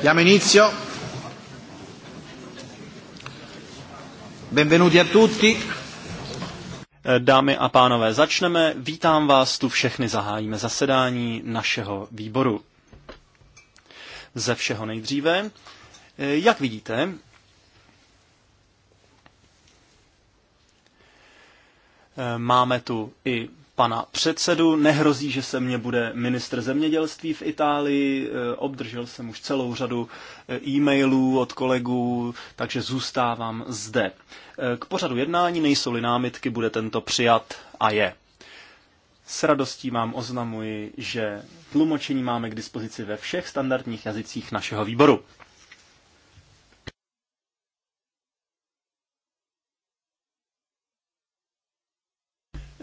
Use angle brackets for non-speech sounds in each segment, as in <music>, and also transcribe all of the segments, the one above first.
Diamo inizio. Benvenuti a tutti. Eh, dámy a pánové, začneme. Vítám vás tu všechny, zahájíme zasedání našeho výboru. Ze všeho nejdříve, eh, jak vidíte, eh, máme tu i pana předsedu. Nehrozí, že se mě bude ministr zemědělství v Itálii. E, obdržel jsem už celou řadu e, e-mailů od kolegů, takže zůstávám zde. E, k pořadu jednání nejsou-li námitky, bude tento přijat a je. S radostí vám oznamuji, že tlumočení máme k dispozici ve všech standardních jazycích našeho výboru.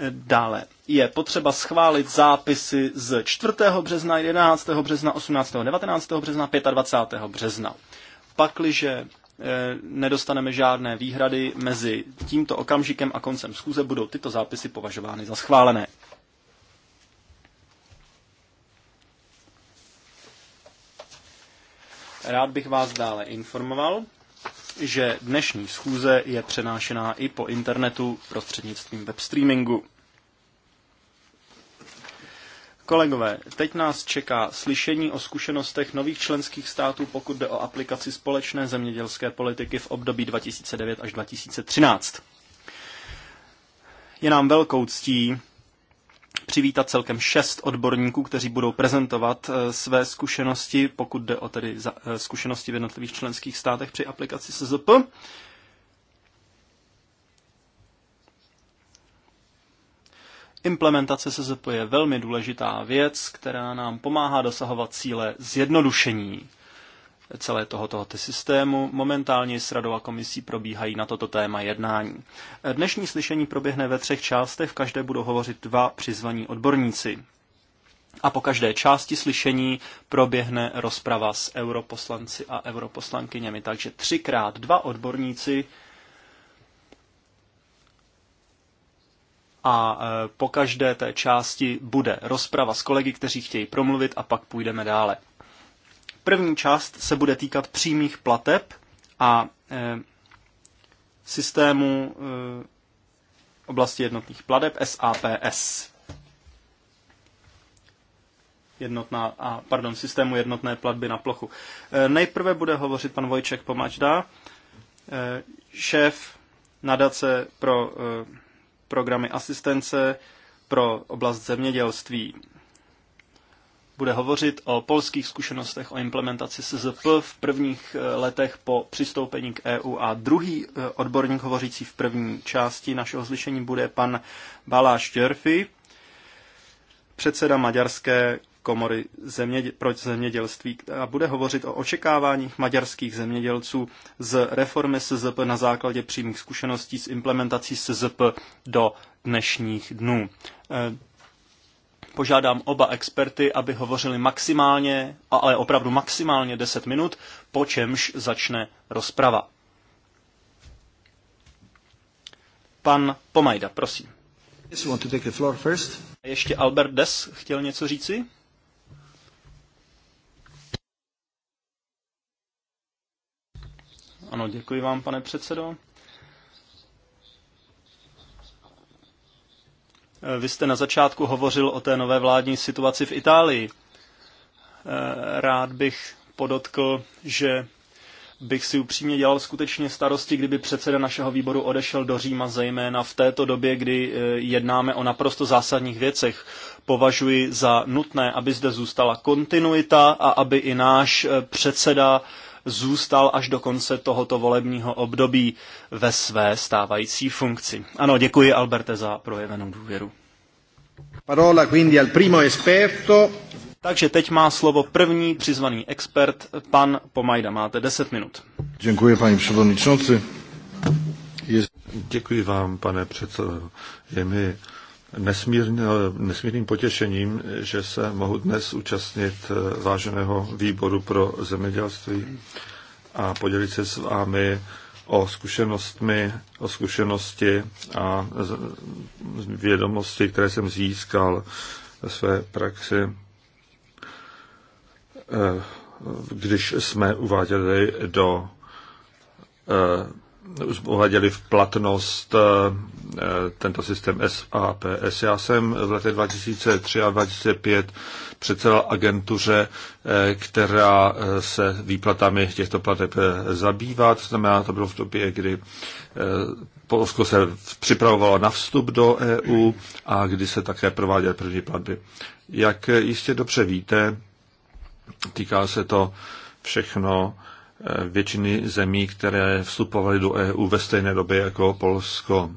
Dále je potřeba schválit zápisy z 4. března, 11. března, 18. 19. března, 25. března. Pakliže eh, nedostaneme žádné výhrady mezi tímto okamžikem a koncem schůze, budou tyto zápisy považovány za schválené. Rád bych vás dále informoval, že dnešní schůze je přenášená i po internetu prostřednictvím webstreamingu. Kolegové, teď nás čeká slyšení o zkušenostech nových členských států, pokud jde o aplikaci společné zemědělské politiky v období 2009 až 2013. Je nám velkou ctí přivítat celkem šest odborníků, kteří budou prezentovat eh, své zkušenosti, pokud jde o tedy eh, zkušenosti v jednotlivých členských státech při aplikaci SZP. Implementace SZP je velmi důležitá věc, která nám pomáhá dosahovat cíle zjednodušení celé toho, tohoto systému. Momentálně s Radou a komisí probíhají na toto téma jednání. Dnešní slyšení proběhne ve třech částech, v každé budou hovořit dva přizvaní odborníci. A po každé části slyšení proběhne rozprava s europoslanci a europoslankyněmi. Takže třikrát dva odborníci a e, po každé té části bude rozprava s kolegy, kteří chtějí promluvit a pak půjdeme dále. První část se bude týkat přímých plateb a eh, systému eh, oblasti jednotných plateb SAPS. Jednotná, a, pardon, systému jednotné platby na plochu. Eh, nejprve bude hovořit pan Vojček Pomačda, šéf nadace pro programy asistence pro oblast zemědělství bude hovořit o polských zkušenostech o implementaci SZP v prvních eh, letech po přistoupení k EU a druhý eh, odborník hovořící v první části našeho slyšení bude pan Baláš Tjörfi, předseda Maďarské komory zemědě- pro zemědělství a bude hovořit o očekáváních maďarských zemědělců z reformy SZP na základě přímých zkušeností s implementací SZP do dnešních dnů. Eh, Požádám oba experty, aby hovořili maximálně, ale opravdu maximálně 10 minut, po čemž začne rozprava. Pan Pomajda, prosím. Yes, want to take the floor first. Ještě Albert Des chtěl něco říci? Ano, děkuji vám, pane předsedo. Eh, vy jste na začátku hovořil o té nové vládní situaci v Itálii. Eh, rád bych podotkl, že bych si upřímně dělal skutečně starosti, kdyby předseda našeho výboru odešel do Říma, zejména v této době, kdy eh, jednáme o naprosto zásadních věcech. Považuji za nutné, aby zde zůstala kontinuita a aby i náš předseda zůstal až do konce tohoto volebního období ve své stávající funkci. Ano, děkuji Alberte za projevenou důvěru. Parola quindi al primo esperto. Takže teď má slovo první přizvaný expert, pan Pomajda. Máte 10 minut. Děkuji, paní předsedající. Děkuji vám, pane předsedo. Je mi nesmírně, nesmírným potěšením, že se mohu dnes účastnit eh, váženého výboru pro zemědělství a podělit se s vámi o zkušenostmi, o zkušenosti a vědomosti, které jsem získal ve své praxi, eh, když jsme uváděli do eh, už v platnost eh, eh, tento systém SAPS. Já jsem v letech 2003 a 2005 předsedal agentuře, eh, která se výplatami těchto plateb zabývá. To znamená, to bylo v době, kdy Polsko se připravovalo na vstup do EU a kdy se také prováděly první platby. Jak jistě dobře víte, týká se to všechno Eh, většiny zemí, které vstupovaly do EU ve stejné době jako Polsko.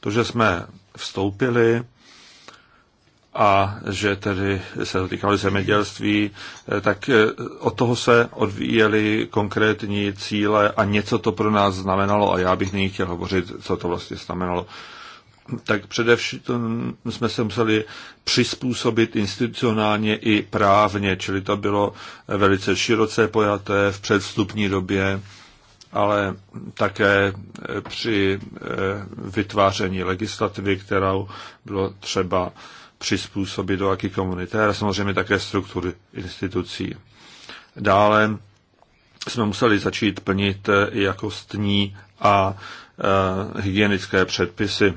To, že jsme vstoupili a že tedy se dotýkali zemědělství, eh, tak eh, od toho se odvíjely konkrétní cíle a něco to pro nás znamenalo a já bych nyní chtěl hovořit, co to vlastně znamenalo tak především jsme se museli přizpůsobit institucionálně i právně, čili to bylo velice široce pojaté v předstupní době, ale také při eh, vytváření legislativy, kterou bylo třeba přizpůsobit do jaký komunity, a samozřejmě také struktury institucí. Dále jsme museli začít plnit jakostní a eh, hygienické předpisy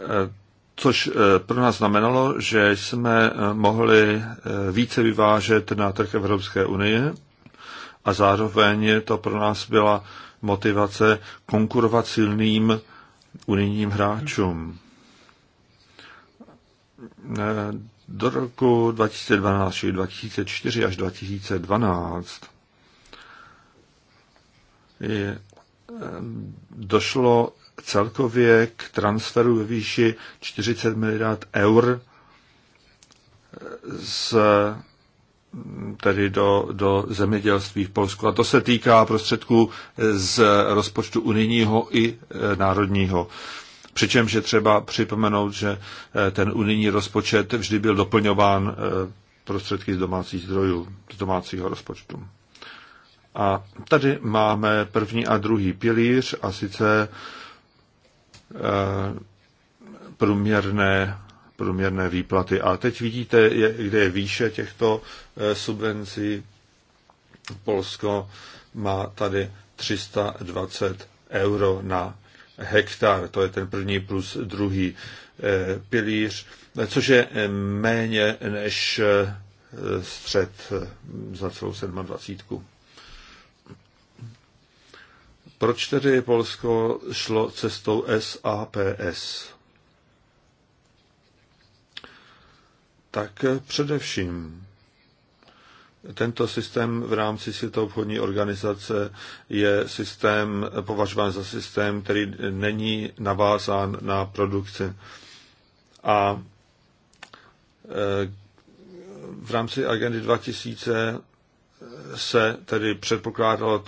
Eh, což eh, pro nás znamenalo, že jsme eh, mohli více vyvážet na trh Evropské unie a zároveň to pro nás byla motivace konkurovat silným unijním hráčům. Do roku 2012, 2004 až 2012, je, došlo celkově k transferu ve výši 40 miliard eur z, tedy do, do zemědělství v Polsku. A to se týká prostředků z rozpočtu unijního i e, národního. Přičemž je třeba připomenout, že e, ten unijní rozpočet vždy byl doplňován e, prostředky z domácích zdrojů, z domácího rozpočtu. A tady máme první a druhý pilíř, a sice Eh, průměrné, průměrné výplaty. A teď vidíte, kde je výše těchto eh, subvencí. Polsko má tady 320 euro na hektar, to je ten první plus druhý eh, pilíř, což je méně než střed za celou 27. Proč tedy Polsko šlo cestou SAPS? Tak především tento systém v rámci Světové obchodní organizace je systém považován za systém, který není navázán na produkci. A e, v rámci agendy 2000 se tedy předpokládalo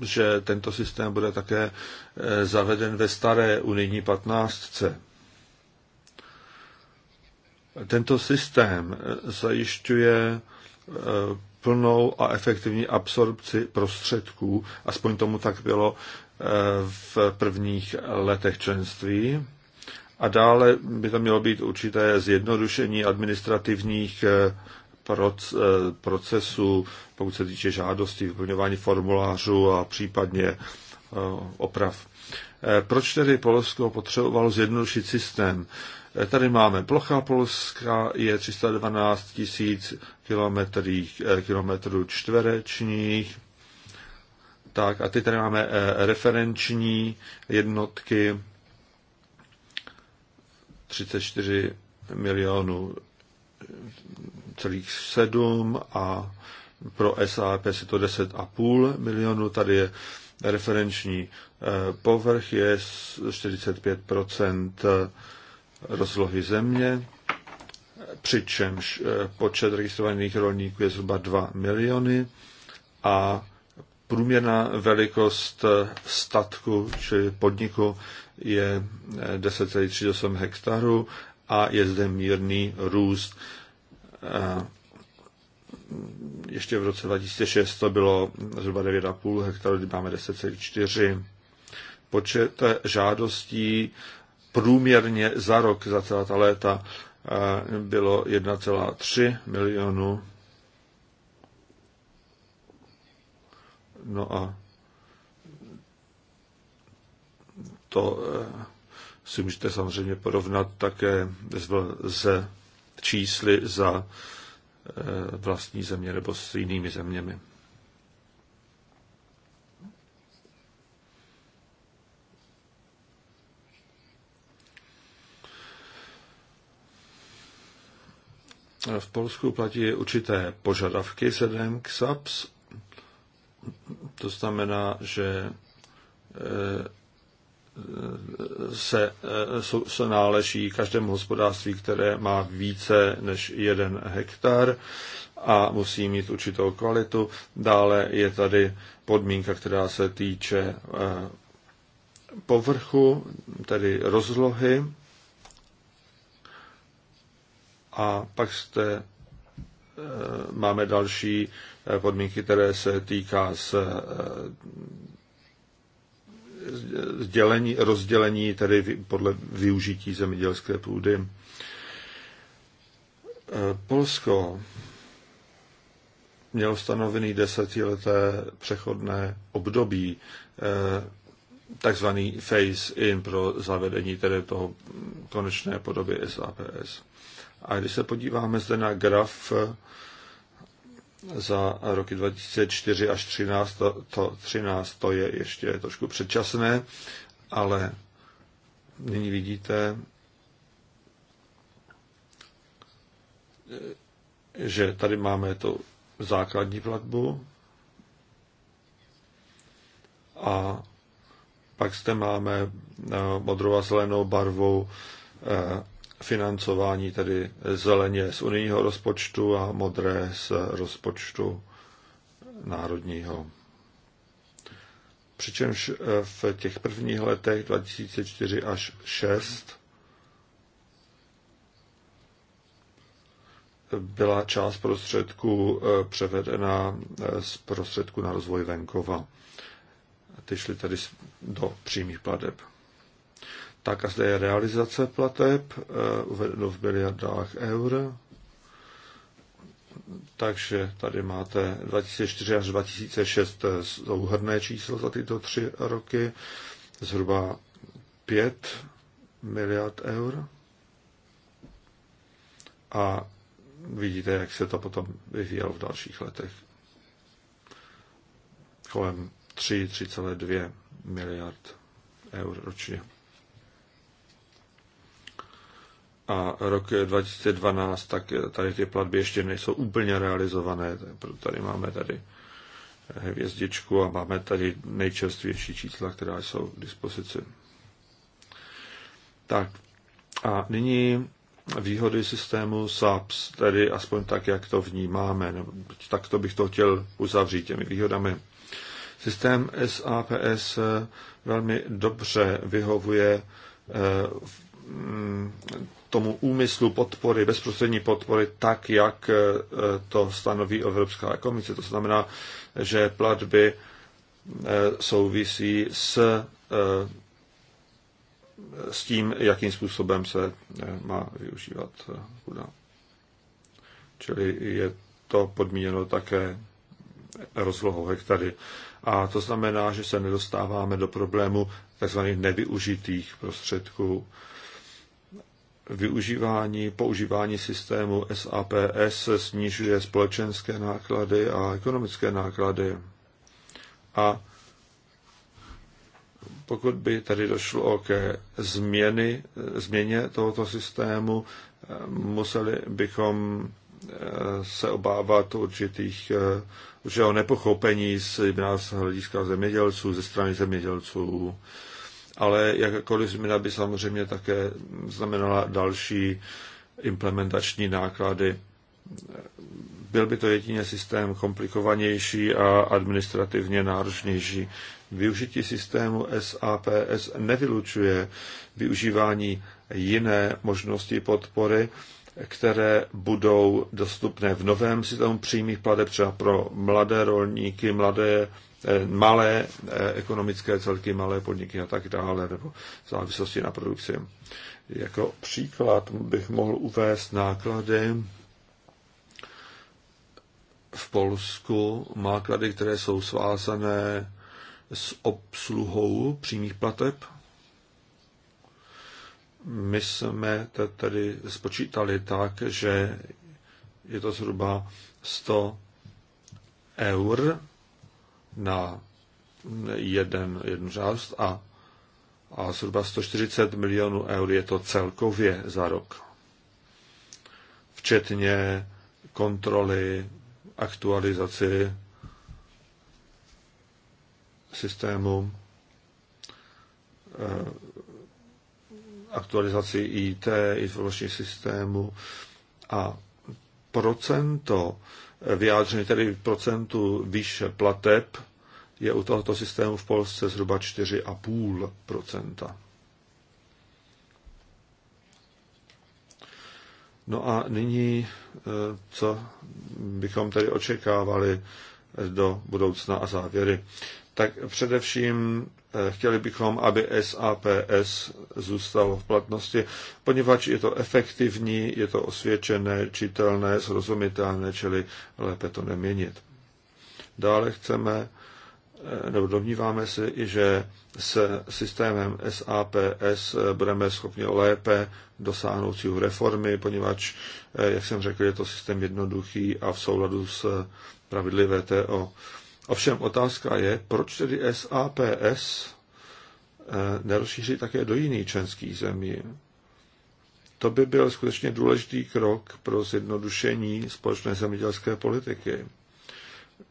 že tento systém bude také eh, zaveden ve staré unijní patnáctce. Tento systém eh, zajišťuje eh, plnou a efektivní absorpci prostředků, aspoň tomu tak bylo v prvních letech členství. A dále by to mělo být určité zjednodušení administrativních Eh, procesu, pokud se týče žádosti, vyplňování formulářů a případně eh, oprav. Eh, proč tedy Polsko potřebovalo zjednodušit systém? Tady máme plocha Polska, je 312 tisíc kilometrů čtverečních, tak a ty tady máme referenční jednotky 34 milionů celých 7 a pro SAP je to 10,5 milionů. Tady je referenční eh, povrch, je 45 eh, rozlohy země, přičemž eh, počet registrovaných rolníků je zhruba 2 miliony a průměrná velikost statku, či podniku, je 10,38 hektarů a je zde mírný růst. Ještě v roce 2006 to bylo zhruba 9,5 hektarů, kdy máme 10,4. Počet žádostí průměrně za rok, za celá ta léta, bylo 1,3 milionu. No a to e, si můžete samozřejmě porovnat také s čísly za e, vlastní země nebo s jinými zeměmi. V Polsku platí určité požadavky sedem k SAPS. To znamená, že e, se, eh, se náleží každému hospodářství, které má více než jeden hektar a musí mít určitou kvalitu. Dále je tady podmínka, která se týče eh, povrchu, tedy rozlohy. A pak jste, eh, máme další podmínky, které se týká z dělení, rozdělení tedy podle využití zemědělské půdy. E, Polsko mělo stanovený desetileté přechodné období, e, takzvaný phase-in pro zavedení tedy toho konečné podoby SAPS. A když se podíváme zde na graf za roky 2004 až 2013, to, to 13 to je ještě trošku předčasné, ale nyní vidíte, že tady máme tu základní platbu a pak zde máme eh, modrou a zelenou barvou eh, financování tedy zeleně z unijního rozpočtu a modré z rozpočtu národního. Přičemž eh, v těch prvních letech 2004 až 2006 byla část prostředků eh, převedena eh, z prostředků na rozvoj venkova. Ty šly tady do přímých pladeb. Tak a zde je realizace plateb eh, uvedeno v miliardách eur. Takže tady máte 2004 až 2006 souhrné číslo za tyto tři roky, zhruba 5 miliard eur. A vidíte, jak se to potom vyvíjelo v dalších letech. Kolem 3,2 miliard eur ročně. a rok 2012, tak tady ty platby ještě nejsou úplně realizované, proto tady máme tady hvězdičku a máme tady nejčerstvější čísla, která jsou k dispozici. Tak a nyní výhody systému SAPS, tedy aspoň tak, jak to vnímáme, nebo tak to bych to chtěl uzavřít těmi výhodami. Systém SAPS eh, velmi dobře vyhovuje eh, mm, tomu úmyslu podpory, bezprostřední podpory, tak, jak eh, to stanoví Evropská komise. To znamená, že platby eh, souvisí s, eh, s tím, jakým způsobem se má využívat půda. Čili je to podmíněno také rozlohou hektary. A to znamená, že se nedostáváme do problému tzv. nevyužitých prostředků využívání, používání systému SAPS snižuje společenské náklady a ekonomické náklady. A pokud by tady došlo ke změny, změně tohoto systému, museli bychom eh, se obávat určitých, eh, určitého nepochopení z, z hlediska zemědělců, ze strany zemědělců, ale jakkoliv změna by samozřejmě také znamenala další implementační náklady. Byl by to jedině systém komplikovanější a administrativně náročnější. Využití systému SAPS nevylučuje využívání jiné možnosti podpory, které budou dostupné v novém systému přímých plateb, třeba pro mladé rolníky, mladé Eh, malé eh, ekonomické celky, malé podniky a tak dále, nebo v závislosti na produkci. Jako příklad bych mohl uvést náklady v Polsku, náklady, které jsou svázané s obsluhou přímých plateb. My jsme to tedy spočítali tak, že je to zhruba 100 eur na jeden, jednu řást a, a zhruba 140 milionů eur je to celkově za rok. Včetně kontroly, aktualizaci systému, eh, aktualizaci IT, informačních systému a procento vyjádřeny tedy procentu výše plateb, je u tohoto systému v Polsce zhruba 4,5 No a nyní, e, co bychom tedy očekávali do budoucna a závěry? Tak především Eh, chtěli bychom, aby SAPS zůstalo v platnosti, poněvadž je to efektivní, je to osvědčené, čitelné, srozumitelné, čili lépe to neměnit. Dále chceme, eh, nebo domníváme si, že se systémem SAPS eh, budeme schopni lépe dosáhnout cílu reformy, poněvadž, jak jsem řekl, je to systém jednoduchý a v souladu s pravidly VTO. Ovšem otázka je, proč tedy SAPS eh, nerozšíří také do jiných členských zemí. To by byl skutečně důležitý krok pro zjednodušení společné zemědělské politiky.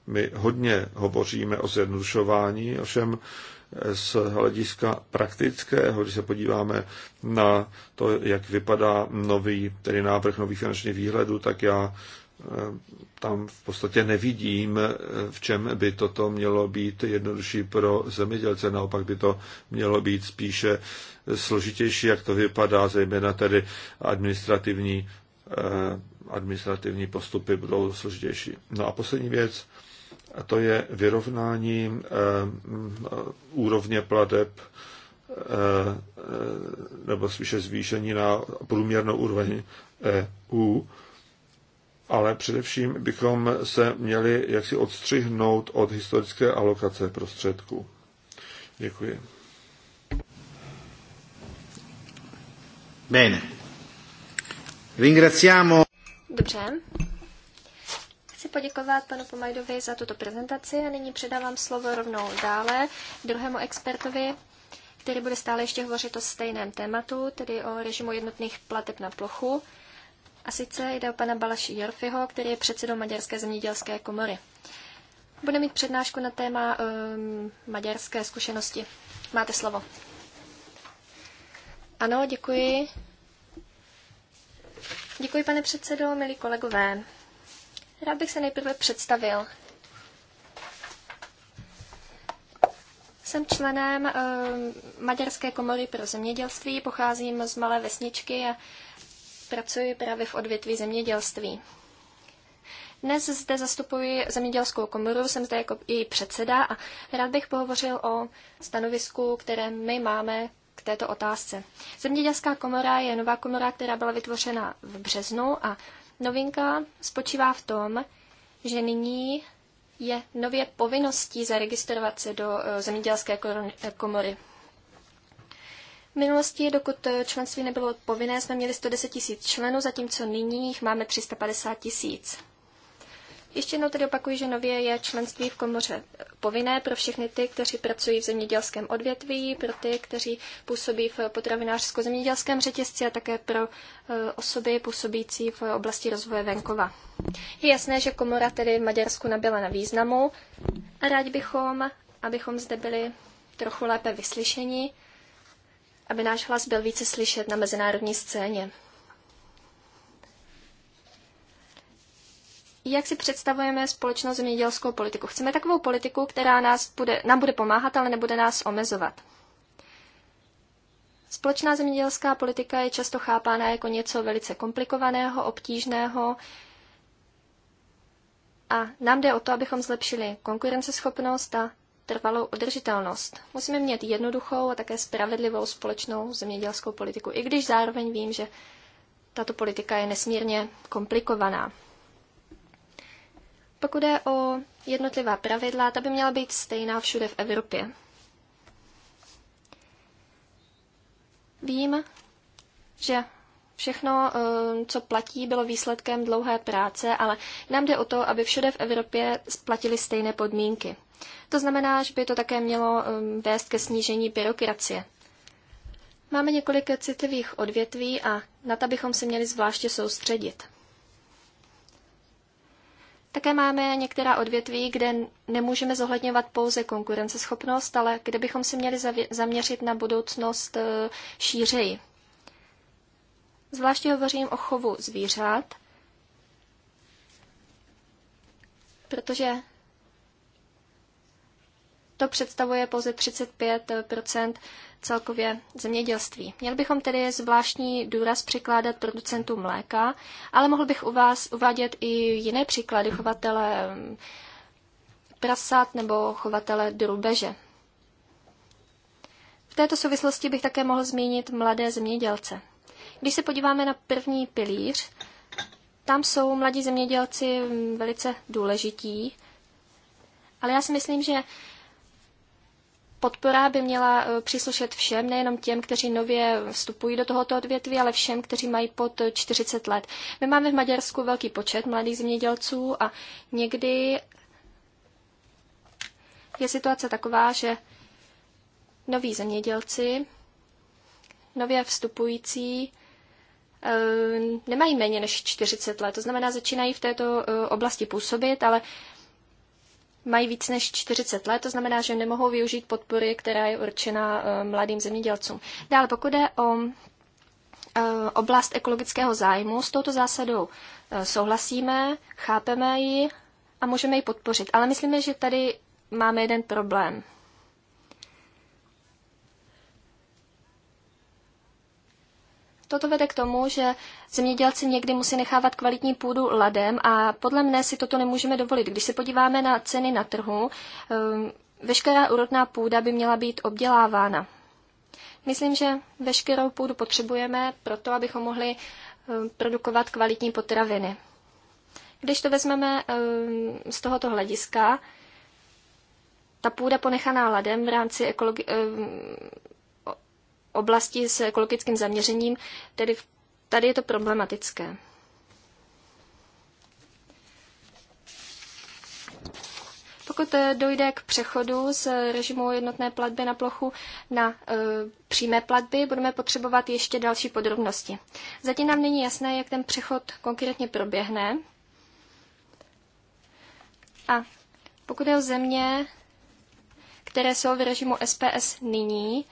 My hodně hovoříme o zjednodušování, ovšem z hlediska praktického, když se podíváme na to, jak vypadá nový, tedy návrh nových finančních výhledů, tak já eh, tam v podstatě nevidím, eh, v čem by toto mělo být jednodušší pro zemědělce. Naopak by to mělo být spíše složitější, jak to vypadá, zejména tedy administrativní, eh, administrativní postupy budou složitější. No a poslední věc, a to je vyrovnání eh, eh, úrovně plateb eh, nebo spíše zvýšení na průměrnou úroveň EU, ale především bychom se měli jaksi odstřihnout od historické alokace prostředků. Děkuji. Bene. Ringraziamo. Dobře poděkovat panu Pomajdovi za tuto prezentaci a nyní předávám slovo rovnou dále druhému expertovi, který bude stále ještě hovořit o stejném tématu, tedy o režimu jednotných plateb na plochu. A sice jde o pana Balaši Jorfiho, který je předsedou Maďarské zemědělské komory. Bude mít přednášku na téma um, maďarské zkušenosti. Máte slovo. Ano, děkuji. Děkuji, pane předsedo, milí kolegové. Rád bych se nejprve představil. Jsem členem uh, Maďarské komory pro zemědělství, pocházím z malé vesničky a pracuji právě v odvětví zemědělství. Dnes zde zastupuji zemědělskou komoru, jsem zde jako její předseda a rád bych pohovořil o stanovisku, které my máme k této otázce. Zemědělská komora je nová komora, která byla vytvořena v březnu a Novinka spočívá v tom, že nyní je nově povinností zaregistrovat se do eh, zemědělské eh, komory. V minulosti, dokud eh, členství nebylo povinné, jsme měli 110 tisíc členů, zatímco nyní jich máme 350 tisíc. Ještě jednou tedy opakuji, že nově je členství v komoře povinné pro všechny ty, kteří pracují v zemědělském odvětví, pro ty, kteří působí v potravinářsko-zemědělském řetězci a také pro e, osoby působící v oblasti rozvoje venkova. Je jasné, že komora tedy v Maďarsku nabyla na významu a rádi bychom, abychom zde byli trochu lépe vyslyšeni, aby náš hlas byl více slyšet na mezinárodní scéně. jak si představujeme společnou zemědělskou politiku. Chceme takovou politiku, která nás bude, nám bude pomáhat, ale nebude nás omezovat. Společná zemědělská politika je často chápána jako něco velice komplikovaného, obtížného. A nám jde o to, abychom zlepšili konkurenceschopnost a trvalou udržitelnost. Musíme mít jednoduchou a také spravedlivou společnou zemědělskou politiku, i když zároveň vím, že tato politika je nesmírně komplikovaná. Pokud je o jednotlivá pravidla, ta by měla být stejná všude v Evropě. Vím, že všechno, eh, co platí, bylo výsledkem dlouhé práce, ale nám jde o to, aby všude v Evropě splatili stejné podmínky. To znamená, že by to také mělo eh, vést ke snížení byrokracie. Máme několik citlivých odvětví a na ta bychom se měli zvláště soustředit. Také máme některá odvětví, kde nemůžeme zohledňovat pouze konkurenceschopnost, ale kde bychom se měli zaměřit na budoucnost eh, šířeji. Zvláště hovořím o chovu zvířat, protože to představuje pouze 35 celkově zemědělství. Měl bychom tedy zvláštní důraz přikládat producentům mléka, ale mohl bych u vás uvádět i jiné příklady chovatele mm, prasat nebo chovatele drubeže. V této souvislosti bych také mohl zmínit mladé zemědělce. Když se podíváme na první pilíř, tam jsou mladí zemědělci mm, velice důležití, ale já si myslím, že Podpora by měla eh, příslušet všem, nejenom těm, kteří nově vstupují do tohoto odvětví, ale všem, kteří mají pod 40 let. My máme v Maďarsku velký počet mladých zemědělců a někdy je situace taková, že noví zemědělci, nově vstupující, eh, nemají méně než 40 let. To znamená, začínají v této eh, oblasti působit, ale mají víc než 40 let, to znamená, že nemohou využít podpory, která je určena eh, mladým zemědělcům. Dále, pokud je o eh, oblast ekologického zájmu, s touto zásadou eh, souhlasíme, chápeme ji a můžeme ji podpořit. Ale myslíme, že tady máme jeden problém. Toto vede k tomu, že zemědělci někdy musí nechávat kvalitní půdu ladem a podle mne si toto nemůžeme dovolit. Když se podíváme na ceny na trhu, ehm, veškerá úrodná půda by měla být obdělávána. Myslím, že veškerou půdu potřebujeme proto, abychom mohli ehm, produkovat kvalitní potraviny. Když to vezmeme ehm, z tohoto hlediska, ta půda ponechaná ladem v rámci ekologi- oblasti s ekologickým zaměřením, tedy tady je to problematické. Pokud eh, dojde k přechodu z režimu jednotné platby na plochu na e, přímé platby, budeme potřebovat ještě další podrobnosti. Zatím nám není jasné, jak ten přechod konkrétně proběhne. A pokud je o země, které jsou v režimu SPS nyní,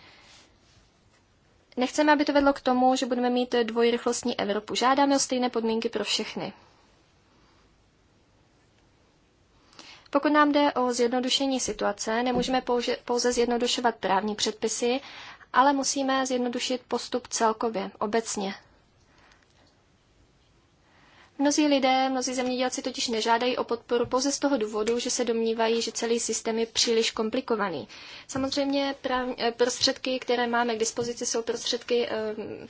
Nechceme, aby to vedlo k tomu, že budeme mít dvojrychlostní Evropu. Žádáme o stejné podmínky pro všechny. Pokud nám jde o zjednodušení situace, nemůžeme pouze zjednodušovat právní předpisy, ale musíme zjednodušit postup celkově, obecně, Mnozí lidé, mnozí zemědělci totiž nežádají o podporu pouze z toho důvodu, že se domnívají, že celý systém je příliš komplikovaný. Samozřejmě prav, eh, prostředky, které máme k dispozici, jsou prostředky eh,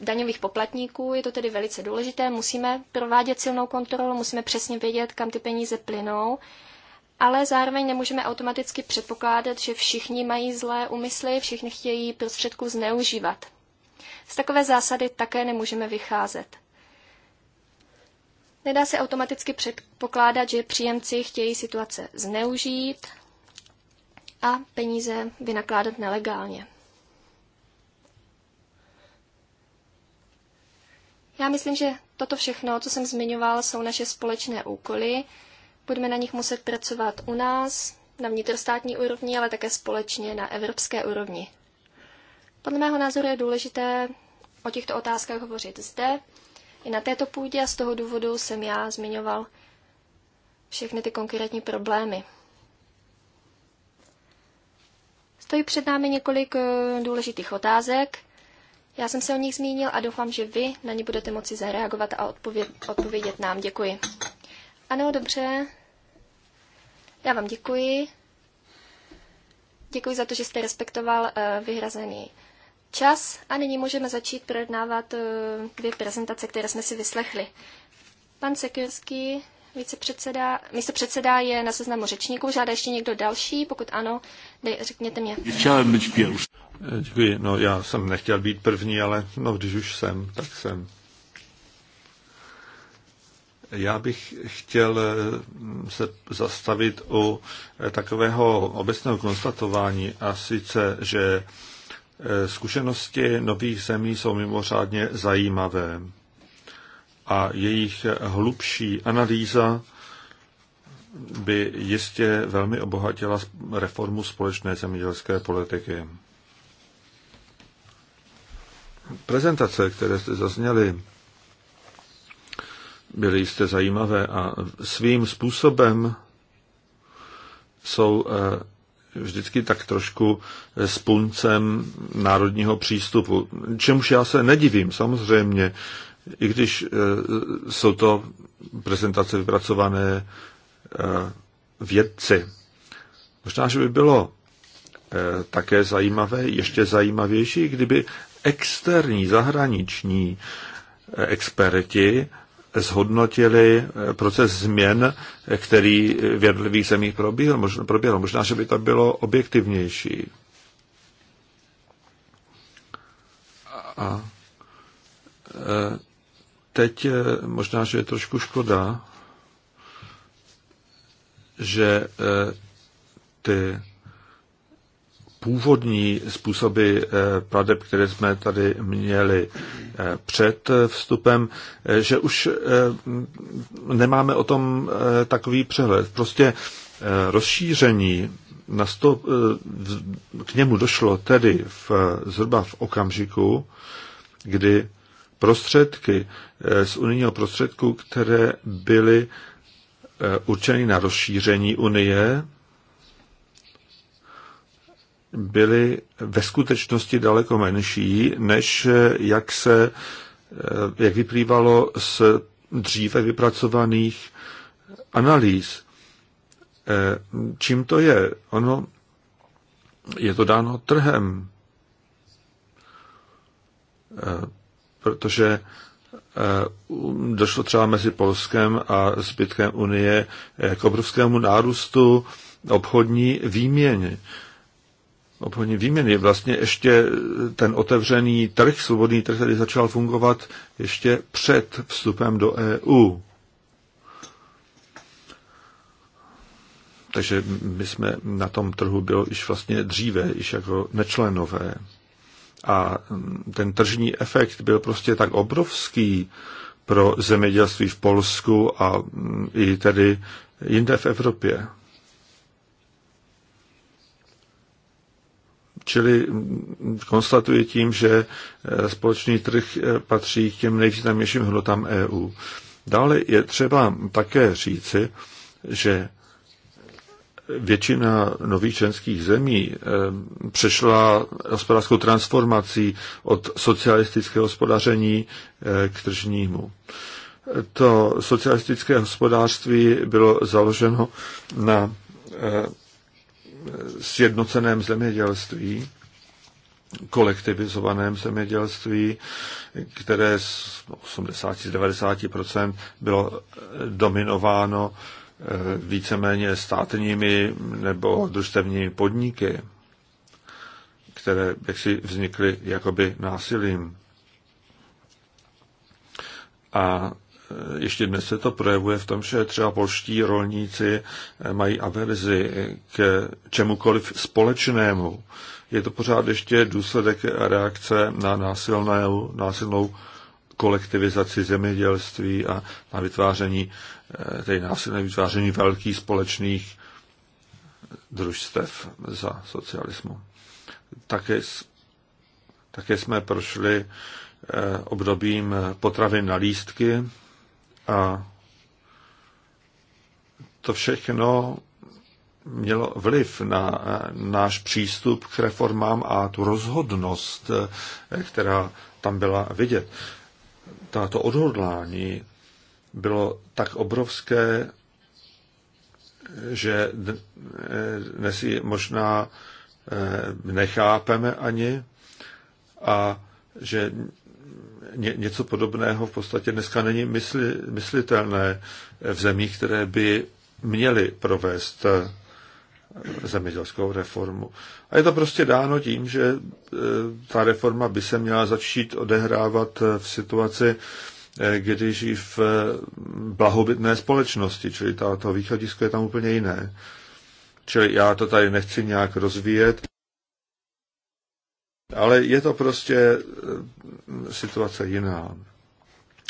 daňových poplatníků, je to tedy velice důležité. Musíme provádět silnou kontrolu, musíme přesně vědět, kam ty peníze plynou, ale zároveň nemůžeme automaticky předpokládat, že všichni mají zlé úmysly, všichni chtějí prostředků zneužívat. Z takové zásady také nemůžeme vycházet. Nedá se automaticky předpokládat, že příjemci chtějí situace zneužít a peníze vynakládat nelegálně. Já myslím, že toto všechno, co jsem zmiňoval, jsou naše společné úkoly. Budeme na nich muset pracovat u nás, na vnitrostátní úrovni, ale také společně na evropské úrovni. Podle mého názoru je důležité o těchto otázkách hovořit zde i na této půdě a z toho důvodu jsem já zmiňoval všechny ty konkrétní problémy. Stojí před námi několik eh, důležitých otázek. Já jsem se o nich zmínil a doufám, že vy na ně budete moci zareagovat a odpověd, odpovědět nám. Děkuji. Ano, dobře. Já vám děkuji. Děkuji za to, že jste respektoval uh, vyhrazený čas a nyní můžeme začít projednávat eh, dvě prezentace, které jsme si vyslechli. Pan Sekirský, vicepředseda, místopředseda je na seznamu řečníků. Žádá ještě někdo další? Pokud ano, dej, řekněte mě. Chtěl být eh, Děkuji. No, já jsem nechtěl být první, ale no, když už jsem, tak jsem. Já bych chtěl eh, se zastavit u takového obecného konstatování a sice, že Eh, zkušenosti nových zemí jsou mimořádně zajímavé a jejich hlubší analýza by jistě velmi obohatila reformu společné zemědělské politiky. Prezentace, které jste zazněly, byly jistě zajímavé a svým způsobem jsou eh, vždycky tak trošku s puncem národního přístupu. Čemuž já se nedivím, samozřejmě, i když e, jsou to prezentace vypracované e, vědci. Možná, že by bylo e, také zajímavé, ještě zajímavější, kdyby externí, zahraniční experti zhodnotili eh, proces změn, eh, který v jednotlivých zemích probíhl, možná, proběhl. Možná, že by to bylo objektivnější. A eh, teď možná, že je trošku škoda, že ty původní způsoby eh, pladeb, které jsme tady měli eh, před eh, vstupem, že už nemáme o tom takový přehled. Prostě rozšíření na sto, k němu došlo tedy v, zhruba v okamžiku, kdy prostředky z unijního prostředku, které byly určeny na rozšíření Unie, byly ve skutečnosti daleko menší, než jak se, eh, jak vyplývalo z dříve vypracovaných analýz. Eh, čím to je? Ono je to dáno trhem, eh, protože došlo třeba mezi Polskem a zbytkem Unie k obrovskému nárůstu obchodní výměny obchodní výměny. Vlastně ještě ten otevřený trh, svobodný trh, který začal fungovat ještě před vstupem do EU. Takže my jsme na tom trhu bylo již vlastně dříve, již jako nečlenové. A ten tržní efekt byl prostě tak obrovský pro zemědělství v Polsku a i tedy jinde v Evropě. Čili konstatuje tím, že eh, společný trh eh, patří k těm nejvýznamnějším hodnotám EU. Dále je třeba také říci, že většina nových členských zemí eh, přešla hospodářskou transformací od socialistického hospodaření k tržnímu. To socialistické hospodářství bylo založeno na sjednoceném zemědělství, kolektivizovaném zemědělství, které z 80-90% bylo eh, dominováno eh, víceméně státními nebo družstevními podniky, které jaksi vznikly jakoby násilím. A ještě dnes se to projevuje v tom, že třeba polští rolníci eh, mají averzi k čemukoliv společnému. Je to pořád ještě důsledek reakce na násilnou, násilnou kolektivizaci zemědělství a na vytváření, eh, tedy násilné vytváření velkých společných družstev za socialismu. Také, také jsme prošli eh, obdobím potravy na lístky, a to všechno mělo vliv na náš přístup k reformám a tu rozhodnost, která tam byla vidět. Tato odhodlání bylo tak obrovské, že dnes ji možná eh, nechápeme ani a že ně, něco podobného v podstatě dneska není mysli, myslitelné v zemích, které by měly provést eh, zemědělskou reformu. A je to prostě dáno tím, že eh, ta reforma by se měla začít odehrávat eh, v situaci, kdy žijí v blahobytné společnosti, čili to východisko je tam úplně jiné. Čili já to tady nechci nějak rozvíjet. Ale je to prostě eh, situace jiná.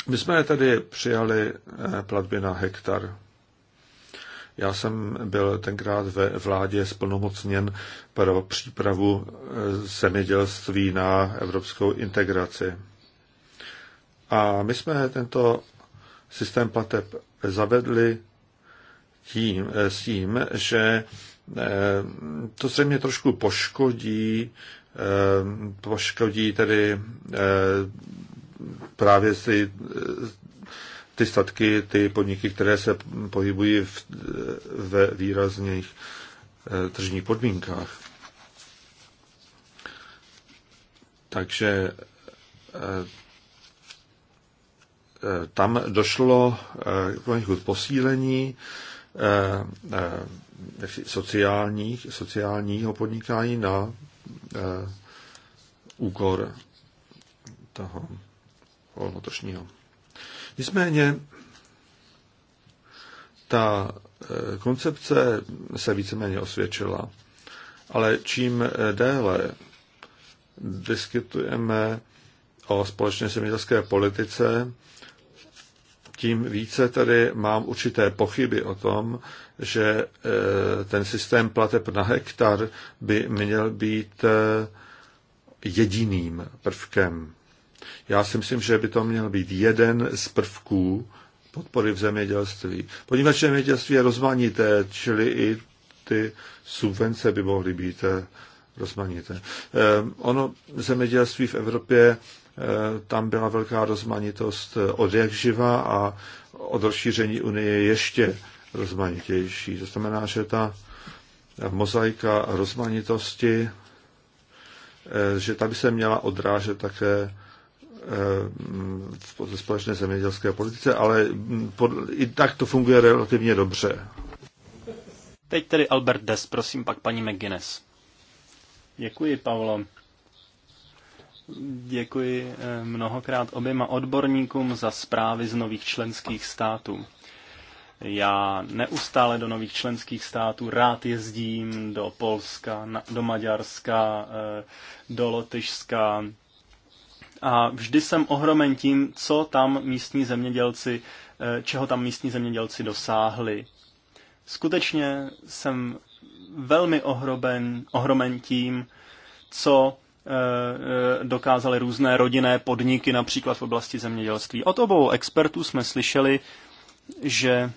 My jsme tady přijali eh, platby na hektar. Já jsem byl tenkrát ve vládě splnomocněn pro přípravu eh, zemědělství na evropskou integraci. A my jsme tento systém plateb zavedli tím, s tím, že to mě trošku poškodí Eh, poškodí tedy eh, právě si eh, ty statky, ty podniky, které se pohybují v, ve výrazných tržních podmínkách. Takže tam došlo k posílení sociálních, sociálního podnikání na Eh, úkor toho volnotržního. Nicméně ta eh, koncepce se víceméně osvědčila, ale čím eh, déle diskutujeme o společné zemědělské politice, tím více tady mám určité pochyby o tom, že e, ten systém plateb na hektar by měl být e, jediným prvkem. Já si myslím, že by to měl být jeden z prvků podpory v zemědělství. Poněvadž zemědělství je rozmanité, čili i ty subvence by mohly být e, rozmanité. Ono zemědělství v Evropě, tam byla velká rozmanitost od jak živa a od rozšíření Unie ještě rozmanitější. To znamená, že ta mozaika rozmanitosti, eh, že ta by se měla odrážet také eh, v společné zemědělské politice, ale mm, i tak to funguje relativně dobře. Teď tedy Albert Des, prosím, pak paní McGuinness. Děkuji, Pavlo. Děkuji eh, mnohokrát oběma odborníkům za zprávy z nových členských států. Já neustále do nových členských států rád jezdím, do Polska, do Maďarska, eh, do Lotyšska. A vždy jsem ohromen tím, co tam místní zemědělci, eh, čeho tam místní zemědělci dosáhli. Skutečně jsem velmi ohroben, ohromen tím, co eh, dokázaly různé rodinné podniky, například v oblasti zemědělství. Od obou expertů jsme slyšeli, že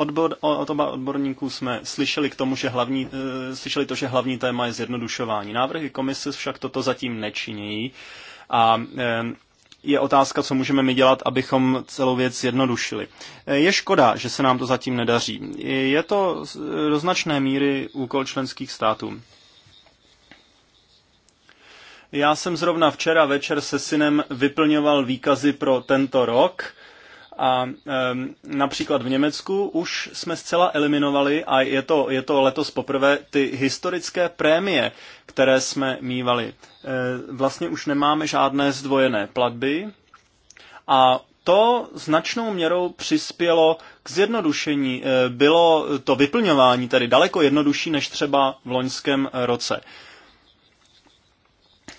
Odbor, od oba odborníků jsme slyšeli, k tomu, že hlavní, e, slyšeli to, že hlavní téma je zjednodušování. Návrhy komise však toto zatím nečiní a e, je otázka, co můžeme my dělat, abychom celou věc zjednodušili. E, je škoda, že se nám to zatím nedaří. Je to do značné míry úkol členských států. Já jsem zrovna včera večer se synem vyplňoval výkazy pro tento rok a například v Německu už jsme zcela eliminovali, a je to, je to letos poprvé, ty historické prémie, které jsme mývali. E, vlastně už nemáme žádné zdvojené platby a to značnou měrou přispělo k zjednodušení. E, bylo to vyplňování tedy daleko jednodušší než třeba v loňském roce.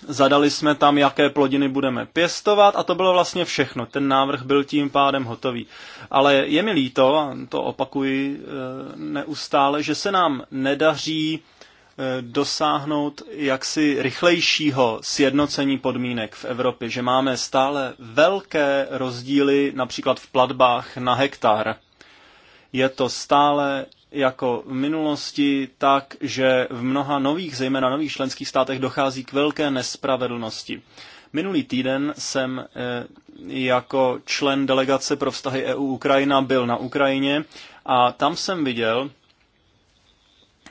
Zadali jsme tam, jaké plodiny budeme pěstovat a to bylo vlastně všechno. Ten návrh byl tím pádem hotový. Ale je mi líto, a to opakuji e, neustále, že se nám nedaří e, dosáhnout jaksi rychlejšího sjednocení podmínek v Evropě, že máme stále velké rozdíly například v platbách na hektar. Je to stále jako v minulosti, tak, že v mnoha nových, zejména nových členských státech, dochází k velké nespravedlnosti. Minulý týden jsem eh, jako člen delegace pro vztahy EU-Ukrajina byl na Ukrajině a tam jsem viděl,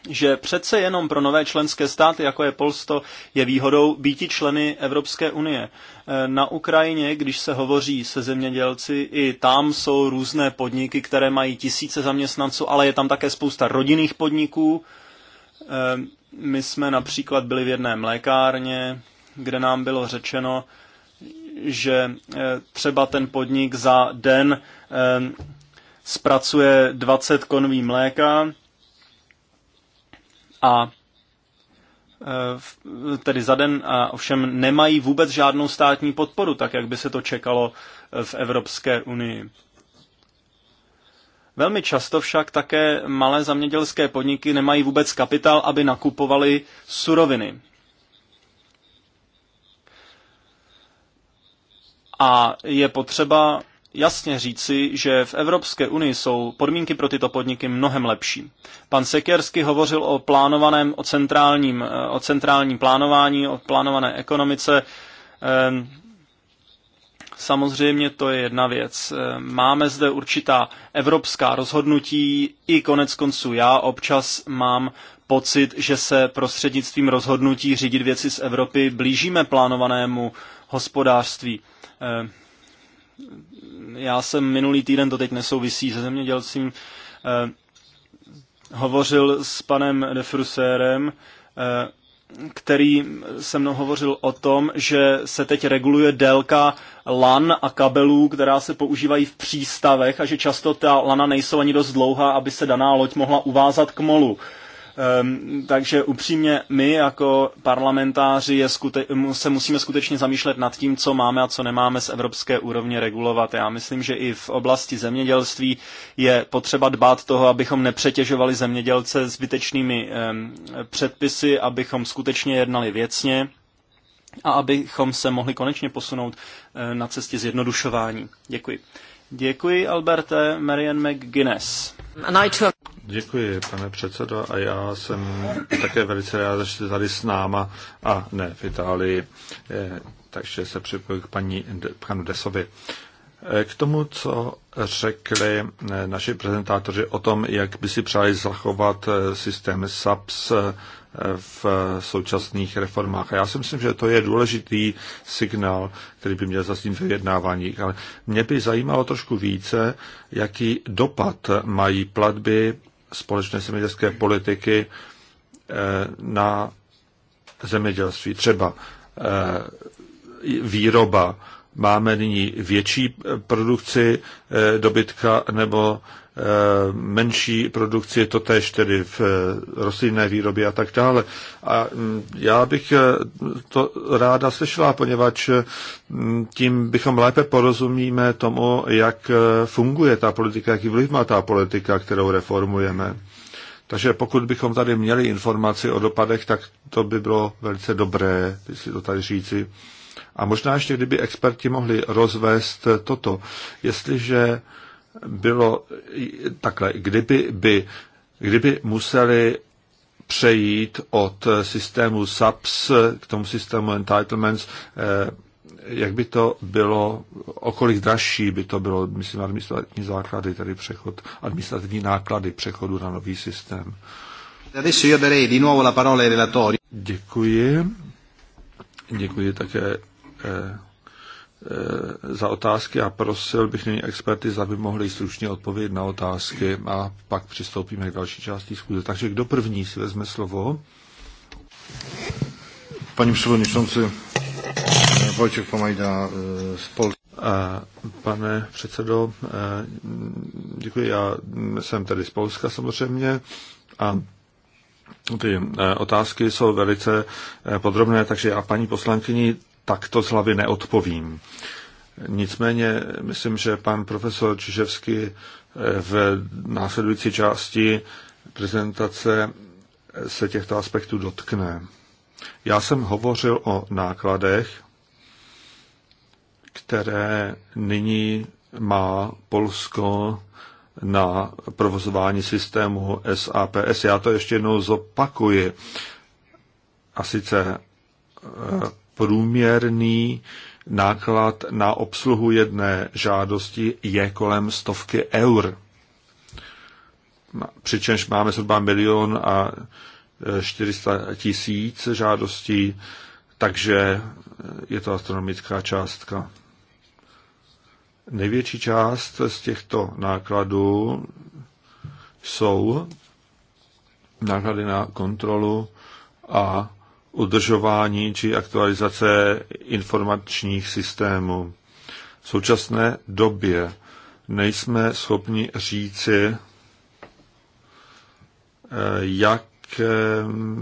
že přece jenom pro nové členské státy, jako je Polsko, je výhodou býti členy Evropské unie. E, na Ukrajině, když se hovoří se zemědělci, i tam jsou různé podniky, které mají tisíce zaměstnanců, ale je tam také spousta rodinných podniků. E, my jsme například byli v jedné mlékárně, kde nám bylo řečeno, že e, třeba ten podnik za den zpracuje 20 konví mléka, a e, tedy za den a ovšem nemají vůbec žádnou státní podporu, tak jak by se to čekalo e, v Evropské unii. Velmi často však také malé zemědělské podniky nemají vůbec kapitál, aby nakupovali suroviny. A je potřeba jasně říci, že v Evropské unii jsou podmínky pro tyto podniky mnohem lepší. Pan Sekersky hovořil o plánovaném, o centrálním, eh, o centrálním plánování, o plánované ekonomice. Ehm, samozřejmě to je jedna věc. Ehm, máme zde určitá evropská rozhodnutí, i konec konců já občas mám pocit, že se prostřednictvím rozhodnutí řídit věci z Evropy blížíme plánovanému hospodářství ehm, já jsem minulý týden, to teď nesouvisí se zemědělcím, eh, hovořil s panem de Frusérem, eh, který se mnou hovořil o tom, že se teď reguluje délka lan a kabelů, která se používají v přístavech a že často ta lana nejsou ani dost dlouhá, aby se daná loď mohla uvázat k molu. Ehm, takže upřímně my jako parlamentáři je skute- se musíme skutečně zamýšlet nad tím, co máme a co nemáme z evropské úrovně regulovat. Já myslím, že i v oblasti zemědělství je potřeba dbát toho, abychom nepřetěžovali zemědělce zbytečnými ehm, předpisy, abychom skutečně jednali věcně a abychom se mohli konečně posunout eh, na cestě zjednodušování. Děkuji. Děkuji, Alberte. Marian McGuinness. Děkuji, pane předsedo, a já jsem také velice rád, že jste tady s náma a ne v Itálii, eh, takže se připojuji k paní, panu Desovi. Eh, k tomu, co řekli eh, naši prezentátoři o tom, jak by si přáli zachovat systém SAPS v současných reformách. A já si myslím, že to je důležitý signál, který by měl zaznít ve vyjednávání. Ale mě by zajímalo trošku více, jaký dopad mají platby společné zemědělské politiky eh, na zemědělství. Třeba eh, výroba. Máme nyní větší eh, produkci dobytka nebo Eh, menší produkci, to tež tedy v eh, rostlinné výrobě a tak dále. A mm, já bych eh, to ráda slyšela, poněvadž mm, tím bychom lépe porozumíme tomu, jak funguje ta politika, jaký vliv má ta politika, kterou reformujeme. Takže pokud bychom tady měli informaci o dopadech, tak to by bylo velice dobré, by si to tady říci. A možná ještě, kdyby experti mohli rozvést toto. Jestliže bylo takhle, kdyby, by, kdyby museli přejít od systému SAPS k tomu systému entitlements, eh, jak by to bylo, okolik dražší by to bylo, myslím, administrativní základy, tedy přechod, administrativní náklady přechodu na nový systém. Adesso io darei di nuovo la parola ai relatori. Děkuji. Děkuji také eh, Eh, za otázky a prosil bych nyní experty, aby mohli stručně odpovědět na otázky a pak přistoupíme k další části schůze. Takže kdo první si vezme slovo? Paní předsedající, Vojček Pomajda eh, z Polska. Eh, pane předsedo, děkuji. Já jsem tady z Polska samozřejmě a ty otázky jsou velice podrobné, takže já paní poslankyni to z hlavy neodpovím. Nicméně myslím, že pan profesor Čiževský eh, v následující části prezentace eh, se těchto aspektů dotkne. Já jsem hovořil o nákladech, které nyní má Polsko na provozování systému SAPS. Já to ještě jednou zopakuji. A sice eh, průměrný náklad na obsluhu jedné žádosti je kolem stovky eur. Přičemž máme zhruba milion a 400 e, tisíc žádostí, takže je to astronomická částka. Největší část z těchto nákladů jsou náklady na kontrolu a udržování či aktualizace informačních systémů. V současné době nejsme schopni říci, eh, jak, eh,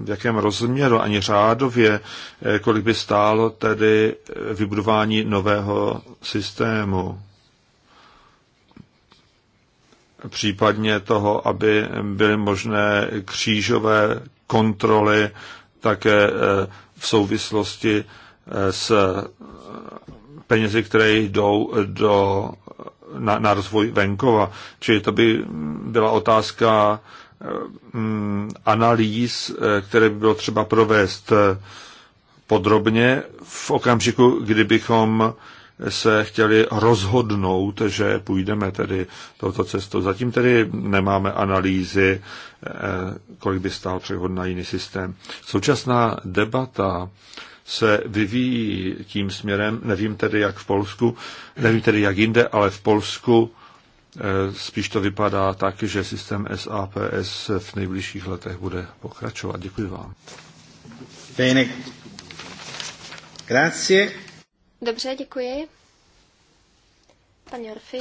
v jakém rozměru ani řádově, eh, kolik by stálo tedy vybudování nového systému. Případně toho, aby byly možné křížové kontroly také eh, v souvislosti eh, s eh, penězi, které jdou do, na, na rozvoj venkova. Čili to by byla otázka mm, analýz, které by bylo třeba provést podrobně v okamžiku, kdybychom se chtěli rozhodnout, že půjdeme tedy touto cestou. Zatím tedy nemáme analýzy, eh, kolik by stál přechod na jiný systém. Současná debata se vyvíjí tím směrem, nevím tedy jak v Polsku, nevím tedy jak jinde, ale v Polsku eh, spíš to vypadá tak, že systém SAPS v nejbližších letech bude pokračovat. Děkuji vám. Bene. Grazie. Dobře, děkuji. Pani Orfi.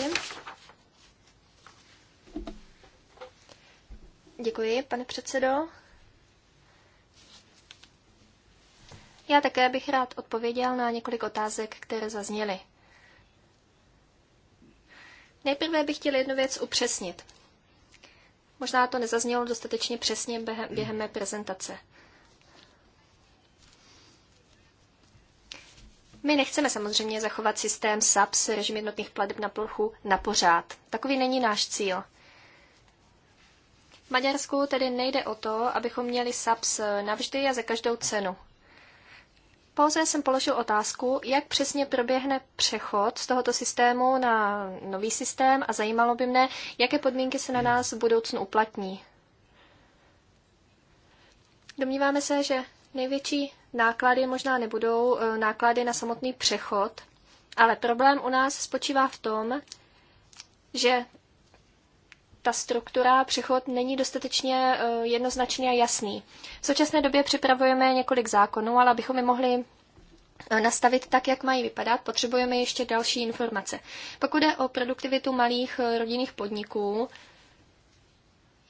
Děkuji, pane předsedo. Já také bych rád odpověděl na několik otázek, které zazněly. Nejprve bych chtěl jednu věc upřesnit. Možná to nezaznělo dostatečně přesně během, během mé prezentace. My nechceme samozřejmě zachovat systém SAPS, režim jednotných plateb na plochu, na pořád. Takový není náš cíl. V Maďarsku tedy nejde o to, abychom měli SAPS navždy a za každou cenu. Pouze jsem položil otázku, jak přesně proběhne přechod z tohoto systému na nový systém a zajímalo by mne, jaké podmínky se na nás v budoucnu uplatní. Domníváme se, že Největší náklady možná nebudou eh, náklady na samotný přechod, ale problém u nás spočívá v tom, že ta struktura, přechod není dostatečně eh, jednoznačný a jasný. V současné době připravujeme několik zákonů, ale abychom je mohli eh, nastavit tak, jak mají vypadat, potřebujeme ještě další informace. Pokud je o produktivitu malých rodinných podniků,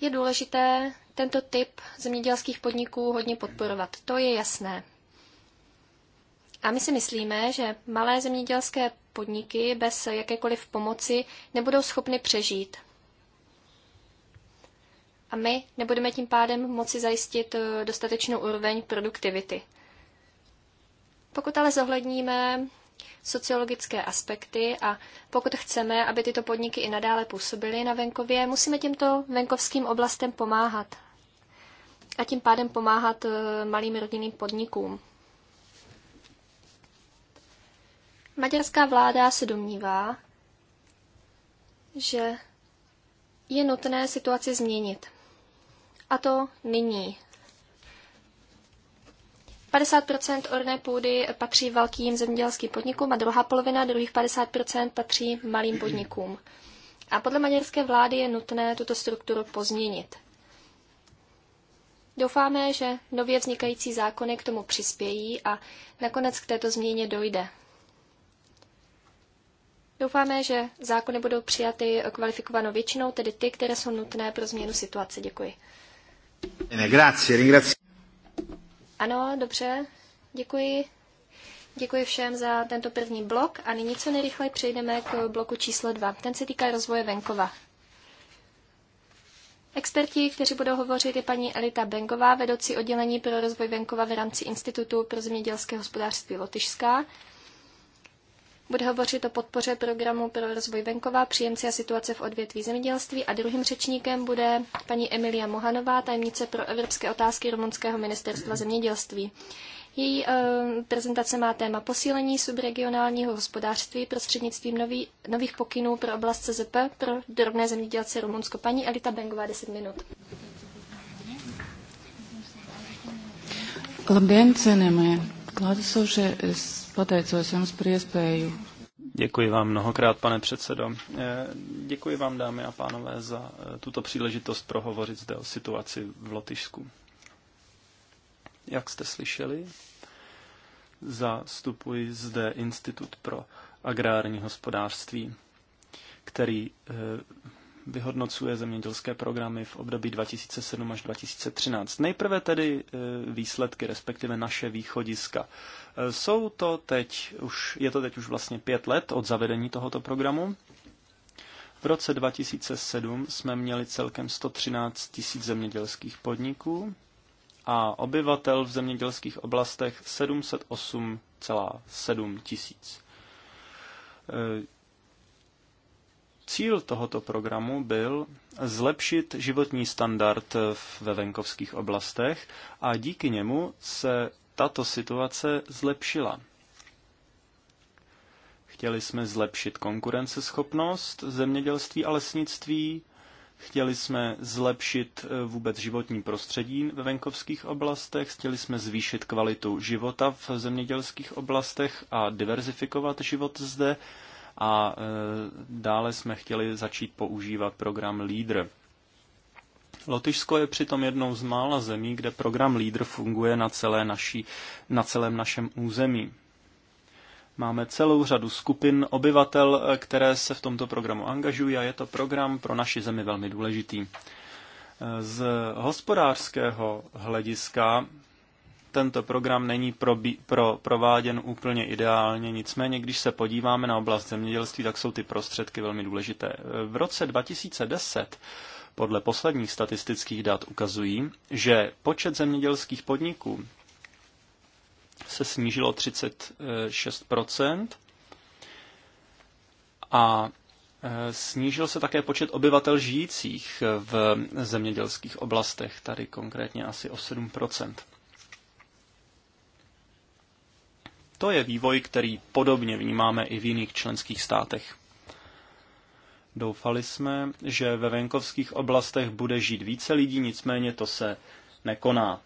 je důležité tento typ zemědělských podniků hodně podporovat. To je jasné. A my si myslíme, že malé zemědělské podniky bez jakékoliv pomoci nebudou schopny přežít. A my nebudeme tím pádem moci zajistit eh, dostatečnou úroveň produktivity. Pokud ale zohledníme sociologické aspekty a pokud chceme, aby tyto podniky i nadále působily na venkově, musíme těmto venkovským oblastem pomáhat a tím pádem pomáhat eh, malým rodinným podnikům. Maďarská vláda se domnívá, že je nutné situaci změnit. A to nyní. 50 orné půdy patří velkým zemědělským podnikům a druhá polovina, druhých 50 patří malým podnikům. A podle maďarské vlády je nutné tuto strukturu pozměnit. Doufáme, že nově vznikající zákony k tomu přispějí a nakonec k této změně dojde. Doufáme, že zákony budou přijaty kvalifikovanou většinou, tedy ty, které jsou nutné pro změnu situace. Děkuji. Ano, dobře. Děkuji. Děkuji všem za tento první blok a nyní co nejrychleji přejdeme k bloku číslo 2. Ten se týká rozvoje venkova. Experti, kteří budou hovořit, je paní Elita Bengová, vedoucí oddělení pro rozvoj venkova v rámci Institutu pro zemědělské hospodářství Lotyšská. Bude hovořit o podpoře programu pro rozvoj venkova, příjemci a situace v odvětví zemědělství a druhým řečníkem bude paní Emilia Mohanová, tajemnice pro evropské otázky rumunského ministerstva zemědělství. Její eh, prezentace má téma posílení subregionálního hospodářství prostřednictvím nový, nových pokynů pro oblast CZP pro drobné zemědělce Rumunsko. Paní Elita Bengová, 10 minut. Děkuji vám mnohokrát, pane předsedo. Eh, děkuji vám, dámy a pánové, za eh, tuto příležitost prohovořit zde o situaci v Lotyšsku. Jak jste slyšeli, zastupuji zde Institut pro agrární hospodářství, který eh, vyhodnocuje zemědělské programy v období 2007 až 2013. Nejprve tedy eh, výsledky, respektive naše východiska. Eh, jsou to teď už, je to teď už vlastně pět let od zavedení tohoto programu. V roce 2007 jsme měli celkem 113 tisíc zemědělských podniků, a obyvatel v zemědělských oblastech 708,7 tisíc. E, cíl tohoto programu byl zlepšit životní standard ve venkovských oblastech a díky němu se tato situace zlepšila. Chtěli jsme zlepšit konkurenceschopnost zemědělství a lesnictví, Chtěli jsme zlepšit eh, vůbec životní prostředí ve venkovských oblastech, chtěli jsme zvýšit kvalitu života v zemědělských oblastech a diverzifikovat život zde a eh, dále jsme chtěli začít používat program LEADER. Lotyšsko je přitom jednou z mála zemí, kde program LEADER funguje na, celé naší, na celém našem území. Máme celou řadu skupin obyvatel, eh, které se v tomto programu angažují a je to program pro naši zemi velmi důležitý. Eh, z hospodářského hlediska tento program není pro, pro, prováděn úplně ideálně, nicméně když se podíváme na oblast zemědělství, tak jsou ty prostředky velmi důležité. Eh, v roce 2010 podle posledních statistických dat ukazují, že počet zemědělských podniků, se snížilo 36% a e, snížil se také počet obyvatel žijících v zemědělských oblastech, tady konkrétně asi o 7%. To je vývoj, který podobně vnímáme i v jiných členských státech. Doufali jsme, že ve venkovských oblastech bude žít více lidí, nicméně to se nekoná.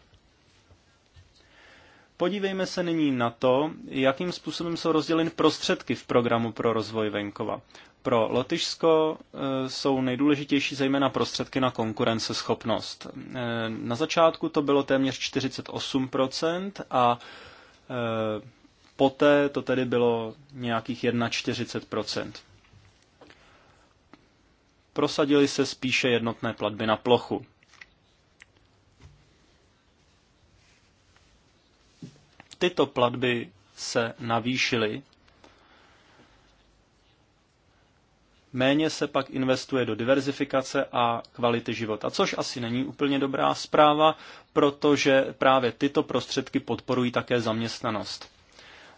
Podívejme se nyní na to, jakým způsobem jsou rozděleny prostředky v programu pro rozvoj venkova. Pro Lotyšsko eh, jsou nejdůležitější zejména prostředky na konkurenceschopnost. Eh, na začátku to bylo téměř 48% a eh, poté to tedy bylo nějakých 140 Prosadili se spíše jednotné platby na plochu. tyto platby se navýšily, méně se pak investuje do diverzifikace a kvality života, což asi není úplně dobrá zpráva, protože právě tyto prostředky podporují také zaměstnanost.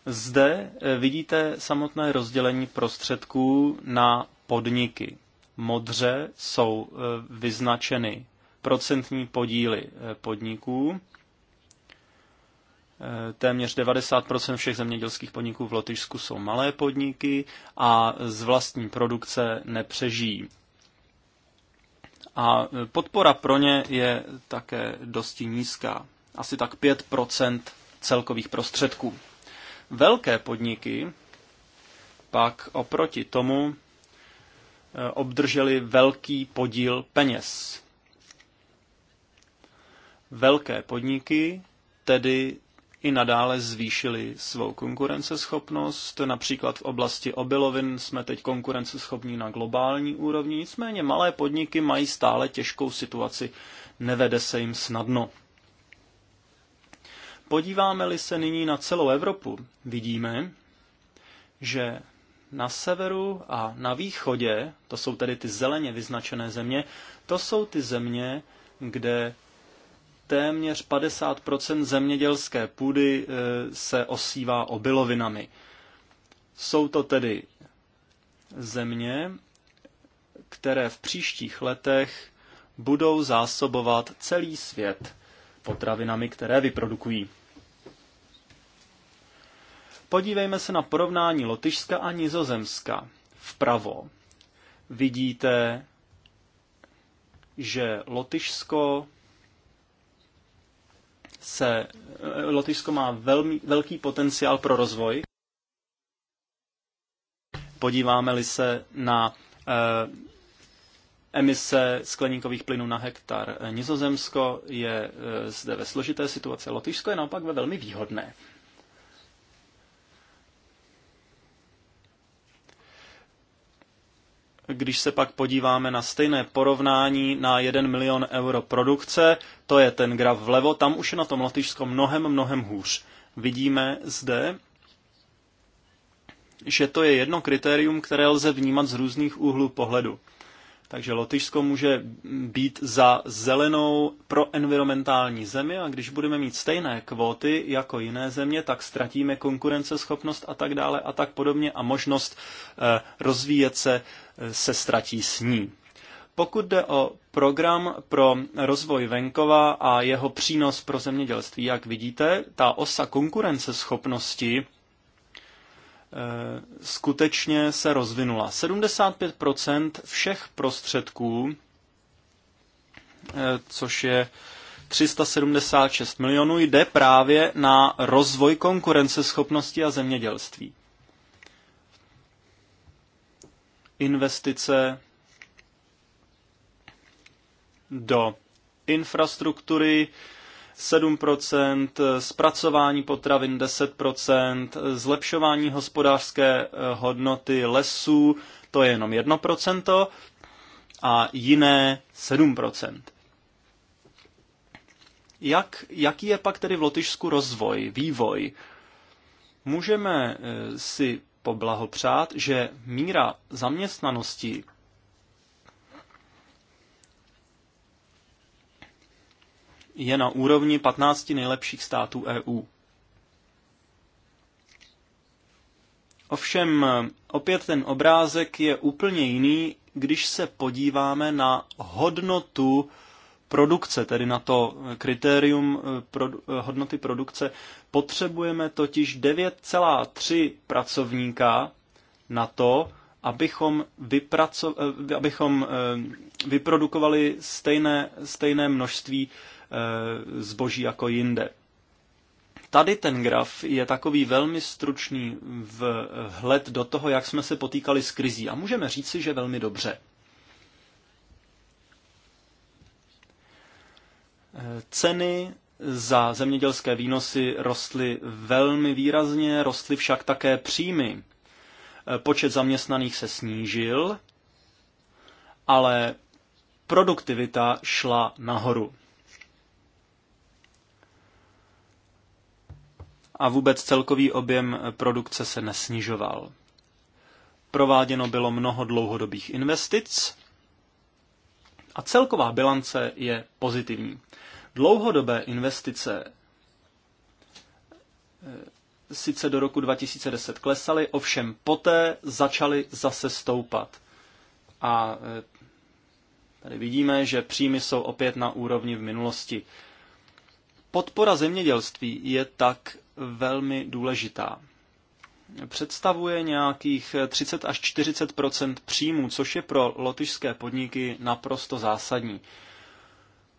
Zde eh, vidíte samotné rozdělení prostředků na podniky. Modře jsou eh, vyznačeny procentní podíly eh, podniků Téměř 90% všech zemědělských podniků v Lotyšsku jsou malé podniky a z vlastní produkce nepřežijí. A podpora pro ně je také dosti nízká. Asi tak 5% celkových prostředků. Velké podniky pak oproti tomu eh, obdrželi velký podíl peněz. Velké podniky tedy i nadále zvýšili svou konkurenceschopnost. Například v oblasti obilovin jsme teď konkurenceschopní na globální úrovni, nicméně malé podniky mají stále těžkou situaci, nevede se jim snadno. Podíváme-li se nyní na celou Evropu, vidíme, že na severu a na východě, to jsou tedy ty zeleně vyznačené země, to jsou ty země, kde téměř 50 zemědělské půdy eh, se osívá obilovinami. Jsou to tedy země, které v příštích letech budou zásobovat celý svět potravinami, které vyprodukují. Podívejme se na porovnání Lotyšska a Nizozemska. Vpravo vidíte, že Lotyšsko se eh, Lotyšsko má velmi, velký potenciál pro rozvoj. Podíváme-li se na eh, emise skleníkových plynů na hektar. Eh, Nizozemsko je zde ve složité situaci, Lotyšsko je naopak ve velmi výhodné když se pak podíváme na stejné porovnání na 1 milion euro produkce, to je ten graf vlevo, tam už je na tom Lotyšsko mnohem, mnohem hůř. Vidíme zde, že to je jedno kritérium, které lze vnímat z různých úhlů pohledu. Takže Lotyšsko může být za zelenou pro environmentální zemi a když budeme mít stejné kvóty jako jiné země, tak ztratíme konkurenceschopnost a tak dále a tak podobně a možnost eh, rozvíjet se se ztratí s ní. Pokud jde o program pro rozvoj venkova a jeho přínos pro zemědělství, jak vidíte, ta osa konkurenceschopnosti eh, skutečně se rozvinula. 75 všech prostředků, eh, což je 376 milionů, jde právě na rozvoj konkurenceschopnosti a zemědělství. investice do infrastruktury 7%, zpracování potravin 10%, zlepšování hospodářské eh, hodnoty lesů, to je jenom 1%, a jiné 7%. Jak, jaký je pak tedy v Lotyšsku rozvoj, vývoj? Můžeme eh, si poblahopřát, že míra zaměstnanosti je na úrovni 15 nejlepších států EU. Ovšem, opět ten obrázek je úplně jiný, když se podíváme na hodnotu produkce, tedy na to kritérium eh, eh, hodnoty produkce, potřebujeme totiž 9,3 pracovníka na to, abychom, vypraco- eh, abychom vyprodukovali stejné, stejné množství zboží jako jinde. Tady ten graf je takový velmi stručný vhled do toho, jak jsme se potýkali s krizí a můžeme říci, že velmi dobře. Ceny za zemědělské výnosy rostly velmi výrazně, rostly však také příjmy. Počet zaměstnaných se snížil, ale produktivita šla nahoru. A vůbec celkový objem produkce se nesnižoval. Prováděno bylo mnoho dlouhodobých investic a celková bilance je pozitivní. Dlouhodobé investice eh, sice do roku 2010 klesaly, ovšem poté začaly zase stoupat. A eh, tady vidíme, že příjmy jsou opět na úrovni v minulosti. Podpora zemědělství je tak velmi důležitá. Představuje nějakých 30 eh, až 40 příjmů, což je pro lotyšské podniky naprosto zásadní.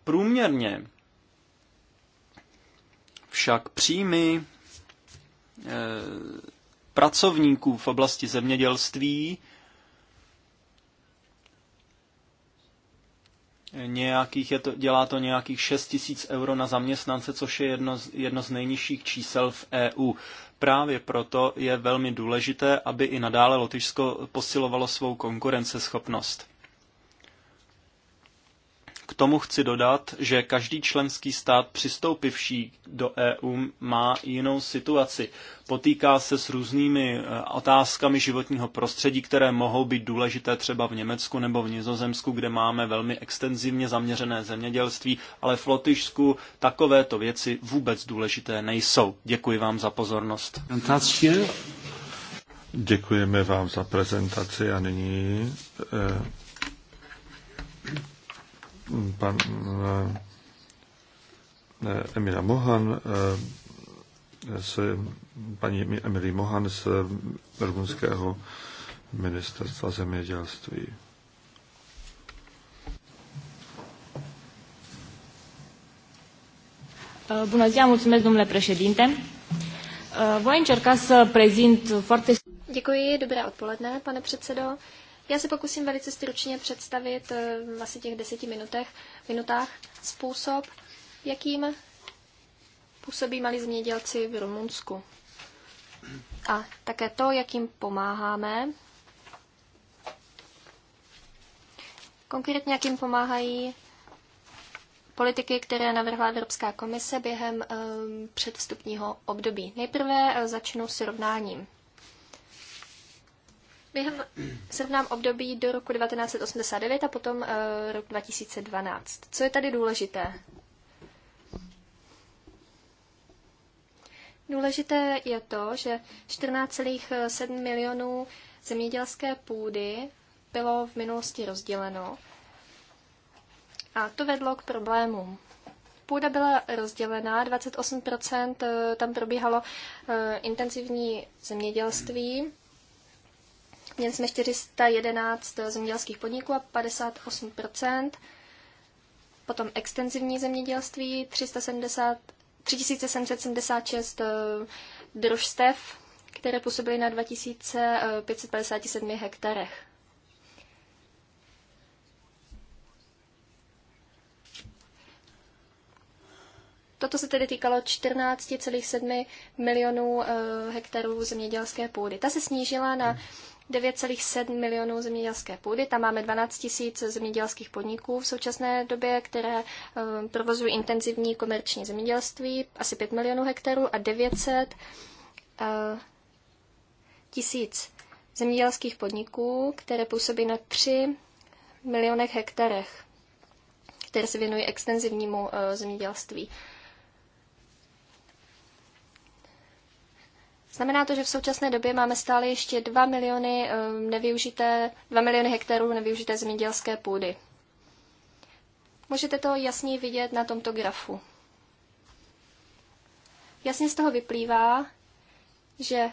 Průměrně však příjmy eh, pracovníků v oblasti zemědělství nějakých, je to, dělá to nějakých 6 tisíc euro na zaměstnance, což je jedno z, jedno z nejnižších čísel v EU. Právě proto je velmi důležité, aby i nadále Lotyšsko posilovalo svou konkurenceschopnost. K tomu chci dodat, že každý členský stát přistoupivší do EU má jinou situaci. Potýká se s různými e, otázkami životního prostředí, které mohou být důležité třeba v Německu nebo v Nizozemsku, kde máme velmi extenzivně zaměřené zemědělství, ale v Lotyšsku takovéto věci vůbec důležité nejsou. Děkuji vám za pozornost. Děkujeme vám za prezentaci a nyní eh, pan eh, eh, Emila Mohan eh, s paní Emily Mohan z rumunského ministerstva zemědělství. Bună ziua, mulțumesc domnule președinte. Voi încerca să prezint foarte... Děkuji, dobré odpoledne, pane předsedo. Já se pokusím velice stručně představit eh, v asi těch deseti minutech, minutách způsob, jakým působí malí zemědělci v Rumunsku. A také to, jakým pomáháme. Konkrétně, jakým pomáhají politiky, které navrhla Evropská komise během eh, předvstupního období. Nejprve eh, začnu s rovnáním. Během srovnám období do roku 1989 a potom uh, rok 2012. Co je tady důležité? Důležité je to, že 14,7 milionů zemědělské půdy bylo v minulosti rozděleno a to vedlo k problémům. Půda byla rozdělená, 28% eh, tam probíhalo eh, intenzivní zemědělství, Měli jsme 411 zemědělských podniků a 58 potom extenzivní zemědělství, 370, 3776 eh, družstev, které působily na 2557 hektarech. Toto se tedy týkalo 14,7 milionů eh, hektarů zemědělské půdy. Ta se snížila na 9,7 milionů zemědělské půdy. Tam máme 12 tisíc zemědělských podniků v současné době, které eh, provozují intenzivní komerční zemědělství, asi 5 milionů hektarů a 900 eh, tisíc zemědělských podniků, které působí na 3 milionech hektarech, které se věnují extenzivnímu eh, zemědělství. Znamená to, že v současné době máme stále ještě 2 miliony, eh, nevyužité, 2 miliony hektarů nevyužité zemědělské půdy. Můžete to jasně vidět na tomto grafu. Jasně z toho vyplývá, že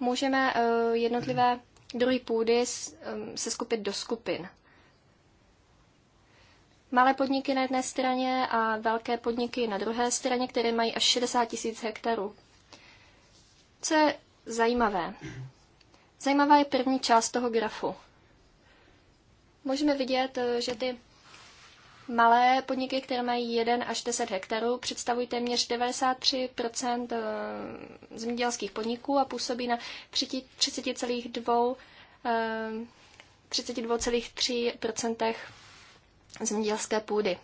můžeme eh, jednotlivé druhy půdy eh, se skupit do skupin. Malé podniky na jedné straně a velké podniky na druhé straně, které mají až 60 tisíc hektarů. Co je zajímavé? Zajímavá je první část toho grafu. Můžeme vidět, eh, že ty malé podniky, které mají 1 až 10 hektarů, představují téměř 93 eh, zemědělských podniků a působí na 32,3 eh, zemědělské půdy.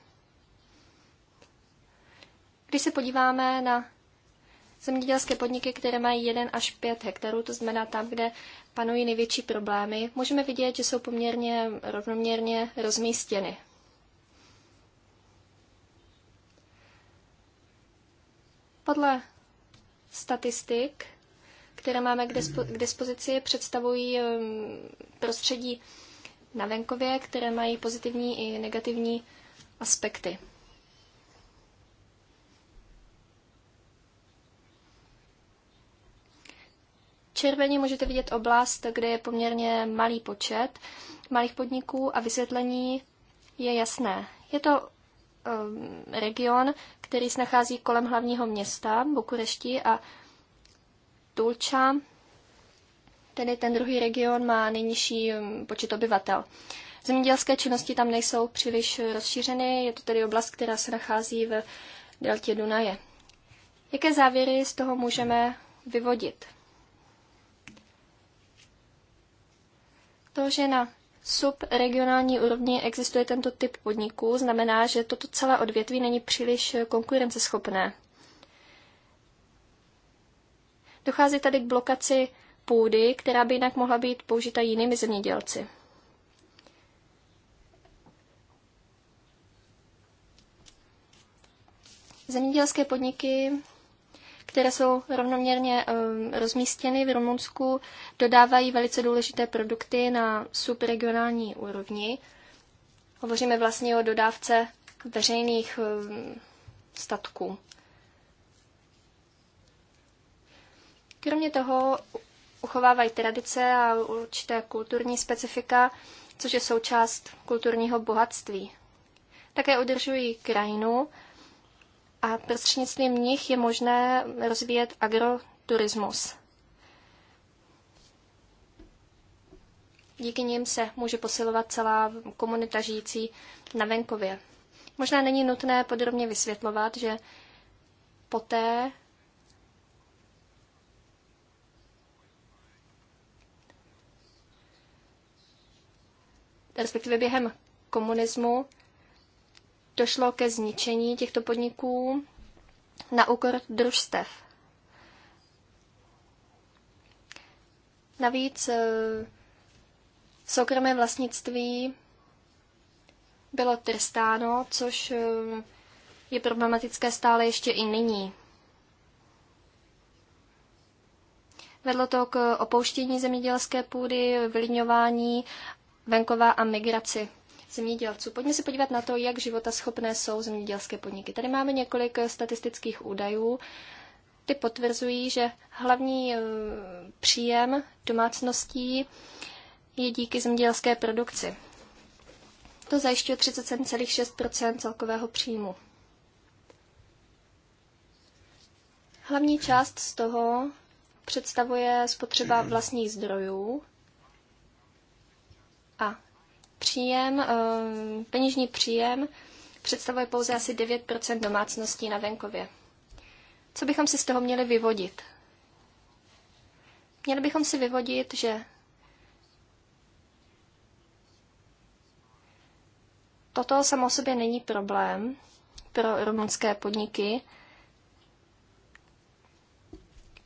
Když se podíváme na Zemědělské podniky, které mají 1 až 5 hektarů, to znamená tam, kde panují největší problémy, můžeme vidět, že jsou poměrně rovnoměrně rozmístěny. Podle statistik, které máme k, dispozici, představují um, prostředí na venkově, které mají pozitivní i negativní aspekty. červeně můžete vidět oblast, kde je poměrně malý počet malých podniků a vysvětlení je jasné. Je to um, region, který se nachází kolem hlavního města Bukurešti a Tulča, tedy ten druhý region má nejnižší um, počet obyvatel. Zemědělské činnosti tam nejsou příliš rozšířeny, je to tedy oblast, která se nachází v deltě Dunaje. Jaké závěry z toho můžeme vyvodit? To, že na subregionální úrovni existuje tento typ podniků, znamená, že toto celé odvětví není příliš konkurenceschopné. Dochází tady k blokaci půdy, která by jinak mohla být použita jinými zemědělci. Zemědělské podniky které jsou rovnoměrně eh, rozmístěny v Rumunsku, dodávají velice důležité produkty na subregionální úrovni. Hovoříme vlastně o dodávce veřejných eh, statků. Kromě toho uchovávají tradice a určité kulturní specifika, což je součást kulturního bohatství. Také udržují krajinu a prostřednictvím nich je možné rozvíjet agroturismus. Díky nim se může posilovat celá komunita žijící na venkově. Možná není nutné podrobně vysvětlovat, že poté respektive během komunismu došlo ke zničení těchto podniků na úkor družstev. Navíc eh, soukromé vlastnictví bylo trstáno, což eh, je problematické stále ještě i nyní. Vedlo to k opouštění zemědělské půdy, vylidňování venkova a migraci zemědělců. Pojďme se podívat na to, jak životaschopné jsou zemědělské podniky. Tady máme několik eh, statistických údajů. Ty potvrzují, že hlavní eh, příjem domácností je díky zemědělské produkci. To zajišťuje 37,6 celkového příjmu. Hlavní část z toho představuje spotřeba vlastních zdrojů, Příjem, eh, peněžní příjem představuje pouze asi 9 domácností na venkově. Co bychom si z toho měli vyvodit? Měli bychom si vyvodit, že toto samo sobě není problém pro rumunské podniky.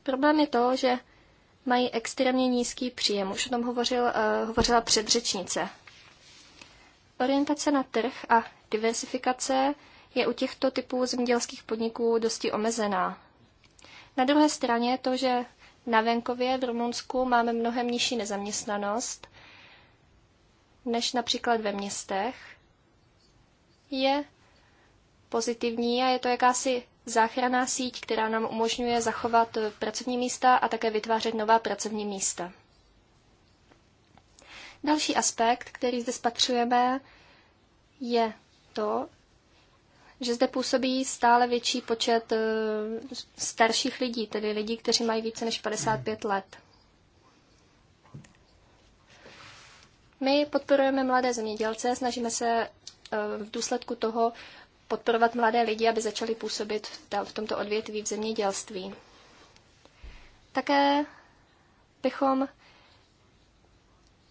Problém je to, že mají extrémně nízký příjem. Už o tom hovořil, uh, hovořila předřečnice. Orientace na trh a diversifikace je u těchto typů zemědělských podniků dosti omezená. Na druhé straně to, že na venkově v Rumunsku máme mnohem nižší nezaměstnanost než například ve městech, je pozitivní a je to jakási záchranná síť, která nám umožňuje zachovat pracovní místa a také vytvářet nová pracovní místa. Další aspekt, který zde spatřujeme, je to, že zde působí stále větší počet eh, starších lidí, tedy lidí, kteří mají více než 55 let. My podporujeme mladé zemědělce, snažíme se eh, v důsledku toho podporovat mladé lidi, aby začali působit v tomto odvětví v zemědělství. Také bychom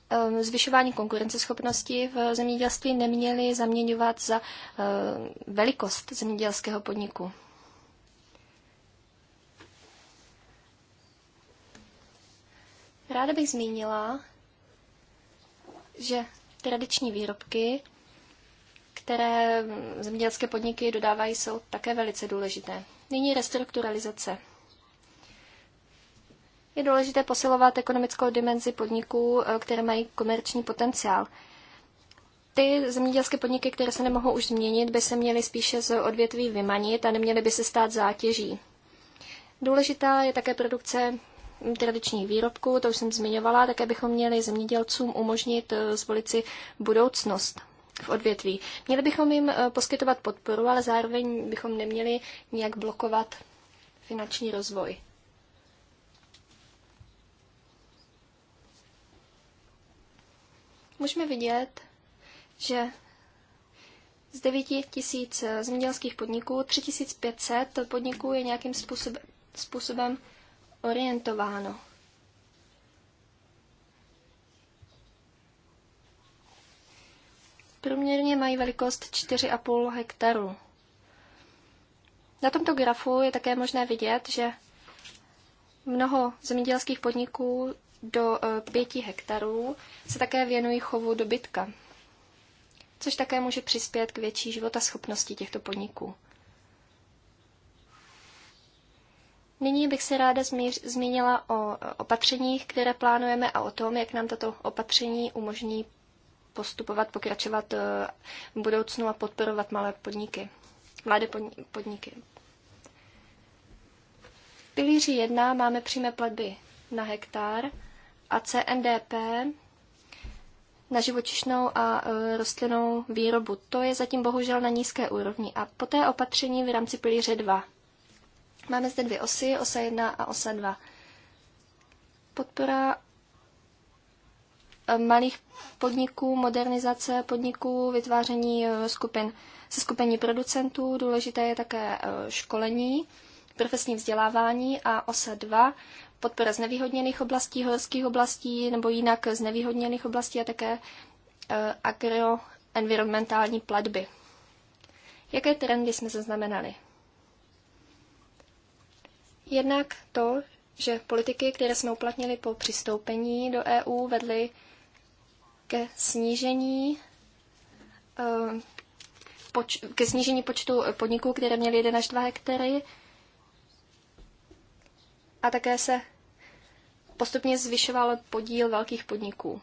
Ehm, zvyšování konkurenceschopnosti v zemědělství neměli zaměňovat za ehm, velikost zemědělského podniku. Ráda bych zmínila, že tradiční výrobky, které zemědělské podniky dodávají, jsou také velice důležité. Nyní restrukturalizace. Je důležité posilovat ekonomickou dimenzi podniků, eh, které mají komerční potenciál. Ty zemědělské podniky, které se nemohou už změnit, by se měly spíše z odvětví vymanit a neměly by se stát zátěží. Důležitá je také produkce tradičních výrobků, to už jsem zmiňovala, také bychom měli zemědělcům umožnit eh, zvolit si budoucnost v odvětví. Měli bychom jim eh, poskytovat podporu, ale zároveň bychom neměli nějak blokovat finanční rozvoj. můžeme vidět, že z 9 tisíc eh, zemědělských podniků 3500 podniků je nějakým způsobem, způsobem orientováno. Průměrně mají velikost 4,5 hektaru. Na tomto grafu je také možné vidět, že mnoho zemědělských podniků do eh, pěti hektarů se také věnují chovu dobytka, což také může přispět k větší schopnosti těchto podniků. Nyní bych se ráda zmínila o eh, opatřeních, které plánujeme a o tom, jak nám tato opatření umožní postupovat, pokračovat eh, v budoucnu a podporovat malé podniky, mladé podniky. V pilíři 1 máme přímé platby na hektar a CNDP na živočišnou a e, rostlinnou výrobu. To je zatím bohužel na nízké úrovni. A poté opatření v rámci pilíře 2. Máme zde dvě osy, osa 1 a osa 2. Podpora e, malých podniků, modernizace podniků, vytváření e, skupin, se skupení producentů. Důležité je také školení, profesní vzdělávání a osa 2, podpora znevýhodněných oblastí, horských oblastí nebo jinak znevýhodněných oblastí a také eh, agroenvironmentální platby. Jaké trendy jsme zaznamenali? Jednak to, že politiky, které jsme uplatnili po přistoupení do EU, vedly ke snížení eh, ke snížení počtu podniků, které měly 1 až 2 hektary. A také se postupně zvyšoval podíl velkých podniků.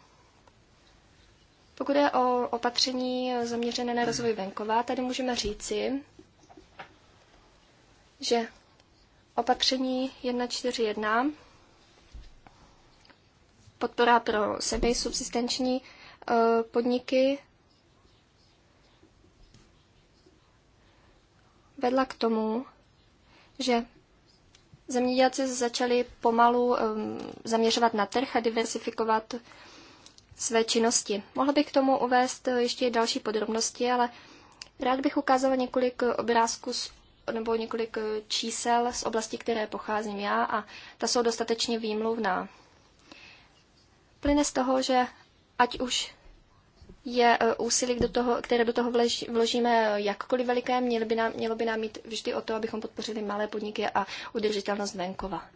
Pokud je o opatření zaměřené na rozvoj venkova, tady můžeme říci, že opatření 141 podpora pro sebe subsistenční e, podniky vedla k tomu, že Zemědělci se začali pomalu um, zaměřovat na trh a diversifikovat své činnosti. Mohla bych k tomu uvést ještě další podrobnosti, ale rád bych ukázala několik obrázků z, nebo několik čísel z oblasti, které pocházím já a ta jsou dostatečně výmluvná. Plyne z toho, že ať už je e, úsilí, do toho, které do toho vložíme jakkoliv veliké, mělo by, nám, mělo by nám mít vždy o to, abychom podpořili malé podniky a udržitelnost venkova.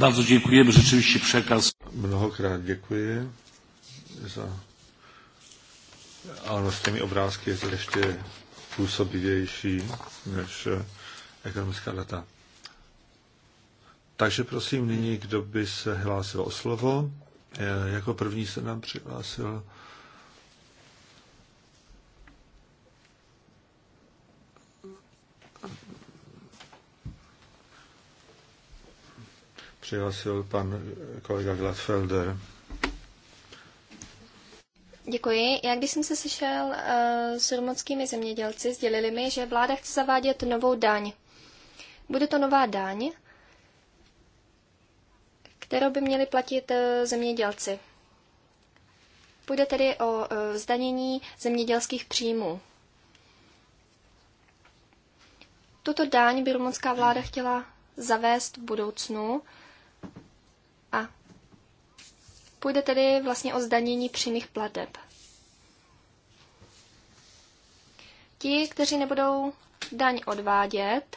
Bardzo dziękujemy, rzeczywiście przekaz. Mnohokrát děkuji za... Ano, s těmi obrázky je to ještě působivější než eh, ekonomická data. Takže prosím nyní, kdo by se hlásil o slovo. Eh, jako první se nám přihlásil přihlásil pan kolega Gladfelder. Děkuji. Já když jsem se sešel uh, s rumunskými zemědělci, sdělili mi, že vláda chce zavádět novou daň. Bude to nová daň, kterou by měli platit uh, zemědělci. Půjde tedy o uh, zdanění zemědělských příjmů. Tuto daň by rumunská vláda chtěla zavést v budoucnu a půjde tedy vlastně o zdanění přímých plateb. Ti, kteří nebudou daň odvádět,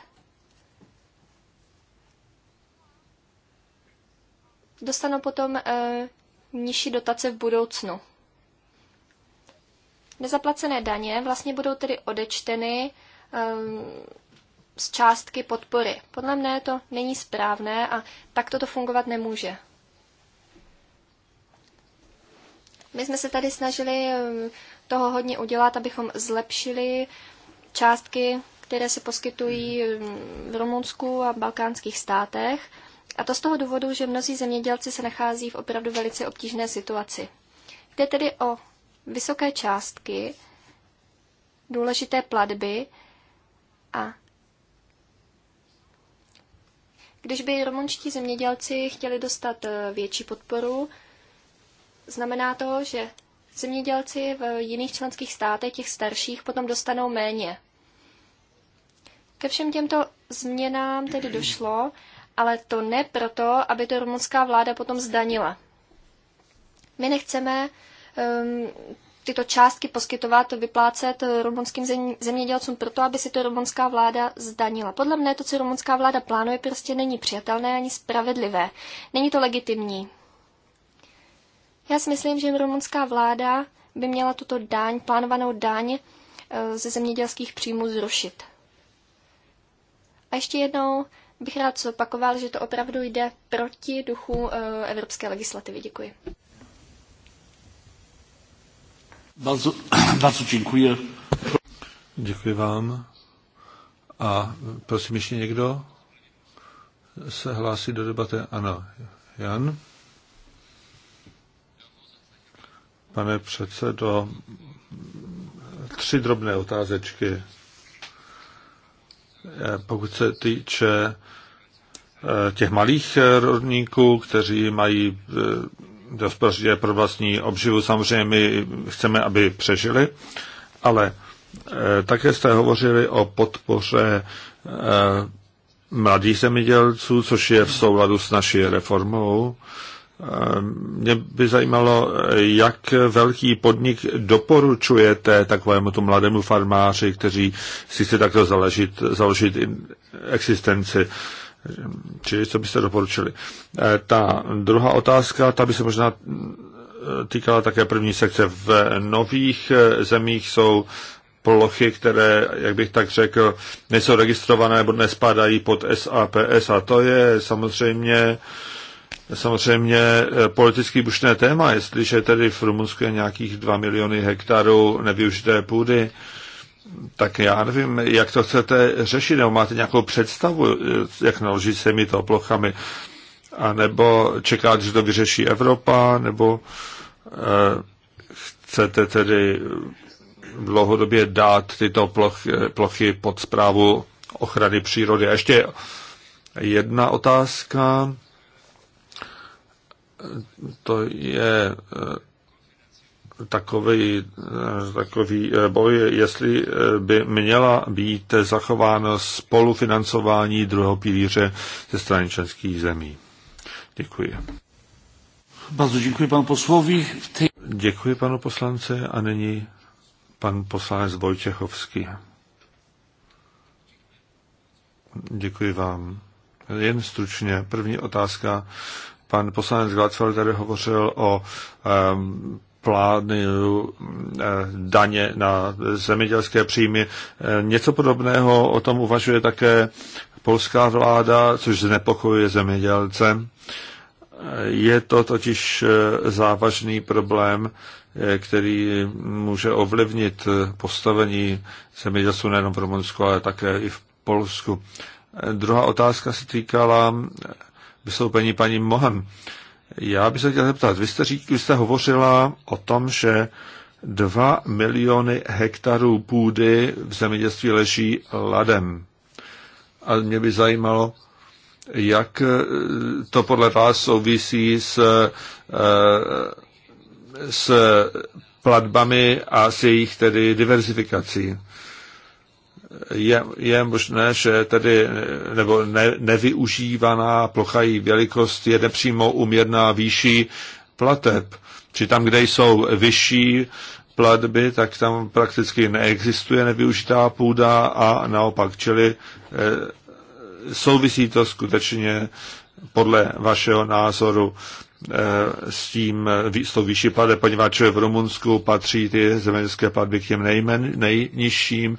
dostanou potom e, nižší dotace v budoucnu. Nezaplacené daně vlastně budou tedy odečteny e, z částky podpory. Podle mne to není správné a takto to fungovat nemůže. My jsme se tady snažili um, toho hodně udělat, abychom zlepšili částky, které se poskytují um, v Rumunsku a balkánských státech. A to z toho důvodu, že mnozí zemědělci se nachází v opravdu velice obtížné situaci. Jde tedy o vysoké částky, důležité platby a když by rumunští zemědělci chtěli dostat eh, větší podporu, znamená to, že zemědělci v jiných členských státech, těch starších, potom dostanou méně. Ke všem těmto změnám tedy došlo, ale to ne proto, aby to rumunská vláda potom zdanila. My nechceme um, tyto částky poskytovat, vyplácet eh, rumunským zemědělcům proto, aby si to rumunská vláda zdanila. Podle mne to, co rumunská vláda plánuje, prostě není přijatelné ani spravedlivé. Není to legitimní. Já si myslím, že rumunská vláda by měla tuto daň, plánovanou daň eh, ze zemědělských příjmů zrušit. A ještě jednou bych rád zopakoval, že to opravdu jde proti duchu eh, evropské legislativy. Děkuji. Bardzo, <clears throat> bardzo děkuji. Děkuji vám. A prosím, ještě někdo se hlásí do debaty? Ano, Jan. Pane předsedo, tři drobné otázečky. Pokud se týče eh, těch malých eh, rodníků, kteří mají eh, dost pro vlastní obživu. Samozřejmě my chceme, aby přežili, ale e, také jste hovořili o podpoře e, mladých zemědělců, což je v souladu s naší reformou. E, mě by zajímalo, jak velký podnik doporučujete takovému tu mladému farmáři, kteří si chce takto založit, založit existenci. Čili co byste doporučili? Eh, ta druhá otázka, ta by se možná eh, týkala také první sekce. V nových eh, zemích jsou plochy, které, jak bych tak řekl, nejsou registrované nebo nespadají pod SAPS a to je samozřejmě samozřejmě politicky bušné téma, jestliže tedy v Rumunsku je nějakých 2 miliony hektarů nevyužité půdy, tak já nevím, jak to chcete řešit, nebo máte nějakou představu, jak naložit mi to plochami, a nebo čekat, že to vyřeší Evropa, nebo eh, chcete tedy dlouhodobě dát tyto plochy, plochy pod zprávu ochrany přírody. A ještě jedna otázka, to je eh, Eh, takový, takový eh, boj, jestli eh, by měla být zachováno spolufinancování druhého pilíře ze strany členských zemí. Děkuji. Bardzo děkuji panu poslovi. Děkuji panu poslance a nyní pan poslanec Vojtěchovský. Děkuji vám. Jen stručně. První otázka. Pan poslanec Gladfeld tady hovořil o um, plány eh, daně na zemědělské příjmy. Eh, něco podobného o tom uvažuje také polská vláda, což znepokojuje zemědělce. Eh, je to totiž závažný problém, který může ovlivnit postavení zemědělců nejen v Rumunsku, ale také i v Polsku. Druhá otázka se týkala vystoupení paní Mohan. Já bych se chtěl zeptat, vy jste, řík, vy jste hovořila o tom, že 2 miliony hektarů půdy v zemědělství leží ladem. A mě by zajímalo, jak eh, to podle vás souvisí s, eh, s platbami a s jejich tedy diverzifikací je, je možné, že tedy nebo ne, nevyužívaná plocha její velikost je nepřímo uměrná výší plateb. Či tam, kde jsou vyšší platby, tak tam prakticky neexistuje nevyužitá půda a naopak. Čili eh, souvisí to skutečně podle vašeho názoru Eh, s tím s tou výšší pade, poněvadž v Rumunsku patří ty zemědělské platby k těm nejmen, nejnižším.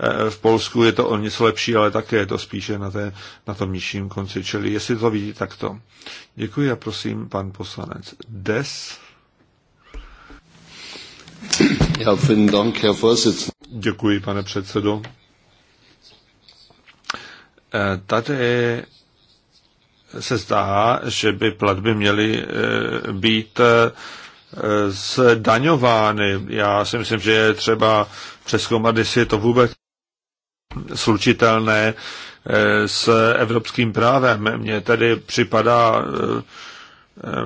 Eh, v Polsku je to o něco lepší, ale také je to spíše na, té, na tom nižším konci. Čili jestli to vidí takto. Děkuji a prosím pan poslanec Des. Já Dank, Herr Děkuji, pane předsedo. Eh, tady se zdá, že by platby měly e, být e, zdaňovány. Já si myslím, že je třeba přeskoumat, jestli je to vůbec slučitelné e, s evropským právem. Mně tedy připadá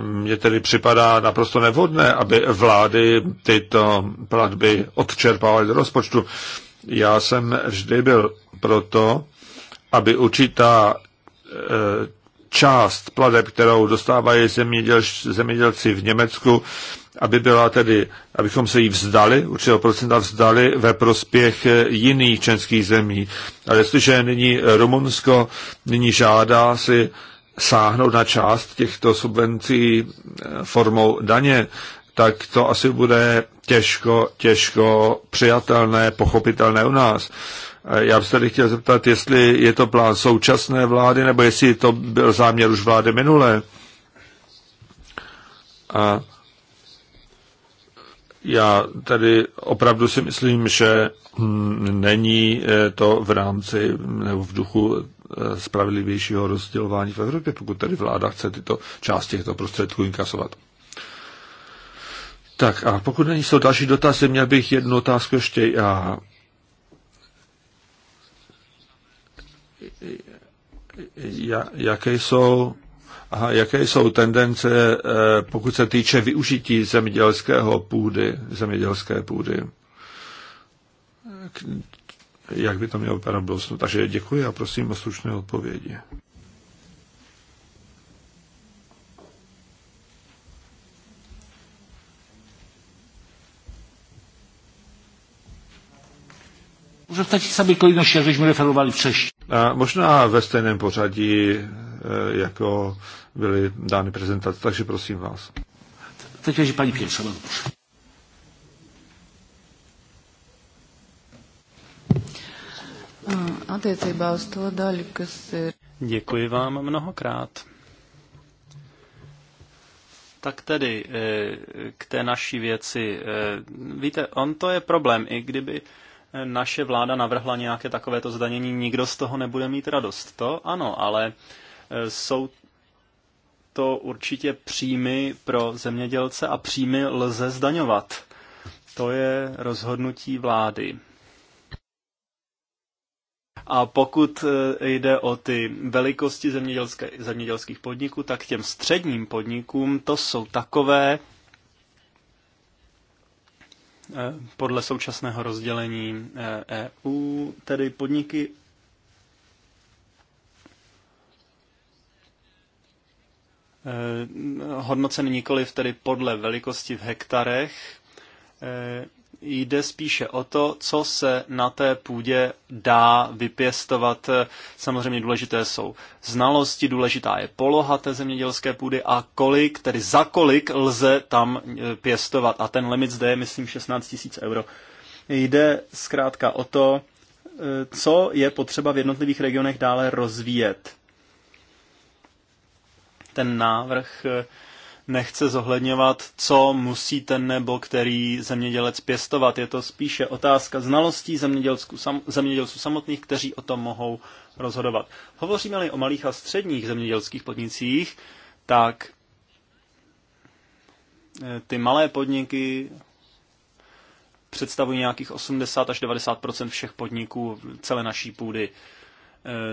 mně tedy připadá naprosto nevhodné, aby vlády tyto platby odčerpávaly do rozpočtu. Já jsem vždy byl proto, aby určitá část pladeb, kterou dostávají zemědělci v Německu, aby byla tedy, abychom se jí vzdali, určitého procenta vzdali ve prospěch eh, jiných českých zemí. Ale jestliže nyní Rumunsko nyní žádá si sáhnout na část těchto subvencí eh, formou daně, tak to asi bude těžko, těžko přijatelné, pochopitelné u nás. Já bych se tady chtěl zeptat, jestli je to plán současné vlády, nebo jestli to byl záměr už vlády minulé. A já tady opravdu si myslím, že hm, není eh, to v rámci nebo v duchu eh, spravedlivějšího rozdělování v Evropě, pokud tady vláda chce tyto části, těchto prostředků inkasovat. Tak a pokud není jsou další dotazy, měl bych jednu otázku ještě já. jaké jsou Aha, jaké jsou tendence, eh, pokud se týče využití zemědělského půdy, zemědělské půdy? Jak by to mělo vypadat v Takže děkuji a prosím o slušné odpovědi. Może w takiej samej kolejności, jak żeśmy referowali wcześniej. A možná ve stejném pořadí, e, jako byly dány prezentace, takže prosím vás. Teď razie paní pierwsza, bardzo proszę. Attiecībā uz to daļu, kas Děkuji vám mnohokrát. Tak tedy e, k té naší věci. E, víte, on to je problém, i kdyby naše vláda navrhla nějaké takovéto zdanění, nikdo z toho nebude mít radost. To ano, ale e, jsou to určitě příjmy pro zemědělce a příjmy lze zdaňovat. To je rozhodnutí vlády. A pokud e, jde o ty velikosti zemědělské, zemědělských podniků, tak těm středním podnikům to jsou takové Eh, podle současného rozdělení EU, eh, e tedy podniky eh, hodnoceny nikoliv tedy podle velikosti v hektarech, jde spíše o to, co se na té půdě dá vypěstovat. Samozřejmě důležité jsou znalosti, důležitá je poloha té zemědělské půdy a kolik, tedy za kolik lze tam e, pěstovat. A ten limit zde je, myslím, 16 000 euro. Jde zkrátka o to, e, co je potřeba v jednotlivých regionech dále rozvíjet. Ten návrh e, nechce zohledňovat, co musí ten nebo který zemědělec pěstovat. Je to spíše otázka znalostí zemědělců, samotných, kteří o tom mohou rozhodovat. Hovoříme-li o malých a středních zemědělských podnicích, tak eh, ty malé podniky představují nějakých 80 až 90 všech podniků celé naší půdy.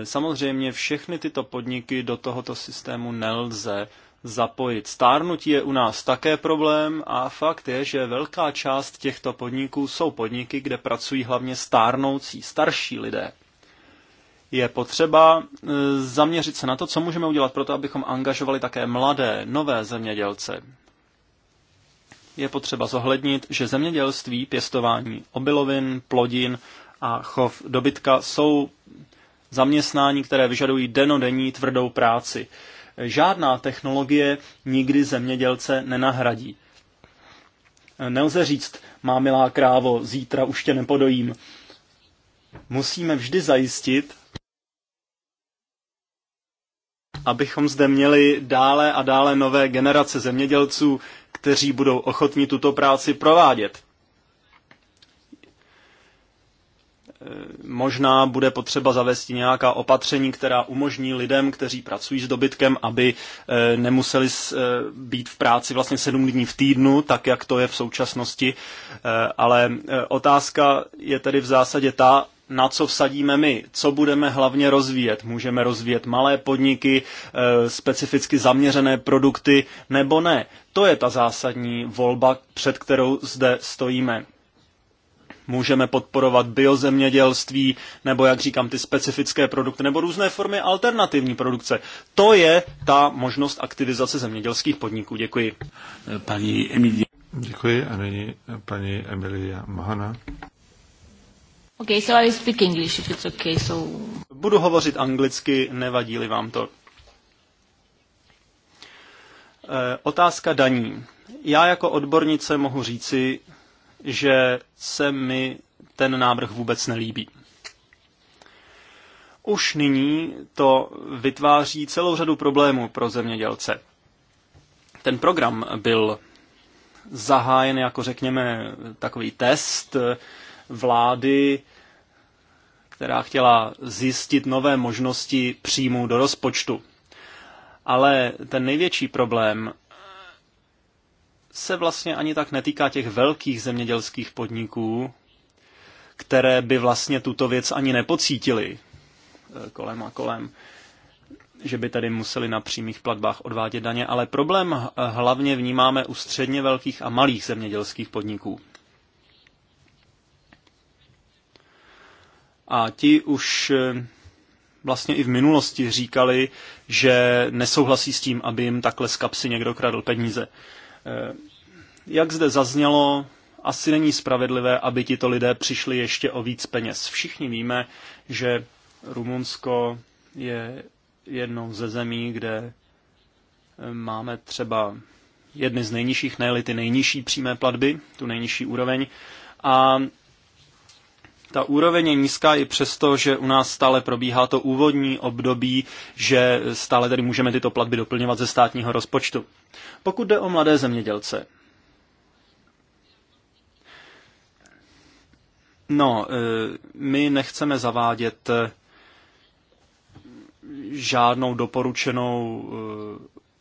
Eh, samozřejmě všechny tyto podniky do tohoto systému nelze zapojit. Stárnutí je u nás také problém a fakt je, že velká část těchto podniků jsou podniky, kde pracují hlavně stárnoucí, starší lidé. Je potřeba e, zaměřit se na to, co můžeme udělat pro to, abychom angažovali také mladé, nové zemědělce. Je potřeba zohlednit, že zemědělství, pěstování obilovin, plodin a chov dobytka jsou zaměstnání, které vyžadují denodenní tvrdou práci. Žádná technologie nikdy zemědělce nenahradí. Nelze říct, má milá krávo, zítra už tě nepodojím. Musíme vždy zajistit, abychom zde měli dále a dále nové generace zemědělců, kteří budou ochotni tuto práci provádět. možná bude potřeba zavést nějaká opatření, která umožní lidem, kteří pracují s dobytkem, aby eh, nemuseli eh, být v práci vlastně sedm dní v týdnu, tak jak to je v současnosti. Eh, ale otázka je tedy v zásadě ta, na co vsadíme my, co budeme hlavně rozvíjet. Můžeme rozvíjet malé podniky, specificky zaměřené produkty, nebo ne. To je ta zásadní volba, před kterou zde stojíme. Můžeme podporovat biozemědělství, nebo jak říkám, ty specifické produkty, nebo různé formy alternativní produkce. To je ta možnost aktivizace zemědělských podniků. Děkuji. Paní Emilie. Děkuji a nyní paní Emilia Mahana. Okay, so I speak English, if it's okay, so... Budu hovořit anglicky, nevadí-li vám to. E, otázka daní. Já jako odbornice mohu říci, že se mi ten návrh vůbec nelíbí. Už nyní to vytváří celou řadu problémů pro zemědělce. Ten program byl zahájen jako řekněme takový test vlády, která chtěla zjistit nové možnosti příjmů do rozpočtu. Ale ten největší problém se vlastně ani tak netýká těch velkých zemědělských podniků, které by vlastně tuto věc ani nepocítili eh, kolem a kolem, že by tady museli na přímých platbách odvádět daně, ale problém eh, hlavně vnímáme u středně velkých a malých zemědělských podniků. A ti už eh, vlastně i v minulosti říkali, že nesouhlasí s tím, aby jim takhle z kapsy někdo kradl peníze. Eh, jak zde zaznělo, asi není spravedlivé, aby tito lidé přišli ještě o víc peněz. Všichni víme, že Rumunsko je jednou ze zemí, kde eh, máme třeba jedny z nejnižších, ne ty nejnižší přímé platby, tu nejnižší úroveň. A ta úroveň je nízká i přesto, že u nás stále probíhá to úvodní období, že stále tedy můžeme tyto platby doplňovat ze státního rozpočtu. Pokud jde o mladé zemědělce, No, e, my nechceme zavádět e, žádnou doporučenou e,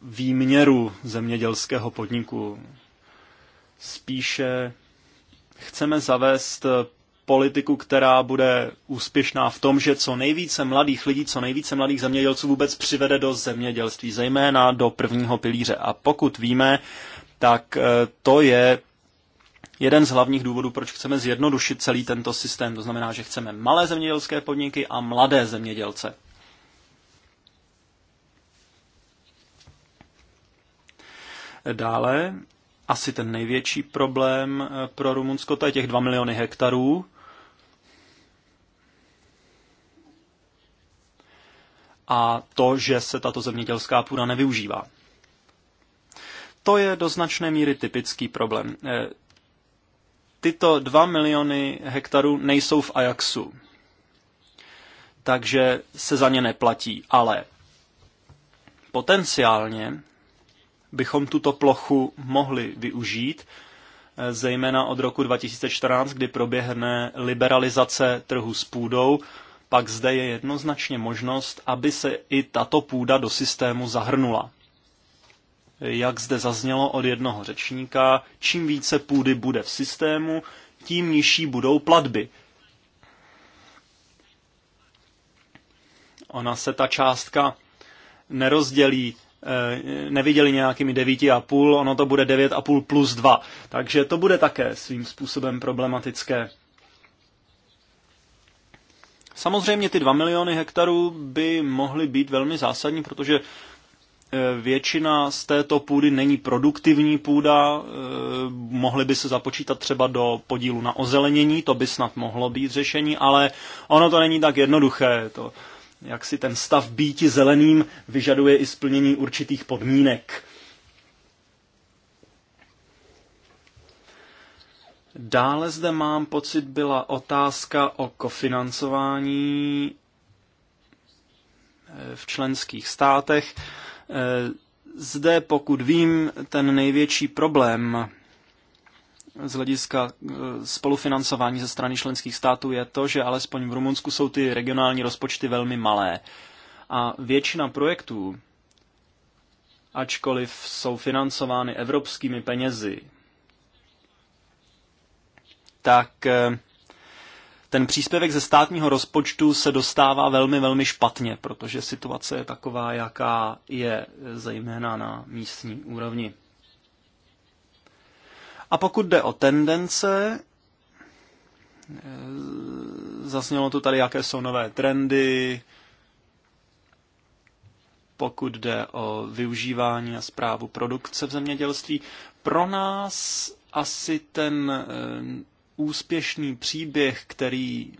výměru zemědělského podniku. Spíše chceme zavést politiku, která bude úspěšná v tom, že co nejvíce mladých lidí, co nejvíce mladých zemědělců vůbec přivede do zemědělství, zejména do prvního pilíře. A pokud víme, tak eh, to je jeden z hlavních důvodů, proč chceme zjednodušit celý tento systém. To znamená, že chceme malé zemědělské podniky a mladé zemědělce. Dále, asi ten největší problém eh, pro Rumunsko, to je těch 2 miliony hektarů, a to, že se tato zemědělská půda nevyužívá. To je do značné míry typický problém. E, tyto 2 miliony hektarů nejsou v Ajaxu, takže se za ně neplatí, ale potenciálně bychom tuto plochu mohli využít, e, zejména od roku 2014, kdy proběhne liberalizace trhu s půdou pak zde je jednoznačně možnost, aby se i tato půda do systému zahrnula. Jak zde zaznělo od jednoho řečníka, čím více půdy bude v systému, tím nižší budou platby. Ona se ta částka nerozdělí eh, neviděli nějakými 9,5, ono to bude 9,5 plus 2. Takže to bude také svým způsobem problematické. Samozřejmě ty 2 miliony hektarů by mohly být velmi zásadní, protože eh, většina z této půdy není produktivní půda, eh, mohly by se započítat třeba do podílu na ozelenění, to by snad mohlo být řešení, ale ono to není tak jednoduché. To, jak si ten stav býti zeleným vyžaduje i splnění určitých podmínek. Dále zde mám pocit, byla otázka o kofinancování eh, v členských státech. Eh, zde, pokud vím, ten největší problém z hlediska eh, spolufinancování ze strany členských států je to, že alespoň v Rumunsku jsou ty regionální rozpočty velmi malé. A většina projektů, ačkoliv jsou financovány evropskými penězi, tak eh, ten příspěvek ze státního rozpočtu se dostává velmi, velmi špatně, protože situace je taková, jaká je eh, zejména na místní úrovni. A pokud jde o tendence, eh, zaznělo tu tady, jaké jsou nové trendy, pokud jde o využívání a zprávu produkce v zemědělství. Pro nás asi ten úspěšný příběh, který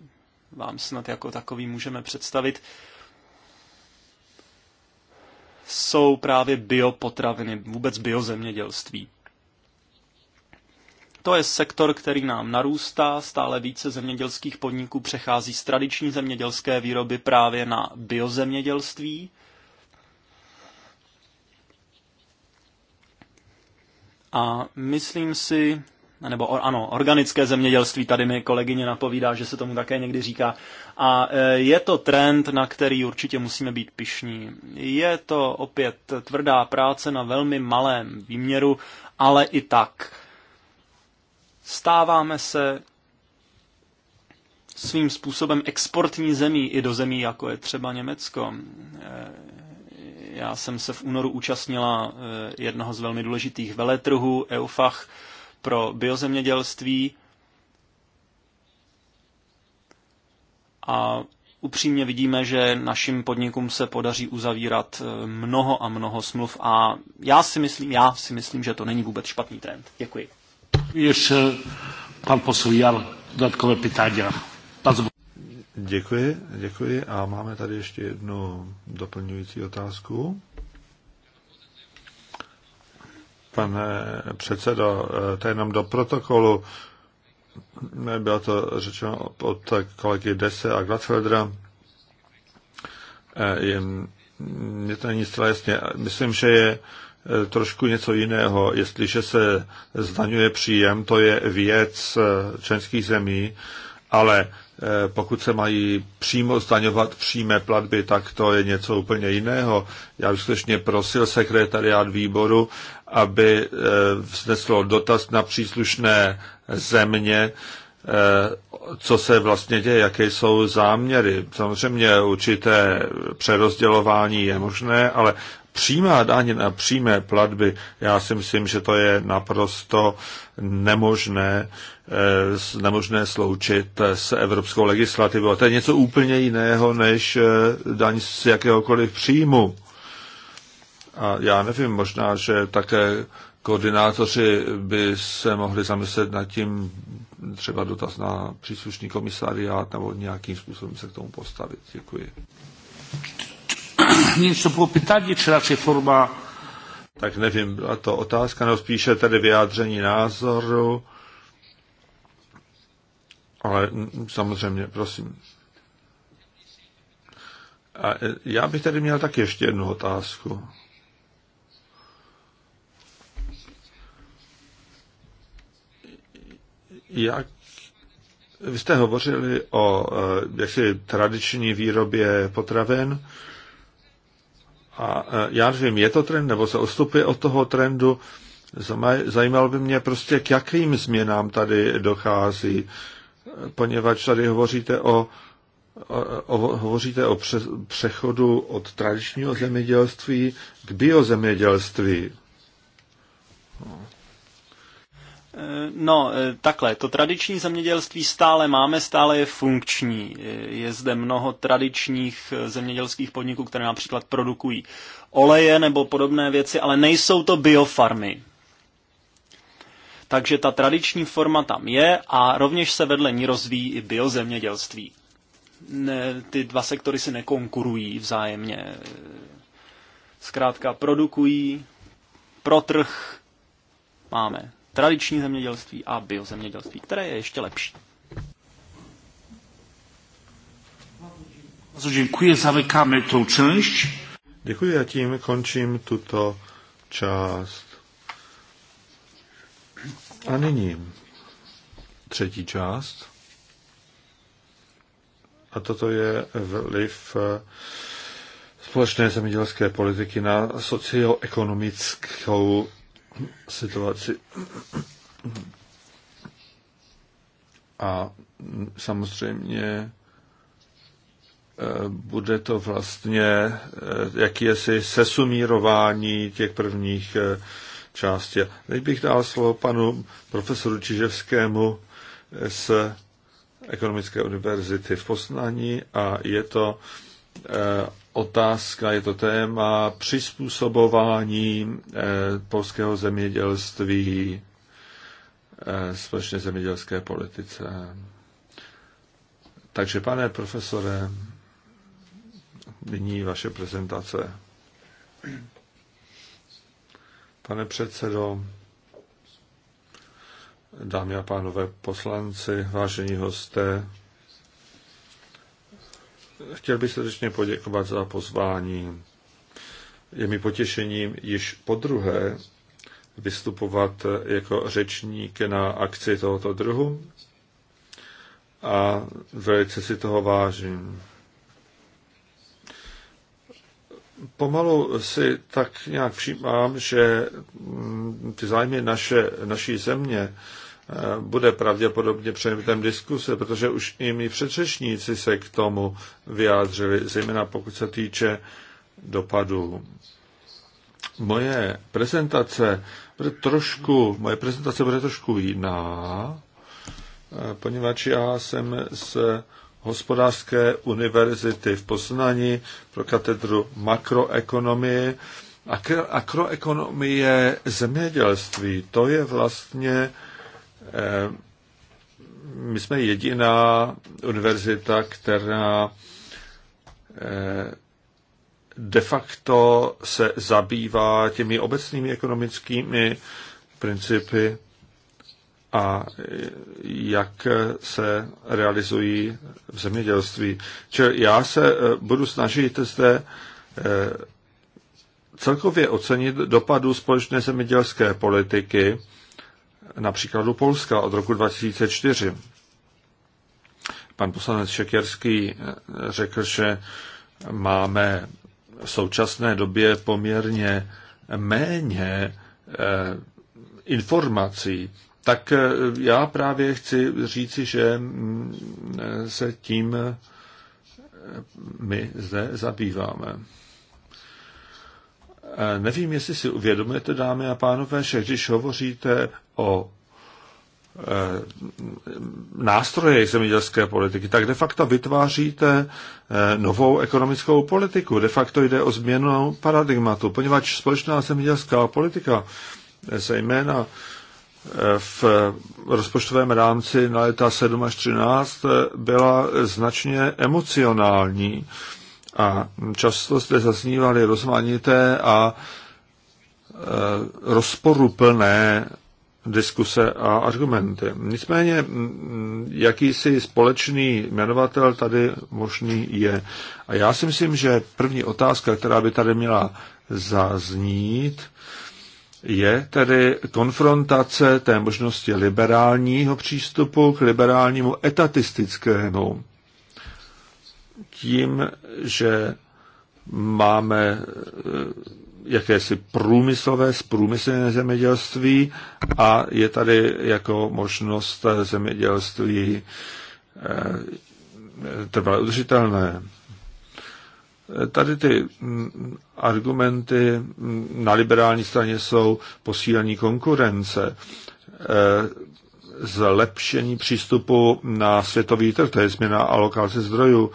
vám snad jako takový můžeme představit, jsou právě biopotraviny, vůbec biozemědělství. To je sektor, který nám narůstá, stále více zemědělských podniků přechází z tradiční zemědělské výroby právě na biozemědělství. A myslím si, nebo or, ano, organické zemědělství, tady mi kolegyně napovídá, že se tomu také někdy říká. A e, je to trend, na který určitě musíme být pišní. Je to opět tvrdá práce na velmi malém výměru, ale i tak. Stáváme se svým způsobem exportní zemí i do zemí, jako je třeba Německo. E, já jsem se v únoru účastnila e, jednoho z velmi důležitých veletrhů, EUFACH, pro biozemědělství a upřímně vidíme, že našim podnikům se podaří uzavírat eh, mnoho a mnoho smluv a já si myslím, já si myslím, že to není vůbec špatný trend. Děkuji. Ještě pan poslujar dodatkové pytání. Děkuji, děkuji a máme tady ještě jednu doplňující otázku. Pane předsedo, to je jenom do protokolu. Bylo to řečeno od kolegy Dese a Gladfeldera. E, mně to není zcela jasně. Myslím, že je e, trošku něco jiného. Jestliže se zdaňuje příjem, to je věc e, členských zemí ale eh, pokud se mají přímo zdaňovat přímé platby, tak to je něco úplně jiného. Já bych skutečně prosil sekretariát výboru, aby eh, vzneslo dotaz na příslušné země, eh, co se vlastně děje, jaké jsou záměry. Samozřejmě určité přerozdělování je možné, ale přímá daň na přímé platby, já si myslím, že to je naprosto nemožné, eh, nemožné sloučit s evropskou legislativou. To je něco úplně jiného než eh, daň z jakéhokoliv příjmu. A já nevím, možná, že také koordinátoři by se mohli zamyslet nad tím třeba dotaz na příslušný komisariát nebo nějakým způsobem se k tomu postavit. Děkuji nie to było pytanie, czy raczej forma... Tak nevím, była to otázka, no spíše tedy vyjádření názoru. Ale samozřejmě, prosím. A e, já bych tady měl tak ještě jednu otázku. Jak vy jste hovořili o e, jaksi tradiční výrobě potravin a e, já nevím, je to trend, nebo se odstupuje od toho trendu. Zajímalo by mě prostě, k jakým změnám tady dochází, e, poněvadž tady hovoříte o, o, o hovoříte o pře, přechodu od tradičního zemědělství k biozemědělství. No. Eh, no, eh, takhle, to tradiční zemědělství stále máme, stále je funkční. Je zde mnoho tradičních eh, zemědělských podniků, které například produkují oleje nebo podobné věci, ale nejsou to biofarmy. Takže ta tradiční forma tam je a rovněž se vedle ní rozvíjí i biozemědělství. Ne, ty dva sektory si nekonkurují vzájemně. Zkrátka produkují pro trh máme tradiční zemědělství a biozemědělství, které je ještě lepší. Děkuji, zavykáme tu část. Děkuji a tím končím tuto část. A nyní třetí část. A toto je vliv eh, společné zemědělské politiky na socioekonomickou situaci. A samozřejmě eh, bude to vlastně eh, jakési sesumírování těch prvních eh, částí. Teď bych dal slovo panu profesoru Čiževskému z Ekonomické univerzity v Poznaní a je to otázka, je to téma přizpůsobování eh, polského zemědělství eh, společné zemědělské politice. Takže, pane profesore, nyní vaše prezentace. Pane předsedo, dámy a pánové poslanci, vážení hosté, Chtěl bych srdečně poděkovat za pozvání. Je mi potěšením již po druhé vystupovat jako řečník na akci tohoto druhu a velice si toho vážím. Pomalu si tak nějak všímám, že ty zájmy naše, naší země Eh, bude pravděpodobně předmětem diskuse, protože už i mý předřečníci se k tomu vyjádřili, zejména pokud se týče dopadů. Moje prezentace bude trošku, moje prezentace bude trošku jiná, eh, poněvadž já jsem z Hospodářské univerzity v Poznani pro katedru makroekonomie. Akroekonomie zemědělství, to je vlastně Eh, my jsme jediná univerzita, která eh, de facto se zabývá těmi obecnými ekonomickými principy a eh, jak se realizují v zemědělství. Čili já se budu snažit zde celkově ocenit dopadu společné zemědělské politiky například do Polska od roku 2004. Pan poslanec Šekerský eh, řekl, že máme v současné době poměrně méně eh, informací, tak eh, já právě chci říci, že mm, se tím my zde zabýváme. Nevím, jestli si uvědomujete, dámy a pánové, že když hovoříte o eh, nástroje zemědělské politiky, tak de facto vytváříte eh, novou ekonomickou politiku. De facto jde o změnu paradigmatu, poněvadž společná zemědělská politika, eh, zejména v rozpočtovém rámci na leta 7 až 13, byla značně emocionální a často jste zaznívaly rozmanité a e, rozporuplné diskuse a argumenty. Nicméně jakýsi společný jmenovatel tady možný je. A já si myslím, že první otázka, která by tady měla zaznít, je tedy konfrontace té možnosti liberálního přístupu k liberálnímu etatistickému tím, že máme eh, jakési průmyslové, průmyslné zemědělství a je tady jako možnost zemědělství eh, trvale udržitelné. Tady ty mm, argumenty mm, na liberální straně jsou posílení konkurence, eh, zlepšení přístupu na světový trh, to je změna alokace zdrojů,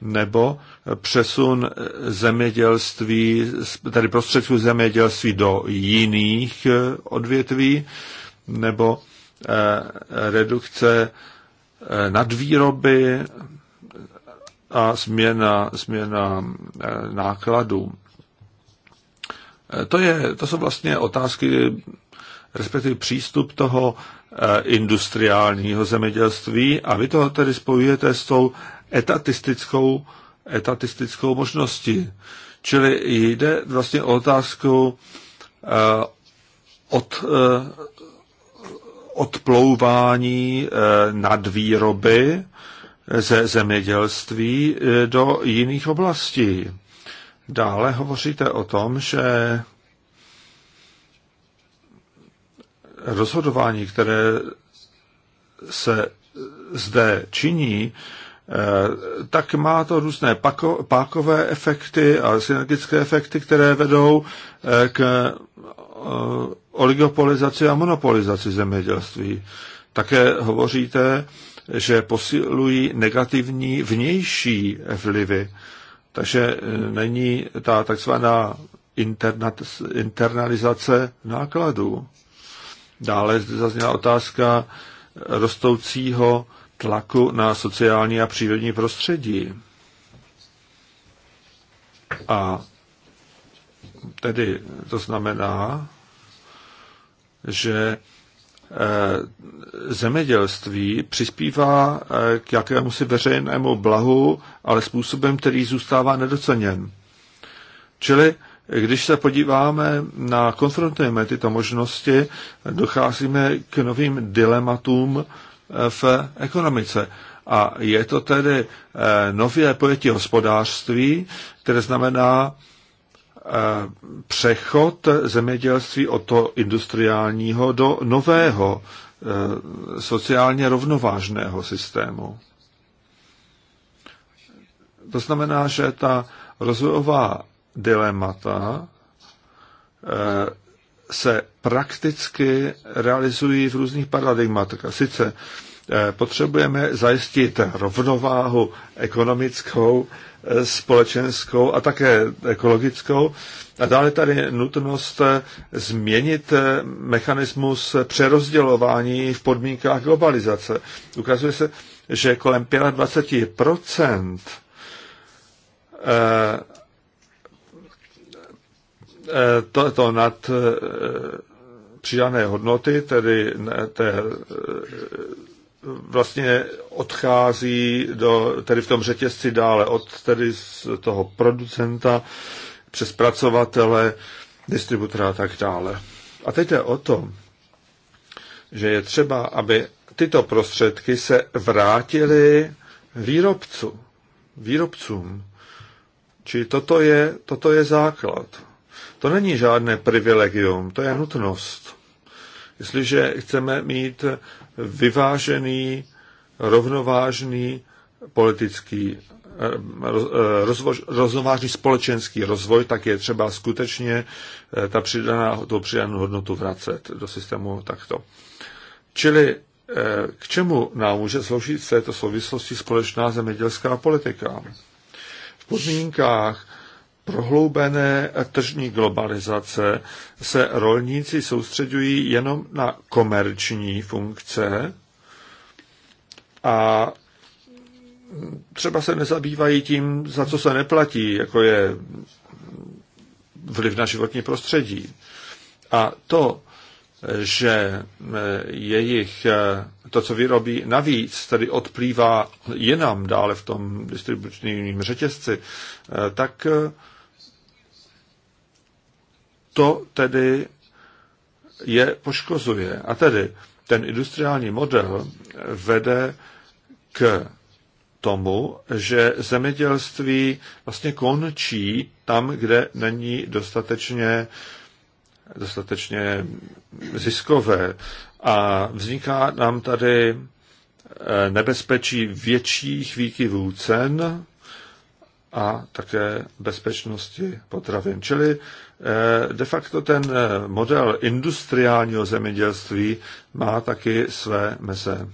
nebo přesun zemědělství, tedy prostředků zemědělství do jiných eh, odvětví, nebo eh, redukce eh, nadvýroby a změna, změna nákladů. To, je, to jsou vlastně otázky, respektive přístup toho industriálního zemědělství a vy to tedy spojujete s tou etatistickou, etatistickou možnosti, Čili jde vlastně o otázku eh, od, eh, odplouvání eh, nadvýroby ze zemědělství do jiných oblastí. Dále hovoříte o tom, že rozhodování, které se zde činí, Eh, tak má to různé pako, pákové efekty a synergické efekty, které vedou eh, k eh, oligopolizaci a monopolizaci zemědělství. Také hovoříte, že posilují negativní vnější vlivy. Takže není ta takzvaná internalizace nákladů. Dále zazněla otázka rostoucího tlaku na sociální a přírodní prostředí. A tedy to znamená, že eh, zemědělství přispívá eh, k jakému si veřejnému blahu, ale způsobem, který zůstává nedoceněn. Čili když se podíváme na konfrontujeme tyto možnosti, docházíme k novým dilematům v ekonomice. A je to tedy eh, nové pojetí hospodářství, které znamená eh, přechod zemědělství od toho industriálního do nového eh, sociálně rovnovážného systému. To znamená, že ta rozvojová dilemata se prakticky realizují v různých paradigmatech. A sice eh, potřebujeme zajistit rovnováhu ekonomickou, eh, společenskou a také ekologickou. A dále tady je nutnost eh, změnit mechanismus přerozdělování v podmínkách globalizace. Ukazuje se, že kolem 25 Eh, to, to nad eh, přidané hodnoty, tedy té, eh, vlastně odchází do, tedy v tom řetězci dále od tedy z toho producenta přes pracovatele, distributora a tak dále. A teď je o to, že je třeba, aby tyto prostředky se vrátily výrobcu, výrobcům. Čili toto je, toto je základ. To není žádné privilegium, to je nutnost. Jestliže chceme mít vyvážený, rovnovážný politický eh, eh, rozvoj, rozvážný společenský rozvoj, tak je třeba skutečně eh, ta přidaná, tu přidanou hodnotu vracet do systému takto. Čili k čemu nám může sloužit v této souvislosti společná zemědělská politika? V podmínkách prohloubené tržní globalizace se rolníci soustředují jenom na komerční funkce a třeba se nezabývají tím, za co se neplatí, jako je vliv na životní prostředí. A to, že jejich, to, co vyrobí navíc, tedy odplývá jinam dále v tom distribučním řetězci, tak to tedy je poškozuje. A tedy ten industriální model vede k tomu, že zemědělství vlastně končí tam, kde není dostatečně, dostatečně ziskové. A vzniká nám tady eh, nebezpečí větších výkyvů cen a také bezpečnosti potravin. Čili eh, de facto ten eh, model industriálního zemědělství má taky své meze.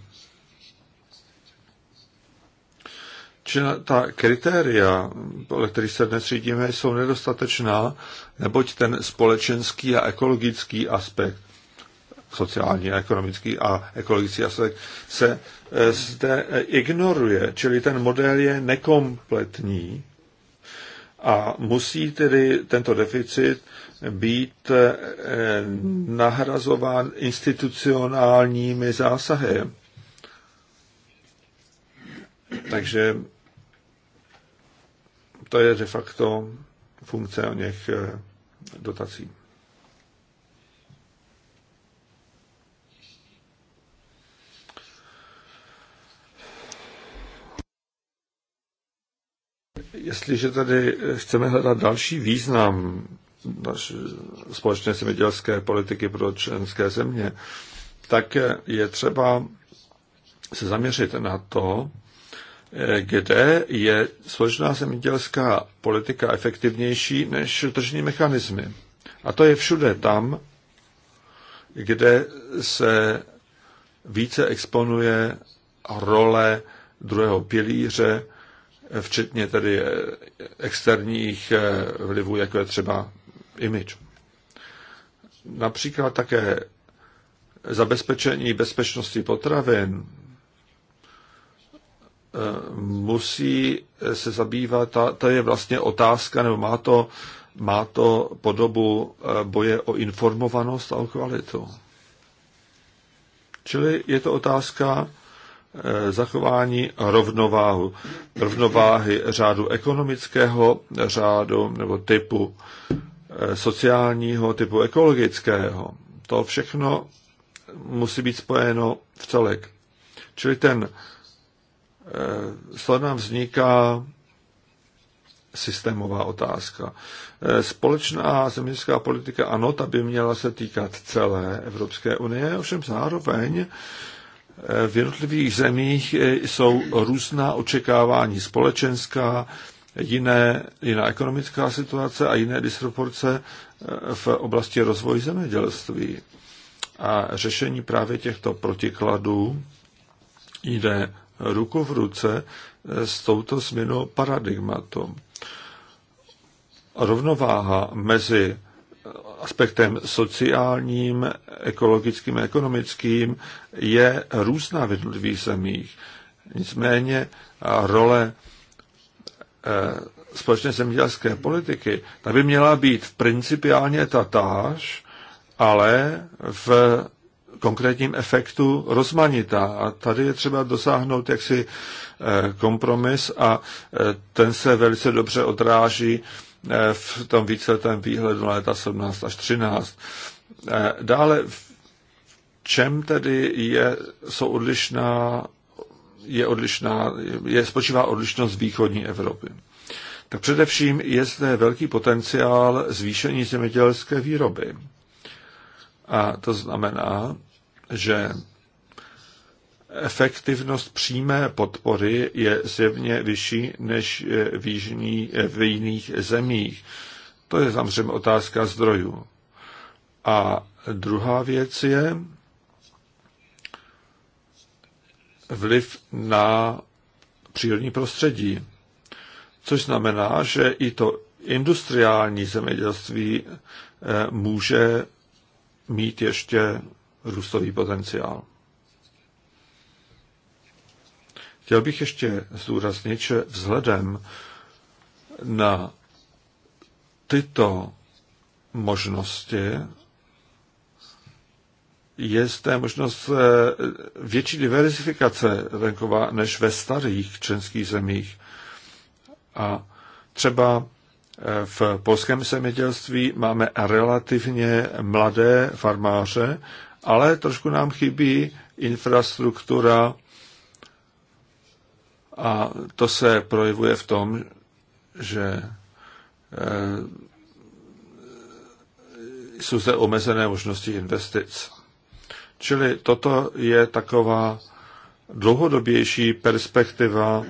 Čili ta kritéria, podle kterých se dnes řídíme, jsou nedostatečná, neboť ten společenský a ekologický aspekt sociální a ekonomický a ekologický aspekt, se eh, zde eh, ignoruje, čili ten model je nekompletní a musí tedy tento deficit být eh, nahrazován institucionálními zásahy. Takže to je de facto funkce o něch dotací. Jestliže tady eh, chceme hledat další význam naší eh, společné zemědělské politiky pro členské země, tak eh, je třeba se zaměřit na to, kde je společná zemědělská politika efektivnější než tržní mechanismy. A to je všude tam, kde se více exponuje role druhého pilíře včetně tedy externích eh, vlivů, jako je třeba image. Například také zabezpečení bezpečnosti potravin eh, musí se zabývat, ta, to je vlastně otázka, nebo má to, má to podobu eh, boje o informovanost a o kvalitu. Čili je to otázka, Eh, zachování rovnováhu, rovnováhy řádu ekonomického, řádu nebo typu eh, sociálního, typu ekologického. To všechno musí být spojeno v celek. Čili ten eh, z nám vzniká systémová otázka. Společná zemědělská politika, ano, ta by měla se týkat celé Evropské unie, ovšem zároveň v jednotlivých zemích eh, jsou různá očekávání společenská, jiné, jiná ekonomická situace a jiné disproporce eh, v oblasti rozvoje zemědělství. A řešení právě těchto protikladů jde ruku v ruce eh, s touto změnou paradigmatu. Rovnováha mezi aspektem sociálním, ekologickým a ekonomickým je různá v jednotlivých zemích. Nicméně role eh, společné zemědělské politiky, ta by měla být v principiálně tatáž, ale v konkrétním efektu rozmanitá. A tady je třeba dosáhnout jaksi eh, kompromis a eh, ten se velice dobře odráží Eh, v tom víceletém výhledu na léta 17 až 13. Eh, dále, v čem tedy je, jsou odlišná, je odlišná, je, spočívá odlišnost východní Evropy? Tak především je zde velký potenciál zvýšení zemědělské výroby. A to znamená, že efektivnost přímé podpory je zjevně vyšší než v, jižní, v jiných zemích. To je samozřejmě otázka zdrojů. A druhá věc je vliv na přírodní prostředí, což znamená, že i to industriální zemědělství eh, může mít ještě růstový potenciál. Chtěl bych ještě zdůraznit, že vzhledem na tyto možnosti je zde možnost eh, větší diversifikace venkova než ve starých členských zemích. A třeba eh, v polském zemědělství máme relativně mladé farmáře, ale trošku nám chybí infrastruktura a to se projevuje v tom, že eh, jsou zde omezené možnosti investic. Čili toto je taková dlouhodobější perspektiva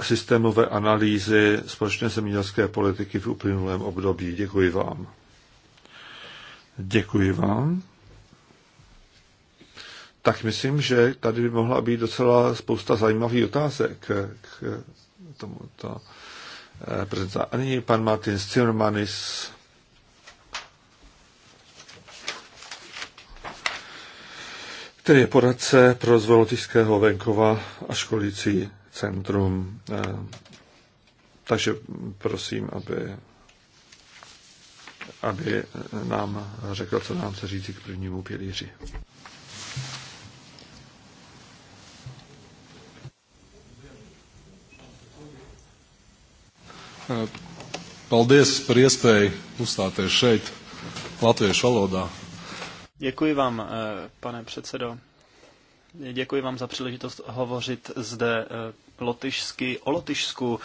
systémové analýzy společné zemědělské politiky v uplynulém období. Děkuji vám. Děkuji vám tak myslím, že tady by mohla být docela spousta zajímavých otázek k tomuto eh, prezentaci. A nyní pan Martin Zimmermanis. který je poradce pro rozvoj lotyšského venkova a školící centrum. Eh, takže prosím, aby, aby nám řekl, co nám se říci k prvnímu pilíři. Eh, paldies par iespēju uzstāties šeit, latviešu valodā. Děkuji vám, eh, pane předsedo. Děkuji vám za příležitost hovořit zde eh, lotyšsky o Lotyšsku.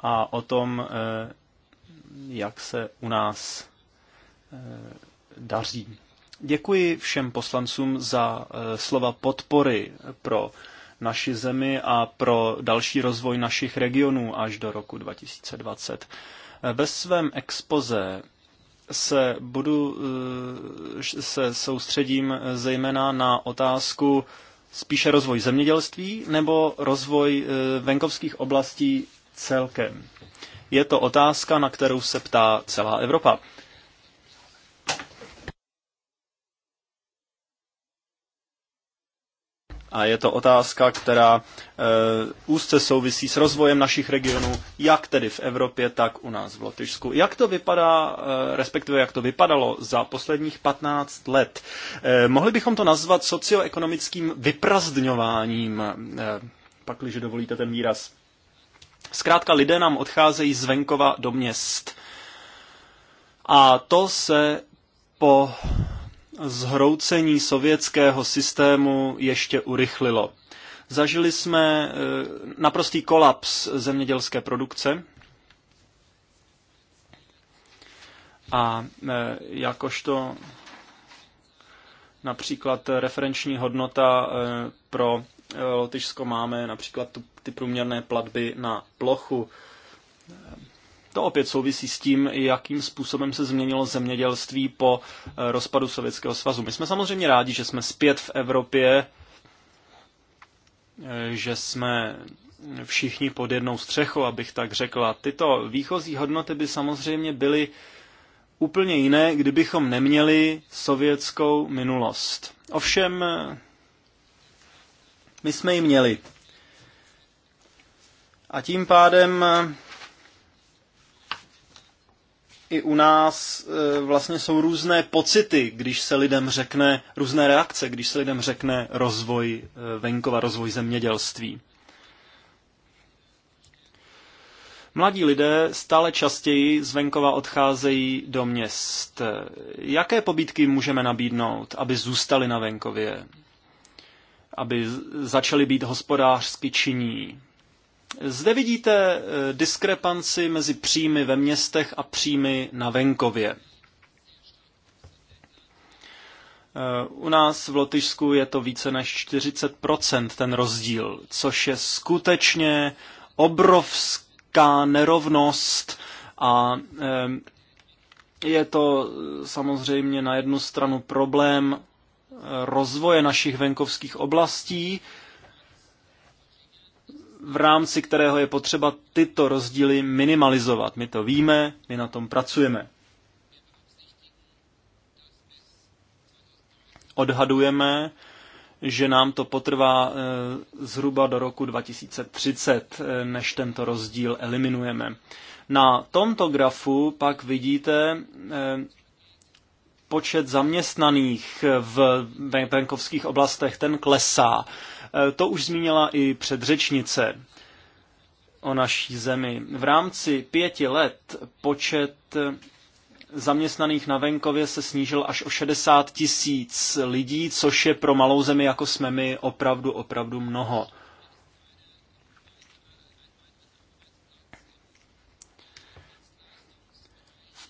A o tom, jak se u nás daří. Děkuji všem poslancům za eh, slova podpory pro naši zemi a pro další rozvoj našich regionů až do roku 2020. Eh, ve svém expoze se budu eh, se soustředím zejména na otázku spíše rozvoj zemědělství nebo rozvoj venkovských oblastí celkem. Je to otázka, na kterou se ptá celá Evropa. A je to otázka, která e, úzce souvisí s rozvojem našich regionů, jak tedy v Evropě, tak u nás v Lotyšsku. Jak to vypadá, e, respektive jak to vypadalo za posledních 15 let? E, mohli bychom to nazvat socioekonomickým vyprazdňováním, e, pakliže dovolíte ten výraz. Zkrátka lidé nám odcházejí z venkova do měst. A to se po zhroucení sovětského systému ještě urychlilo. Zažili jsme e, naprostý kolaps zemědělské produkce a e, jakožto například referenční hodnota e, pro Lotyšsko máme například ty průměrné platby na plochu to opět souvisí s tím, jakým způsobem se změnilo zemědělství po eh, rozpadu Sovětského svazu. My jsme samozřejmě rádi, že jsme zpět v Evropě, eh, že jsme všichni pod jednou střechou, abych tak řekla. Tyto výchozí hodnoty by samozřejmě byly úplně jiné, kdybychom neměli sovětskou minulost. Ovšem, eh, my jsme ji měli. A tím pádem i u nás e, vlastně jsou různé pocity, když se lidem řekne, různé reakce, když se lidem řekne rozvoj e, venkova, rozvoj zemědělství. Mladí lidé stále častěji z venkova odcházejí do měst. Jaké pobídky můžeme nabídnout, aby zůstali na venkově? Aby začali být hospodářsky činní? Zde vidíte eh, diskrepanci mezi příjmy ve městech a příjmy na venkově. Eh, u nás v Lotyšsku je to více než 40% ten rozdíl, což je skutečně obrovská nerovnost a eh, je to samozřejmě na jednu stranu problém rozvoje našich venkovských oblastí, v rámci kterého je potřeba tyto rozdíly minimalizovat. My to víme, my na tom pracujeme. Odhadujeme, že nám to potrvá eh, zhruba do roku 2030, eh, než tento rozdíl eliminujeme. Na tomto grafu pak vidíte eh, počet zaměstnaných v venkovských oblastech, ten klesá. E, to už zmínila i předřečnice o naší zemi. V rámci pěti let počet zaměstnaných na venkově se snížil až o 60 tisíc lidí, což je pro malou zemi, jako jsme my, opravdu, opravdu mnoho.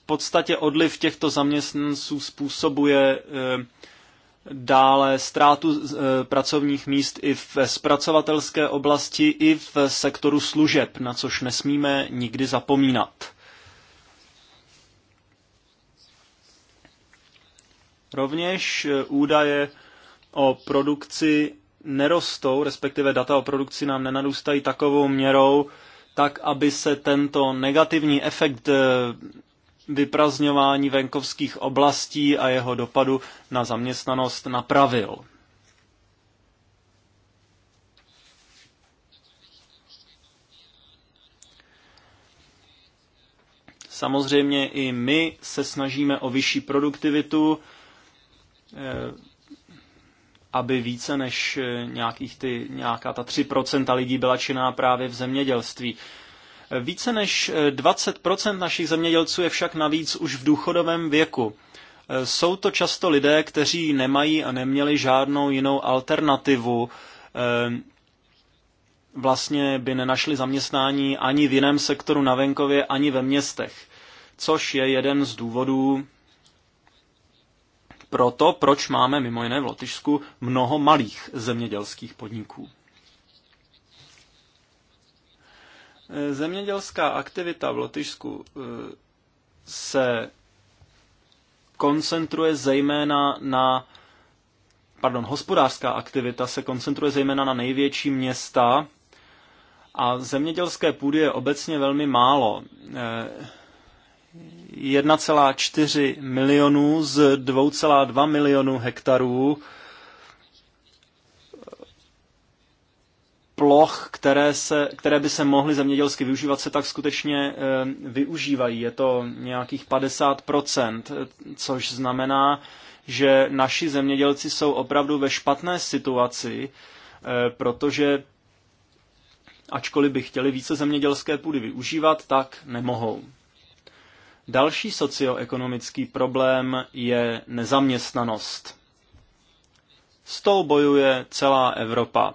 podstatě odliv těchto zaměstnanců způsobuje eh, dále ztrátu eh, pracovních míst i v zpracovatelské oblasti, i v sektoru služeb, na což nesmíme nikdy zapomínat. Rovněž eh, údaje o produkci nerostou, respektive data o produkci nám nenadůstají takovou měrou, tak aby se tento negativní efekt vyprazňování venkovských oblastí a jeho dopadu na zaměstnanost napravil. Samozřejmě i my se snažíme o vyšší produktivitu, eh, aby více než eh, nějakých ty, nějaká ta 3% lidí byla činná právě v zemědělství. Více než 20% eh, našich zemědělců je však navíc už v důchodovém věku. Eh, jsou to často lidé, kteří nemají a neměli žádnou jinou alternativu. Eh, vlastně by nenašli zaměstnání ani v jiném sektoru na venkově, ani ve městech. Což je jeden z důvodů pro to, proč máme mimo jiné v Lotyšsku mnoho malých zemědělských podniků. Eh, zemědělská aktivita v Lotyšsku eh, se koncentruje zejména na pardon, hospodářská aktivita se koncentruje zejména na největší města a zemědělské půdy je obecně velmi málo. 1,4 eh, milionů z 2,2 milionů hektarů ploch, které, se, které by se mohly zemědělsky využívat, se tak skutečně eh, využívají. Je to nějakých 50%, eh, což znamená, že naši zemědělci jsou opravdu ve špatné situaci, eh, protože ačkoliv by chtěli více zemědělské půdy využívat, tak nemohou. Další socioekonomický problém je nezaměstnanost. S tou bojuje celá Evropa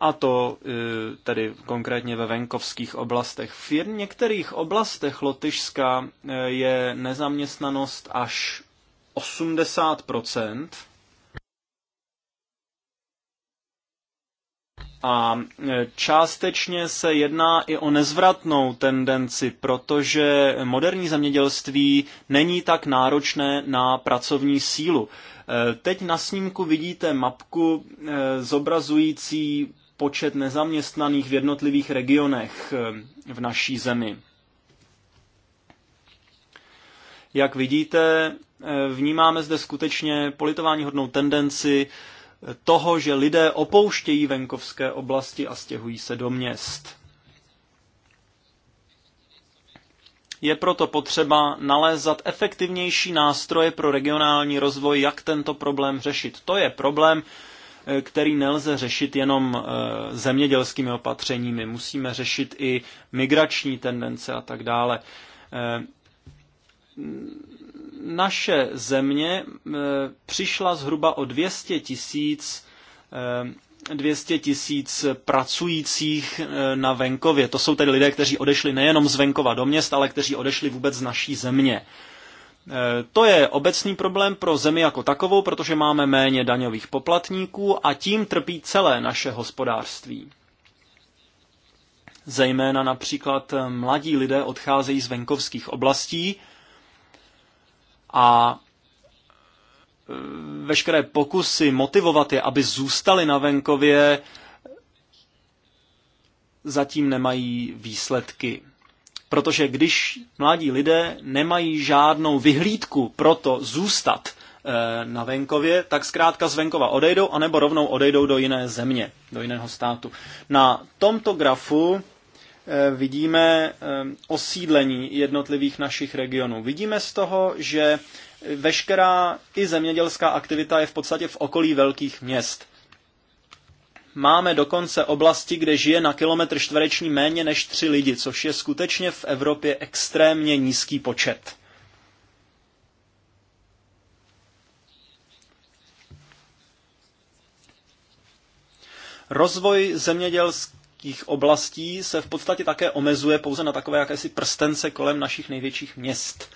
a to e, tedy konkrétně ve venkovských oblastech. V některých oblastech Lotyšska e, je nezaměstnanost až 80 A e, částečně se jedná i o nezvratnou tendenci, protože moderní zemědělství není tak náročné na pracovní sílu. Teď na snímku vidíte mapku zobrazující počet nezaměstnaných v jednotlivých regionech eh, v naší zemi. Jak vidíte, eh, vnímáme zde skutečně politování hodnou tendenci eh, toho, že lidé opouštějí venkovské oblasti a stěhují se do měst. Je proto potřeba nalézat efektivnější nástroje pro regionální rozvoj, jak tento problém řešit. To je problém, Eh, který nelze řešit jenom eh, zemědělskými opatřeními. Musíme řešit i migrační tendence a tak dále. Eh, naše země přišla zhruba o 200 tisíc 200 tisíc pracujících na venkově. To jsou tedy lidé, kteří odešli nejenom z venkova do měst, ale kteří odešli vůbec z naší země. Eh, to je obecný problém pro zemi jako takovou, protože máme méně daňových poplatníků a tím trpí celé naše hospodářství. Zejména například eh, mladí lidé odcházejí z venkovských oblastí a eh, veškeré pokusy motivovat je, aby zůstali na venkově, zatím nemají výsledky. Protože když mladí lidé nemají žádnou vyhlídku pro to zůstat eh, na venkově, tak zkrátka z venkova odejdou, anebo rovnou odejdou do jiné země, do jiného státu. Na tomto grafu eh, vidíme eh, osídlení jednotlivých našich regionů. Vidíme z toho, že veškerá i zemědělská aktivita je v podstatě v okolí velkých měst. Máme dokonce oblasti, kde žije na kilometr čtvereční méně než tři lidi, což je skutečně v Evropě extrémně nízký počet. Rozvoj zemědělských oblastí se v podstatě také omezuje pouze na takové jakési prstence kolem našich největších měst.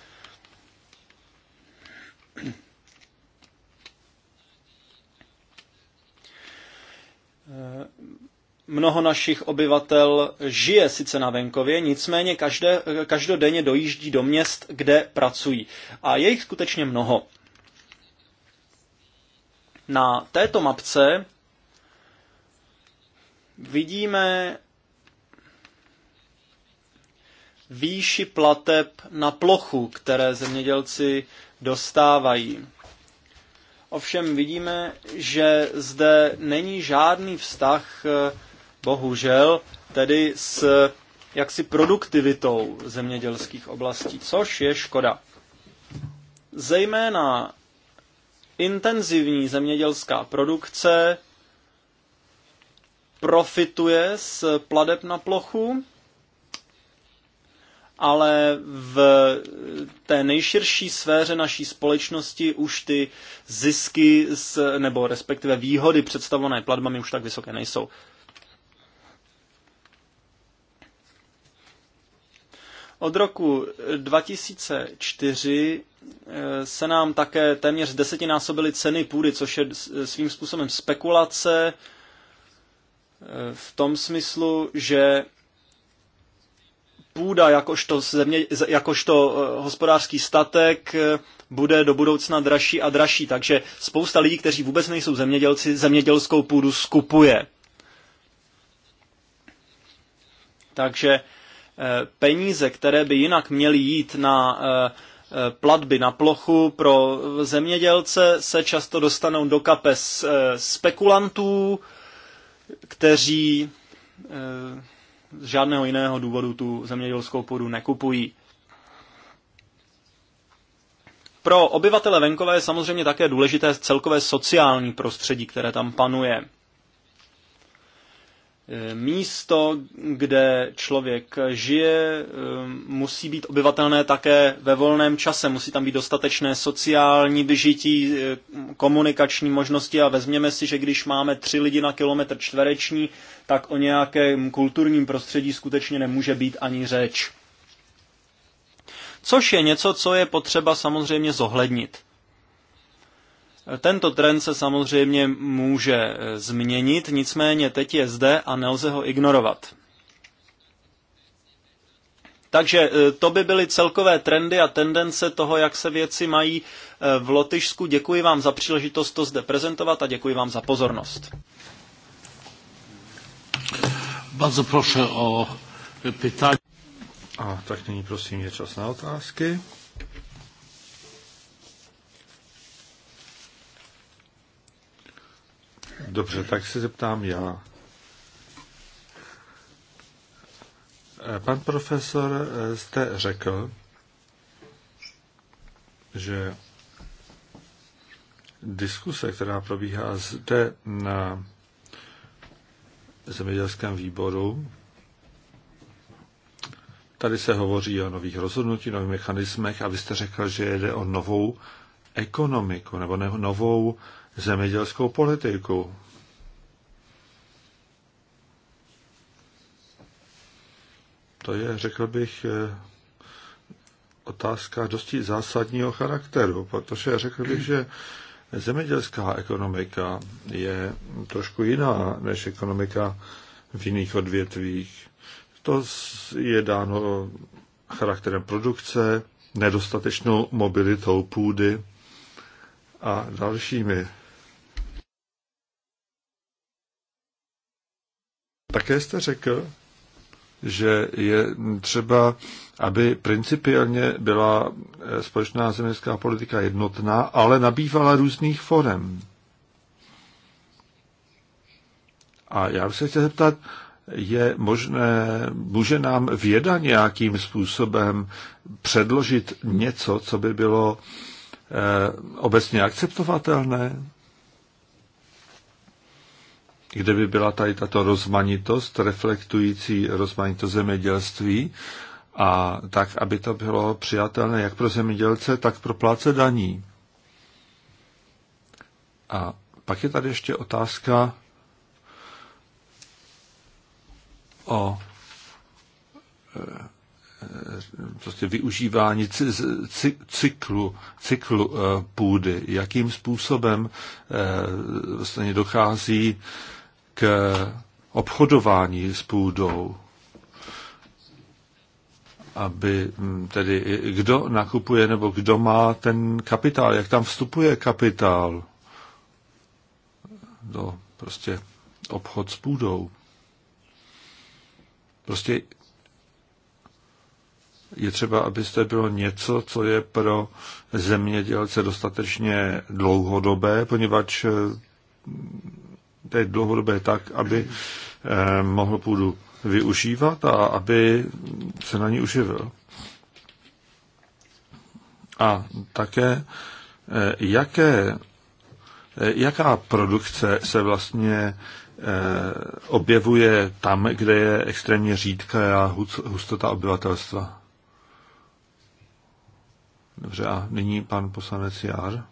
Mnoho našich obyvatel žije sice na venkově, nicméně každé, každodenně dojíždí do měst, kde pracují. A je jich skutečně mnoho. Na této mapce vidíme výši plateb na plochu, které zemědělci dostávají. Ovšem vidíme, že zde není žádný vztah, eh, bohužel, tedy s eh, jaksi produktivitou zemědělských oblastí, což je škoda. Zejména intenzivní zemědělská produkce profituje z pladeb na plochu ale v té nejširší sféře naší společnosti už ty zisky s, nebo respektive výhody představované platbami už tak vysoké nejsou. Od roku 2004 eh, se nám také téměř desetinásobily ceny půdy, což je eh, svým způsobem spekulace eh, v tom smyslu, že půda jakožto, země, jakožto eh, hospodářský statek eh, bude do budoucna dražší a dražší. Takže spousta lidí, kteří vůbec nejsou zemědělci, zemědělskou půdu skupuje. Takže eh, peníze, které by jinak měly jít na platby na plochu pro zemědělce, se často dostanou do kapes spekulantů, kteří z žádného jiného důvodu tu zemědělskou půdu nekupují. Pro obyvatele venkova je samozřejmě také důležité celkové sociální prostředí, které tam panuje. Eh, místo, kde člověk žije, eh, musí být obyvatelné také ve volném čase. Musí tam být dostatečné sociální vyžití, eh, komunikační možnosti a vezměme si, že když máme tři lidi na kilometr čtvereční, tak o nějakém kulturním prostředí skutečně nemůže být ani řeč. Což je něco, co je potřeba samozřejmě zohlednit. Tento trend se samozřejmě může eh, změnit, nicméně teď je zde a nelze ho ignorovat. Takže eh, to by byly celkové trendy a tendence toho, jak se věci mají eh, v Lotyšsku. Děkuji vám za příležitost to zde prezentovat a děkuji vám za pozornost. Bardzo proszę o pytanie. A tak nyní prosím je čas na otázky. Dobře, tak se zeptám já. Pan profesor, eh, jste řekl, že diskuse, která probíhá zde na zemědělském výboru, tady se hovoří o nových rozhodnutí, nových mechanismech a vy jste řekl, že jde o novou ekonomiku nebo novou zemědělskou politiku. To je, řekl bych, eh, otázka dosti zásadního charakteru, protože řekl bych, že zemědělská ekonomika je trošku jiná než ekonomika v jiných odvětvích. To je dáno charakterem produkce, nedostatečnou mobilitou půdy a dalšími. Také jste řekl, že je třeba, aby principiálně byla eh, společná zemědělská politika jednotná, ale nabývala různých forem. A já bych se chtěl zeptat, je možné, může nám věda nějakým způsobem předložit něco, co by bylo eh, obecně akceptovatelné? kde by byla tady tato rozmanitost, reflektující rozmanitost zemědělství, a tak, aby to bylo přijatelné jak pro zemědělce, tak pro pláce daní. A pak je tady ještě otázka o eh, prostě využívání cyklu, cyklu eh, půdy, jakým způsobem eh, vlastně dochází k obchodování s půdou, aby mm, tedy kdo nakupuje nebo kdo má ten kapitál, jak tam vstupuje kapitál do prostě obchod s půdou. Prostě je třeba, aby to bylo něco, co je pro zemědělce dostatečně dlouhodobé, poněvadž je dlouhodobé tak, aby eh, mohl půdu využívat a aby se na ní uživil. A také, eh, jaké, eh, jaká produkce se vlastně objevuje tam, kde je extrémně řídká hustota obyvatelstva. Dobře, a nyní pan poslanec Jár.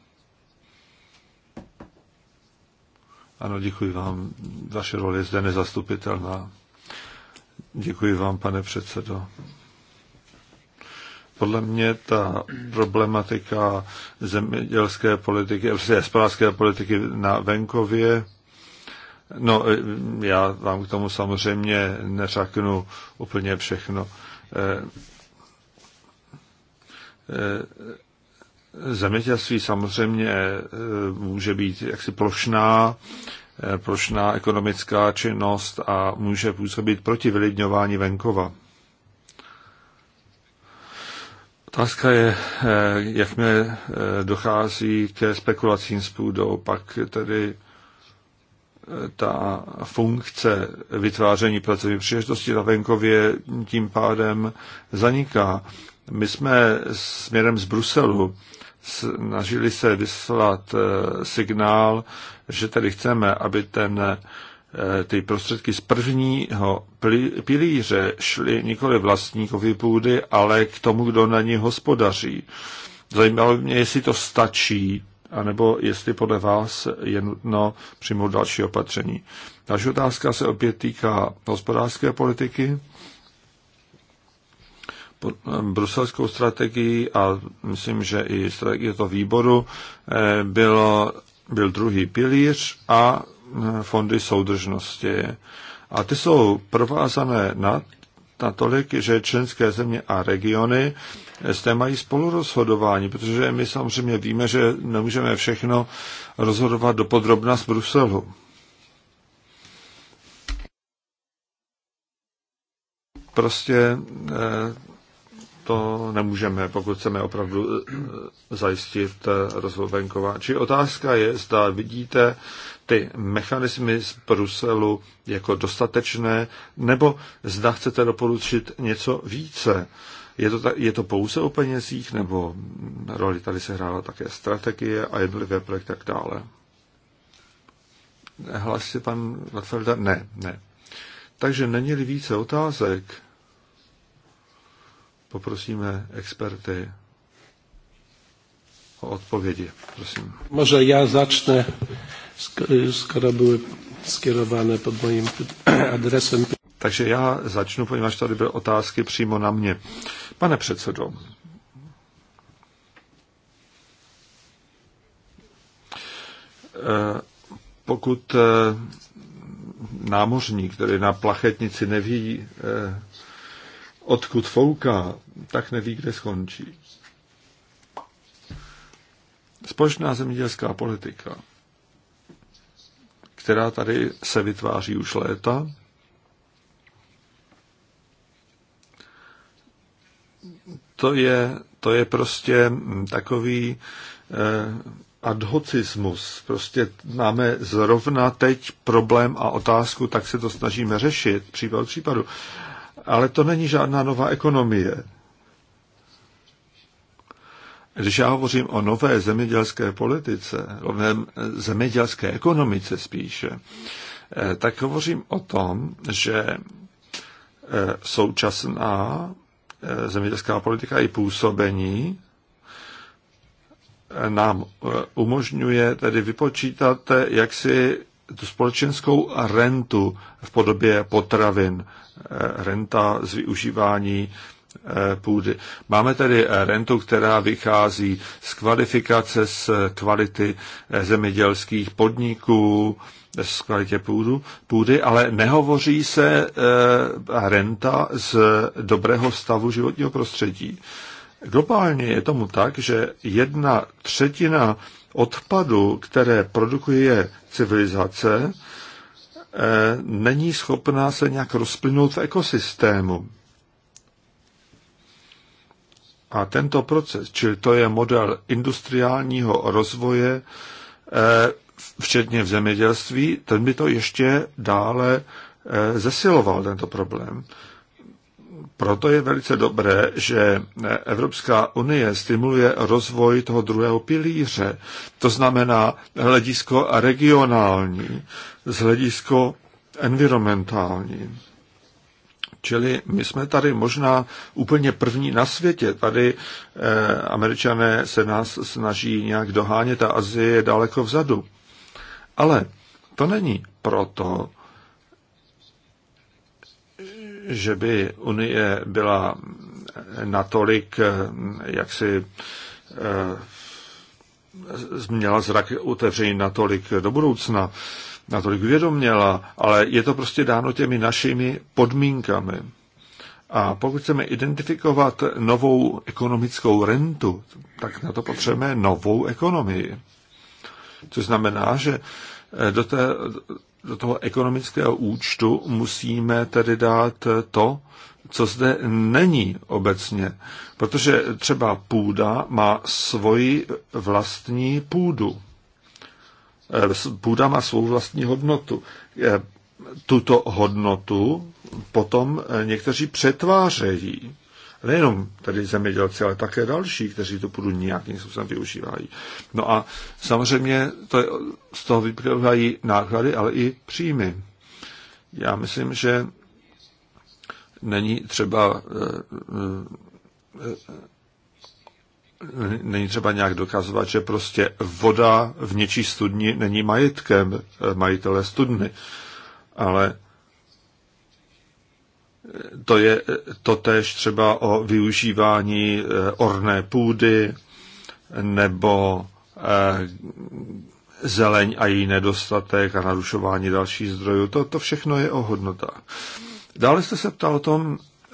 Ano, děkuji vám. Vaše role je zde nezastupitelná. Děkuji vám, pane předsedo. Podle mě ta problematika zemědělské politiky, eh, hospodářské politiky na venkově, no eh, já vám k tomu samozřejmě neřeknu úplně všechno. Eh, Zemědělství samozřejmě eh, může být jaksi plošná, eh, plošná ekonomická činnost a může působit proti vylidňování venkova. Otázka je, eh, jakmile dochází ke spekulacím s půdou, pak tedy ta funkce vytváření pracovní příležitosti na venkově tím pádem zaniká. My jsme směrem z Bruselu snažili se vyslat eh, signál, že tedy chceme, aby ten, eh, ty prostředky z prvního pilíře šly nikoli vlastníkovi půdy, ale k tomu, kdo na ní hospodaří. Zajímalo mě, jestli to stačí, anebo jestli podle vás je nutno přijmout další opatření. Další otázka se opět týká hospodářské politiky bruselskou strategii a myslím, že i strategii toho výboru eh, bylo, byl druhý pilíř a eh, fondy soudržnosti. A ty jsou provázané na, natolik, že členské země a regiony eh, s té mají spolurozhodování, protože my samozřejmě víme, že nemůžeme všechno rozhodovat dopodrobna z Bruselu. Prostě to nemůžeme, pokud chceme opravdu eh, eh, zajistit eh, rozvoj venkova. Či otázka je, zda vidíte ty mechanismy z Bruselu jako dostatečné, nebo zda chcete doporučit něco více. Je to, je to pouze o penězích, nebo roli tady se hrála také strategie a jednotlivé projekty tak dále? Hlasí pan Latfelda? Ne, ne. Takže není-li více otázek, poprosíme experty o odpovědi. Prosím. Może já začne, skoro byly skierowane pod moim adresem. Takže já začnu, poněvadž tady byly otázky přímo na mě. Pane předsedo, e, pokud e, námořník, který na plachetnici neví, e, odkud fouká, tak neví, kde skončí. Společná zemědělská politika, která tady se vytváří už léta, to je, to je prostě takový eh, adhocismus. Prostě máme zrovna teď problém a otázku, tak se to snažíme řešit, případ případu ale to není žádná nová ekonomie. Když já hovořím o nové zemědělské politice, o zemědělské ekonomice spíše, eh, tak hovořím o tom, že eh, současná eh, zemědělská politika i působení nám umožňuje tedy vypočítat, jak si tu společenskou rentu v podobě potravin, eh, renta z využívání eh, půdy. Máme tedy eh, rentu, která vychází z kvalifikace, z kvality zemědělských podniků, z kvalitě půdu, půdy, ale nehovoří se renta z dobrého stavu životního prostředí. Globálně je tomu tak, že jedna třetina odpadu, které produkuje civilizace, eh, není schopná se nějak rozplynout v ekosystému. A tento proces, čili to je model industriálního rozvoje, eh, včetně v zemědělství, ten by to ještě dále eh, zesiloval, tento problém. Proto je velice dobré, že Evropská unie stimuluje rozvoj toho druhého pilíře, to znamená hledisko regionální, z hledisko environmentální. Čili my jsme tady možná úplně první na světě. Tady eh, američané se nás snaží nějak dohánět a Azie je daleko vzadu. Ale to není proto, že by Unie byla natolik eh, jak si eh, měla zrak otevřený natolik do budoucna, natolik vědoměla, ale je to prostě dáno těmi našimi podmínkami. A pokud chceme identifikovat novou ekonomickou rentu, tak na to potřebujeme novou ekonomii. Což znamená, že do té, do toho ekonomického účtu musíme tedy dát to, co zde není obecně. Protože třeba půda má svoji vlastní půdu. Eh, půda má svou vlastní hodnotu. Eh, tuto hodnotu potom eh, někteří přetvářejí nejenom tady zemědělci, ale také další, kteří tu půdu nějakým způsobem využívají. No a samozřejmě to je, z toho vyplývají náklady, ale i příjmy. Já myslím, že není třeba eh, eh, eh, není třeba nějak dokazovat, že prostě voda v něčí studni není majetkem majitele studny. Ale to je totéž třeba o využívání eh, orné půdy nebo eh, zeleň a její nedostatek a narušování dalších zdrojů. To, to všechno je o hodnotách. Dále jste se ptal o tom, eh,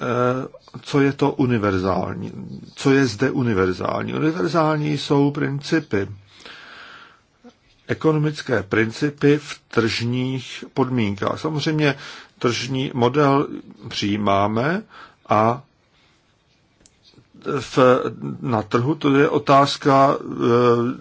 co je to univerzální. Co je zde univerzální? Univerzální jsou principy, ekonomické principy v tržních podmínkách. Samozřejmě tržní model přijímáme a v, na trhu to je otázka e, eh,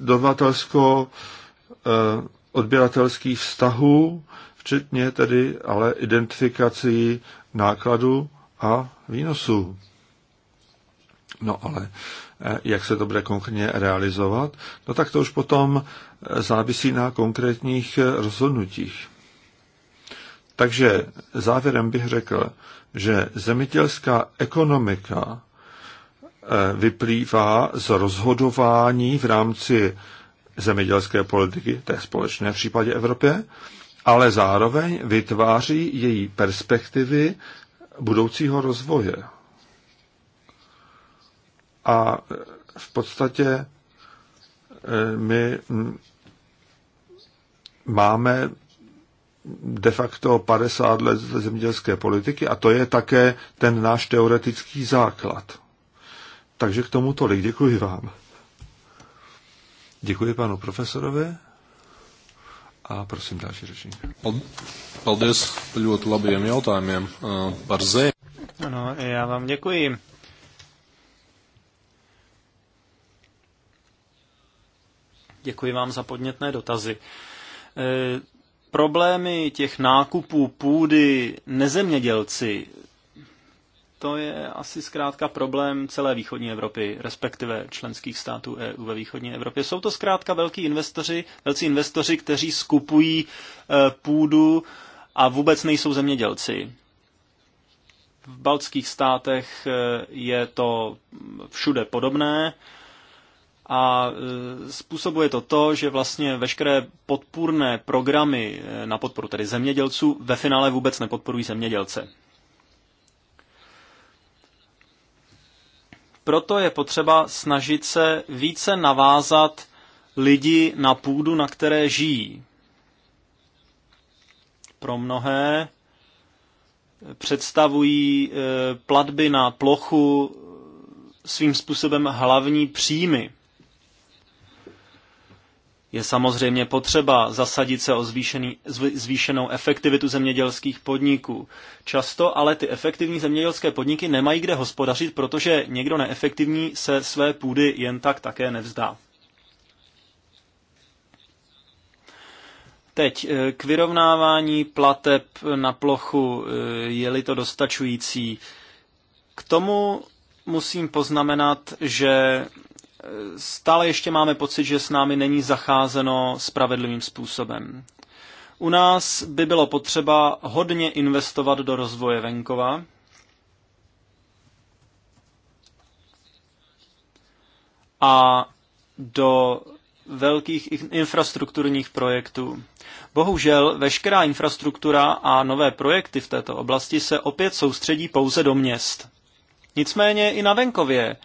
dovatelsko e, eh, odběratelských vztahů, včetně tedy ale identifikací nákladu a výnosů. No ale jak se to bude konkrétně realizovat, no tak to už potom eh, závisí na konkrétních eh, rozhodnutích. Takže závěrem bych řekl, že zemědělská ekonomika eh, vyplývá z rozhodování v rámci zemědělské politiky, to je společné v případě Evropě, ale zároveň vytváří její perspektivy budoucího rozvoje. A v podstatě eh, my mm, máme de facto 50 let zemědělské politiky a to je také ten náš teoretický základ. Takže k tomu tolik. Děkuji vám. Děkuji panu profesorovi a prosím další řečení. Paldies ļoti labiem jautājumiem eh, Ano, já vám děkuji. Děkuji vám za podnětné dotazy. E, problémy těch nákupů půdy nezemědělci, to je asi zkrátka problém celé východní Evropy, respektive členských států EU ve východní Evropě. Jsou to zkrátka velký investoři, velcí investoři, kteří skupují e, půdu a vůbec nejsou zemědělci. V baltských státech e, je to všude podobné. E, a e, způsobuje to to, že vlastně veškeré podpůrné programy e, na podporu tedy zemědělců ve finále vůbec nepodporují zemědělce. Proto je potřeba snažit se více navázat lidi na půdu, na které žijí. Pro mnohé e, představují platby na plochu svým způsobem hlavní příjmy je samozřejmě potřeba zasadit se o zvýšený, zvýšenou efektivitu zemědělských podniků. Často ale ty efektivní zemědělské podniky nemají kde hospodařit, protože někdo neefektivní se své půdy jen tak také nevzdá. Teď eh, k vyrovnávání plateb na plochu, eh, je-li to dostačující. K tomu musím poznamenat, že stále ještě máme pocit, že s námi není zacházeno spravedlivým způsobem. U nás by bylo potřeba hodně investovat do rozvoje venkova. A do velkých infrastrukturních projektů. Bohužel veškerá infrastruktura a nové projekty v této oblasti se opět soustředí pouze do měst. Nicméně i na venkově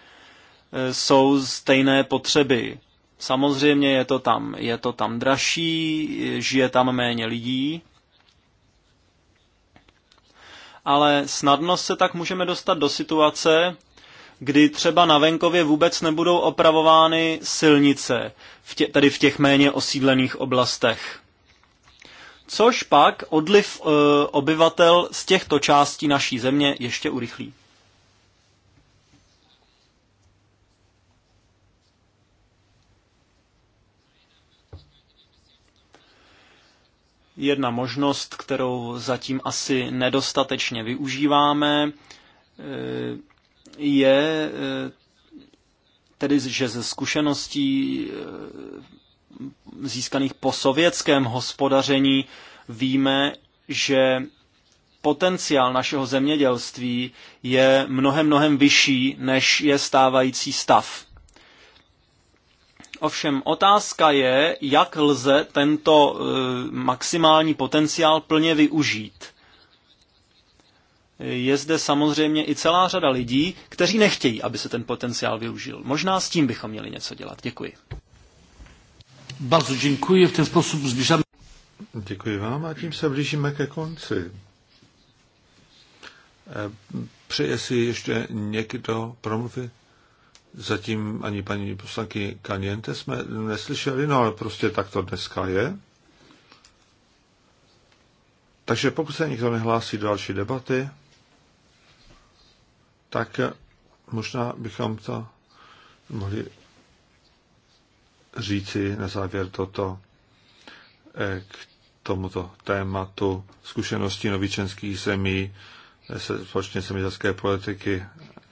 Eh, jsou stejné potřeby. Samozřejmě je to tam, je to tam dražší, eh, žije tam méně lidí, ale snadno se tak můžeme dostat do situace, kdy třeba na venkově vůbec nebudou opravovány silnice, v tě, tedy v těch méně osídlených oblastech. Což pak odliv e, obyvatel z těchto částí naší země ještě urychlí. Jedna možnost, kterou zatím asi nedostatečně využíváme, e, je e, tedy, že ze zkušeností e, získaných po sovětském hospodaření víme, že potenciál našeho zemědělství je mnohem, mnohem vyšší, než je stávající stav. Ovšem otázka je, jak lze tento eh, maximální potenciál plně využít. Je zde samozřejmě i celá řada lidí, kteří nechtějí, aby se ten potenciál využil. Možná s tím bychom měli něco dělat. Děkuji. Bardzo děkuji. V ten způsob zbližujeme. Děkuji vám a tím se blížíme ke konci. Eh, přeje si ještě někdo promluvit? zatím ani paní poslanky Kaniente jsme neslyšeli, no ale prostě tak to dneska je. Takže pokud se nikdo nehlásí do další debaty, tak možná bychom to mohli říci na závěr toto eh, k tomuto tématu zkušenosti novičenských zemí eh, se společně zemědělské politiky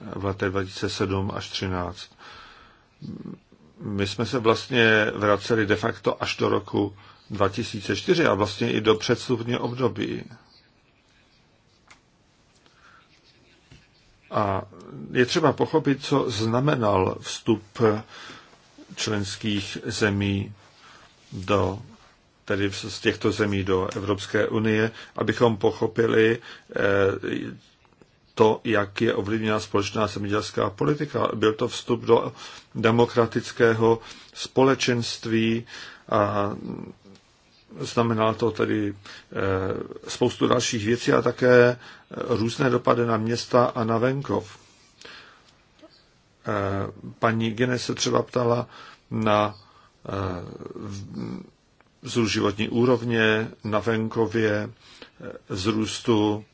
v letech 2007 až 2013. My jsme se vlastně vraceli de facto až do roku 2004 a vlastně i do předstupního období. A je třeba pochopit, co znamenal vstup členských zemí do tedy z těchto zemí do Evropské unie, abychom pochopili, eh, to, jak je ovlivněna společná zemědělská politika. Byl to vstup do demokratického společenství a znamenalo to tedy eh, spoustu dalších věcí a také různé dopady na města a na venkov. Eh, paní Gene se třeba ptala na eh, vzrůst životní úrovně na venkově, vzrůstu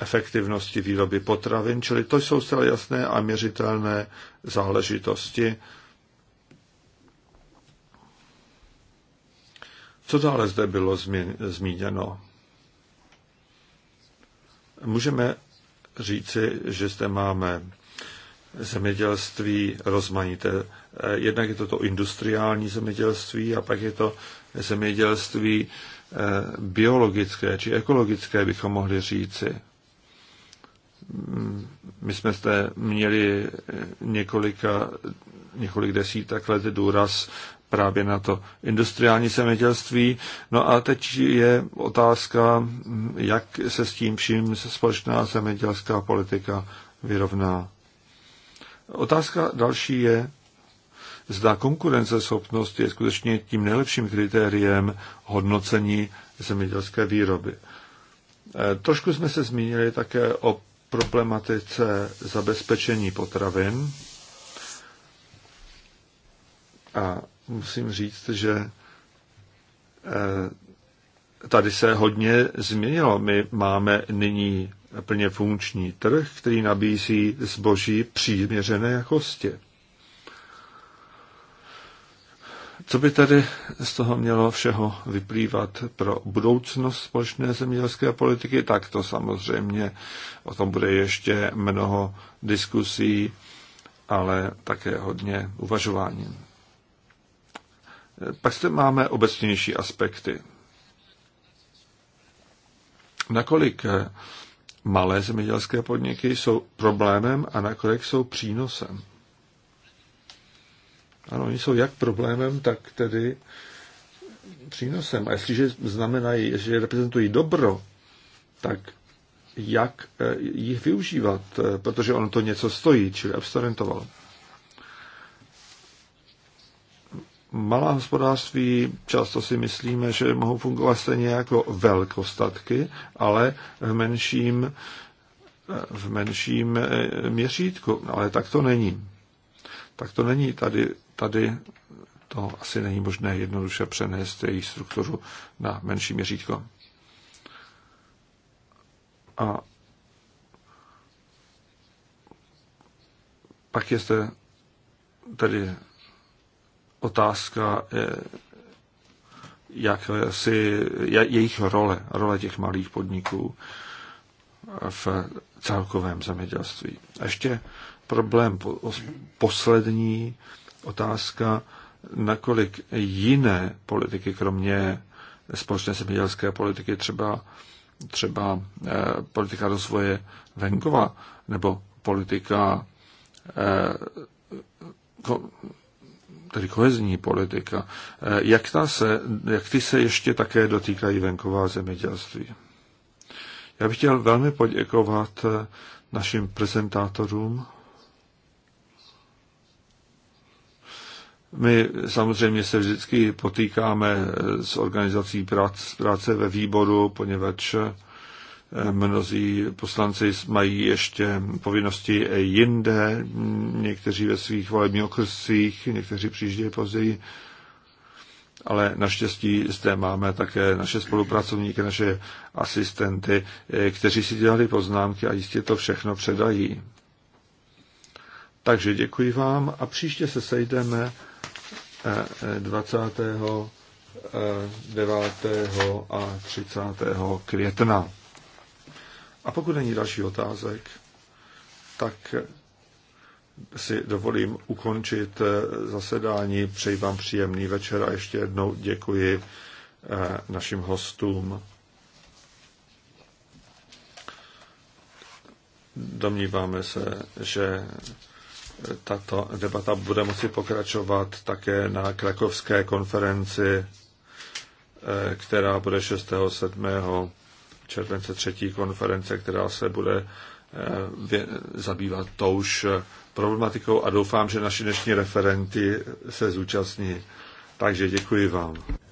efektivnosti výroby potravin, čili to jsou zcela jasné a měřitelné záležitosti. Co dále zde bylo zmíněno? Můžeme říci, že zde máme zemědělství rozmanité. Jednak je to to industriální zemědělství a pak je to zemědělství eh, biologické či ekologické, bychom mohli říci my jsme zde měli několika, několik desítek let důraz právě na to industriální zemědělství. No a teď je otázka, jak se s tím vším společná zemědělská politika vyrovná. Otázka další je, zda konkurenceschopnost je skutečně tím nejlepším kritériem hodnocení zemědělské výroby. E, trošku jsme se zmínili také o problematice zabezpečení potravin. A musím říct, že eh, tady se hodně změnilo. My máme nyní plně funkční trh, který nabízí zboží příměřené jakosti. Co by tedy z toho mělo všeho vyplývat pro budoucnost společné zemědělské politiky, tak to samozřejmě o tom bude ještě mnoho diskusí, ale také hodně uvažování. Pak zde máme obecnější aspekty. Nakolik malé zemědělské podniky jsou problémem a nakolik jsou přínosem. Ano, oni jsou jak problémem, tak tedy přínosem. A jestliže znamenají, že reprezentují dobro, tak jak eh, jich využívat, eh, protože ono to něco stojí, čili abstinentoval. Malá hospodářství, často si myslíme, že mohou fungovat stejně jako velkostatky, ale v menším, eh, v menším měřítku. Ale tak to není tak to není tady, tady to asi není možné jednoduše přenést její strukturu na menší měřítko. A pak je zde tedy otázka, eh, jak si, jejich role, role těch malých podniků v celkovém zemědělství. A ještě problém poslední, otázka, nakolik jiné politiky, kromě společné zemědělské politiky, třeba, třeba eh, politika rozvoje venkova nebo politika eh, tedy kohezní politika, eh, jak, ta se, jak ty se ještě také dotýkají venková zemědělství. Já bych chtěl velmi poděkovat našim prezentátorům My samozřejmě se vždycky potýkáme eh, s organizací práce ve výboru, poněvadž eh, mnozí poslanci mají ještě povinnosti jinde, někteří ve svých volebních okrscích, někteří přijíždějí později, ale naštěstí zde máme také naše spolupracovníky, naše asistenty, eh, kteří si dělali poznámky a jistě to všechno předají. Takže děkuji vám a příště se sejdeme 29. Eh, a 30. května. A pokud není další otázek, tak si dovolím ukončit eh, zasedání. Přeji vám příjemný večer a ještě jednou děkuji eh, našim hostům. Domníváme se, že tato debata bude moci pokračovat také na krakovské konferenci, eh, která bude 6. 7. července třetí konference, která se bude eh, zabývat touž eh, problematikou a doufám, že naši dnešní referenty se zúčastní. Takže děkuji vám.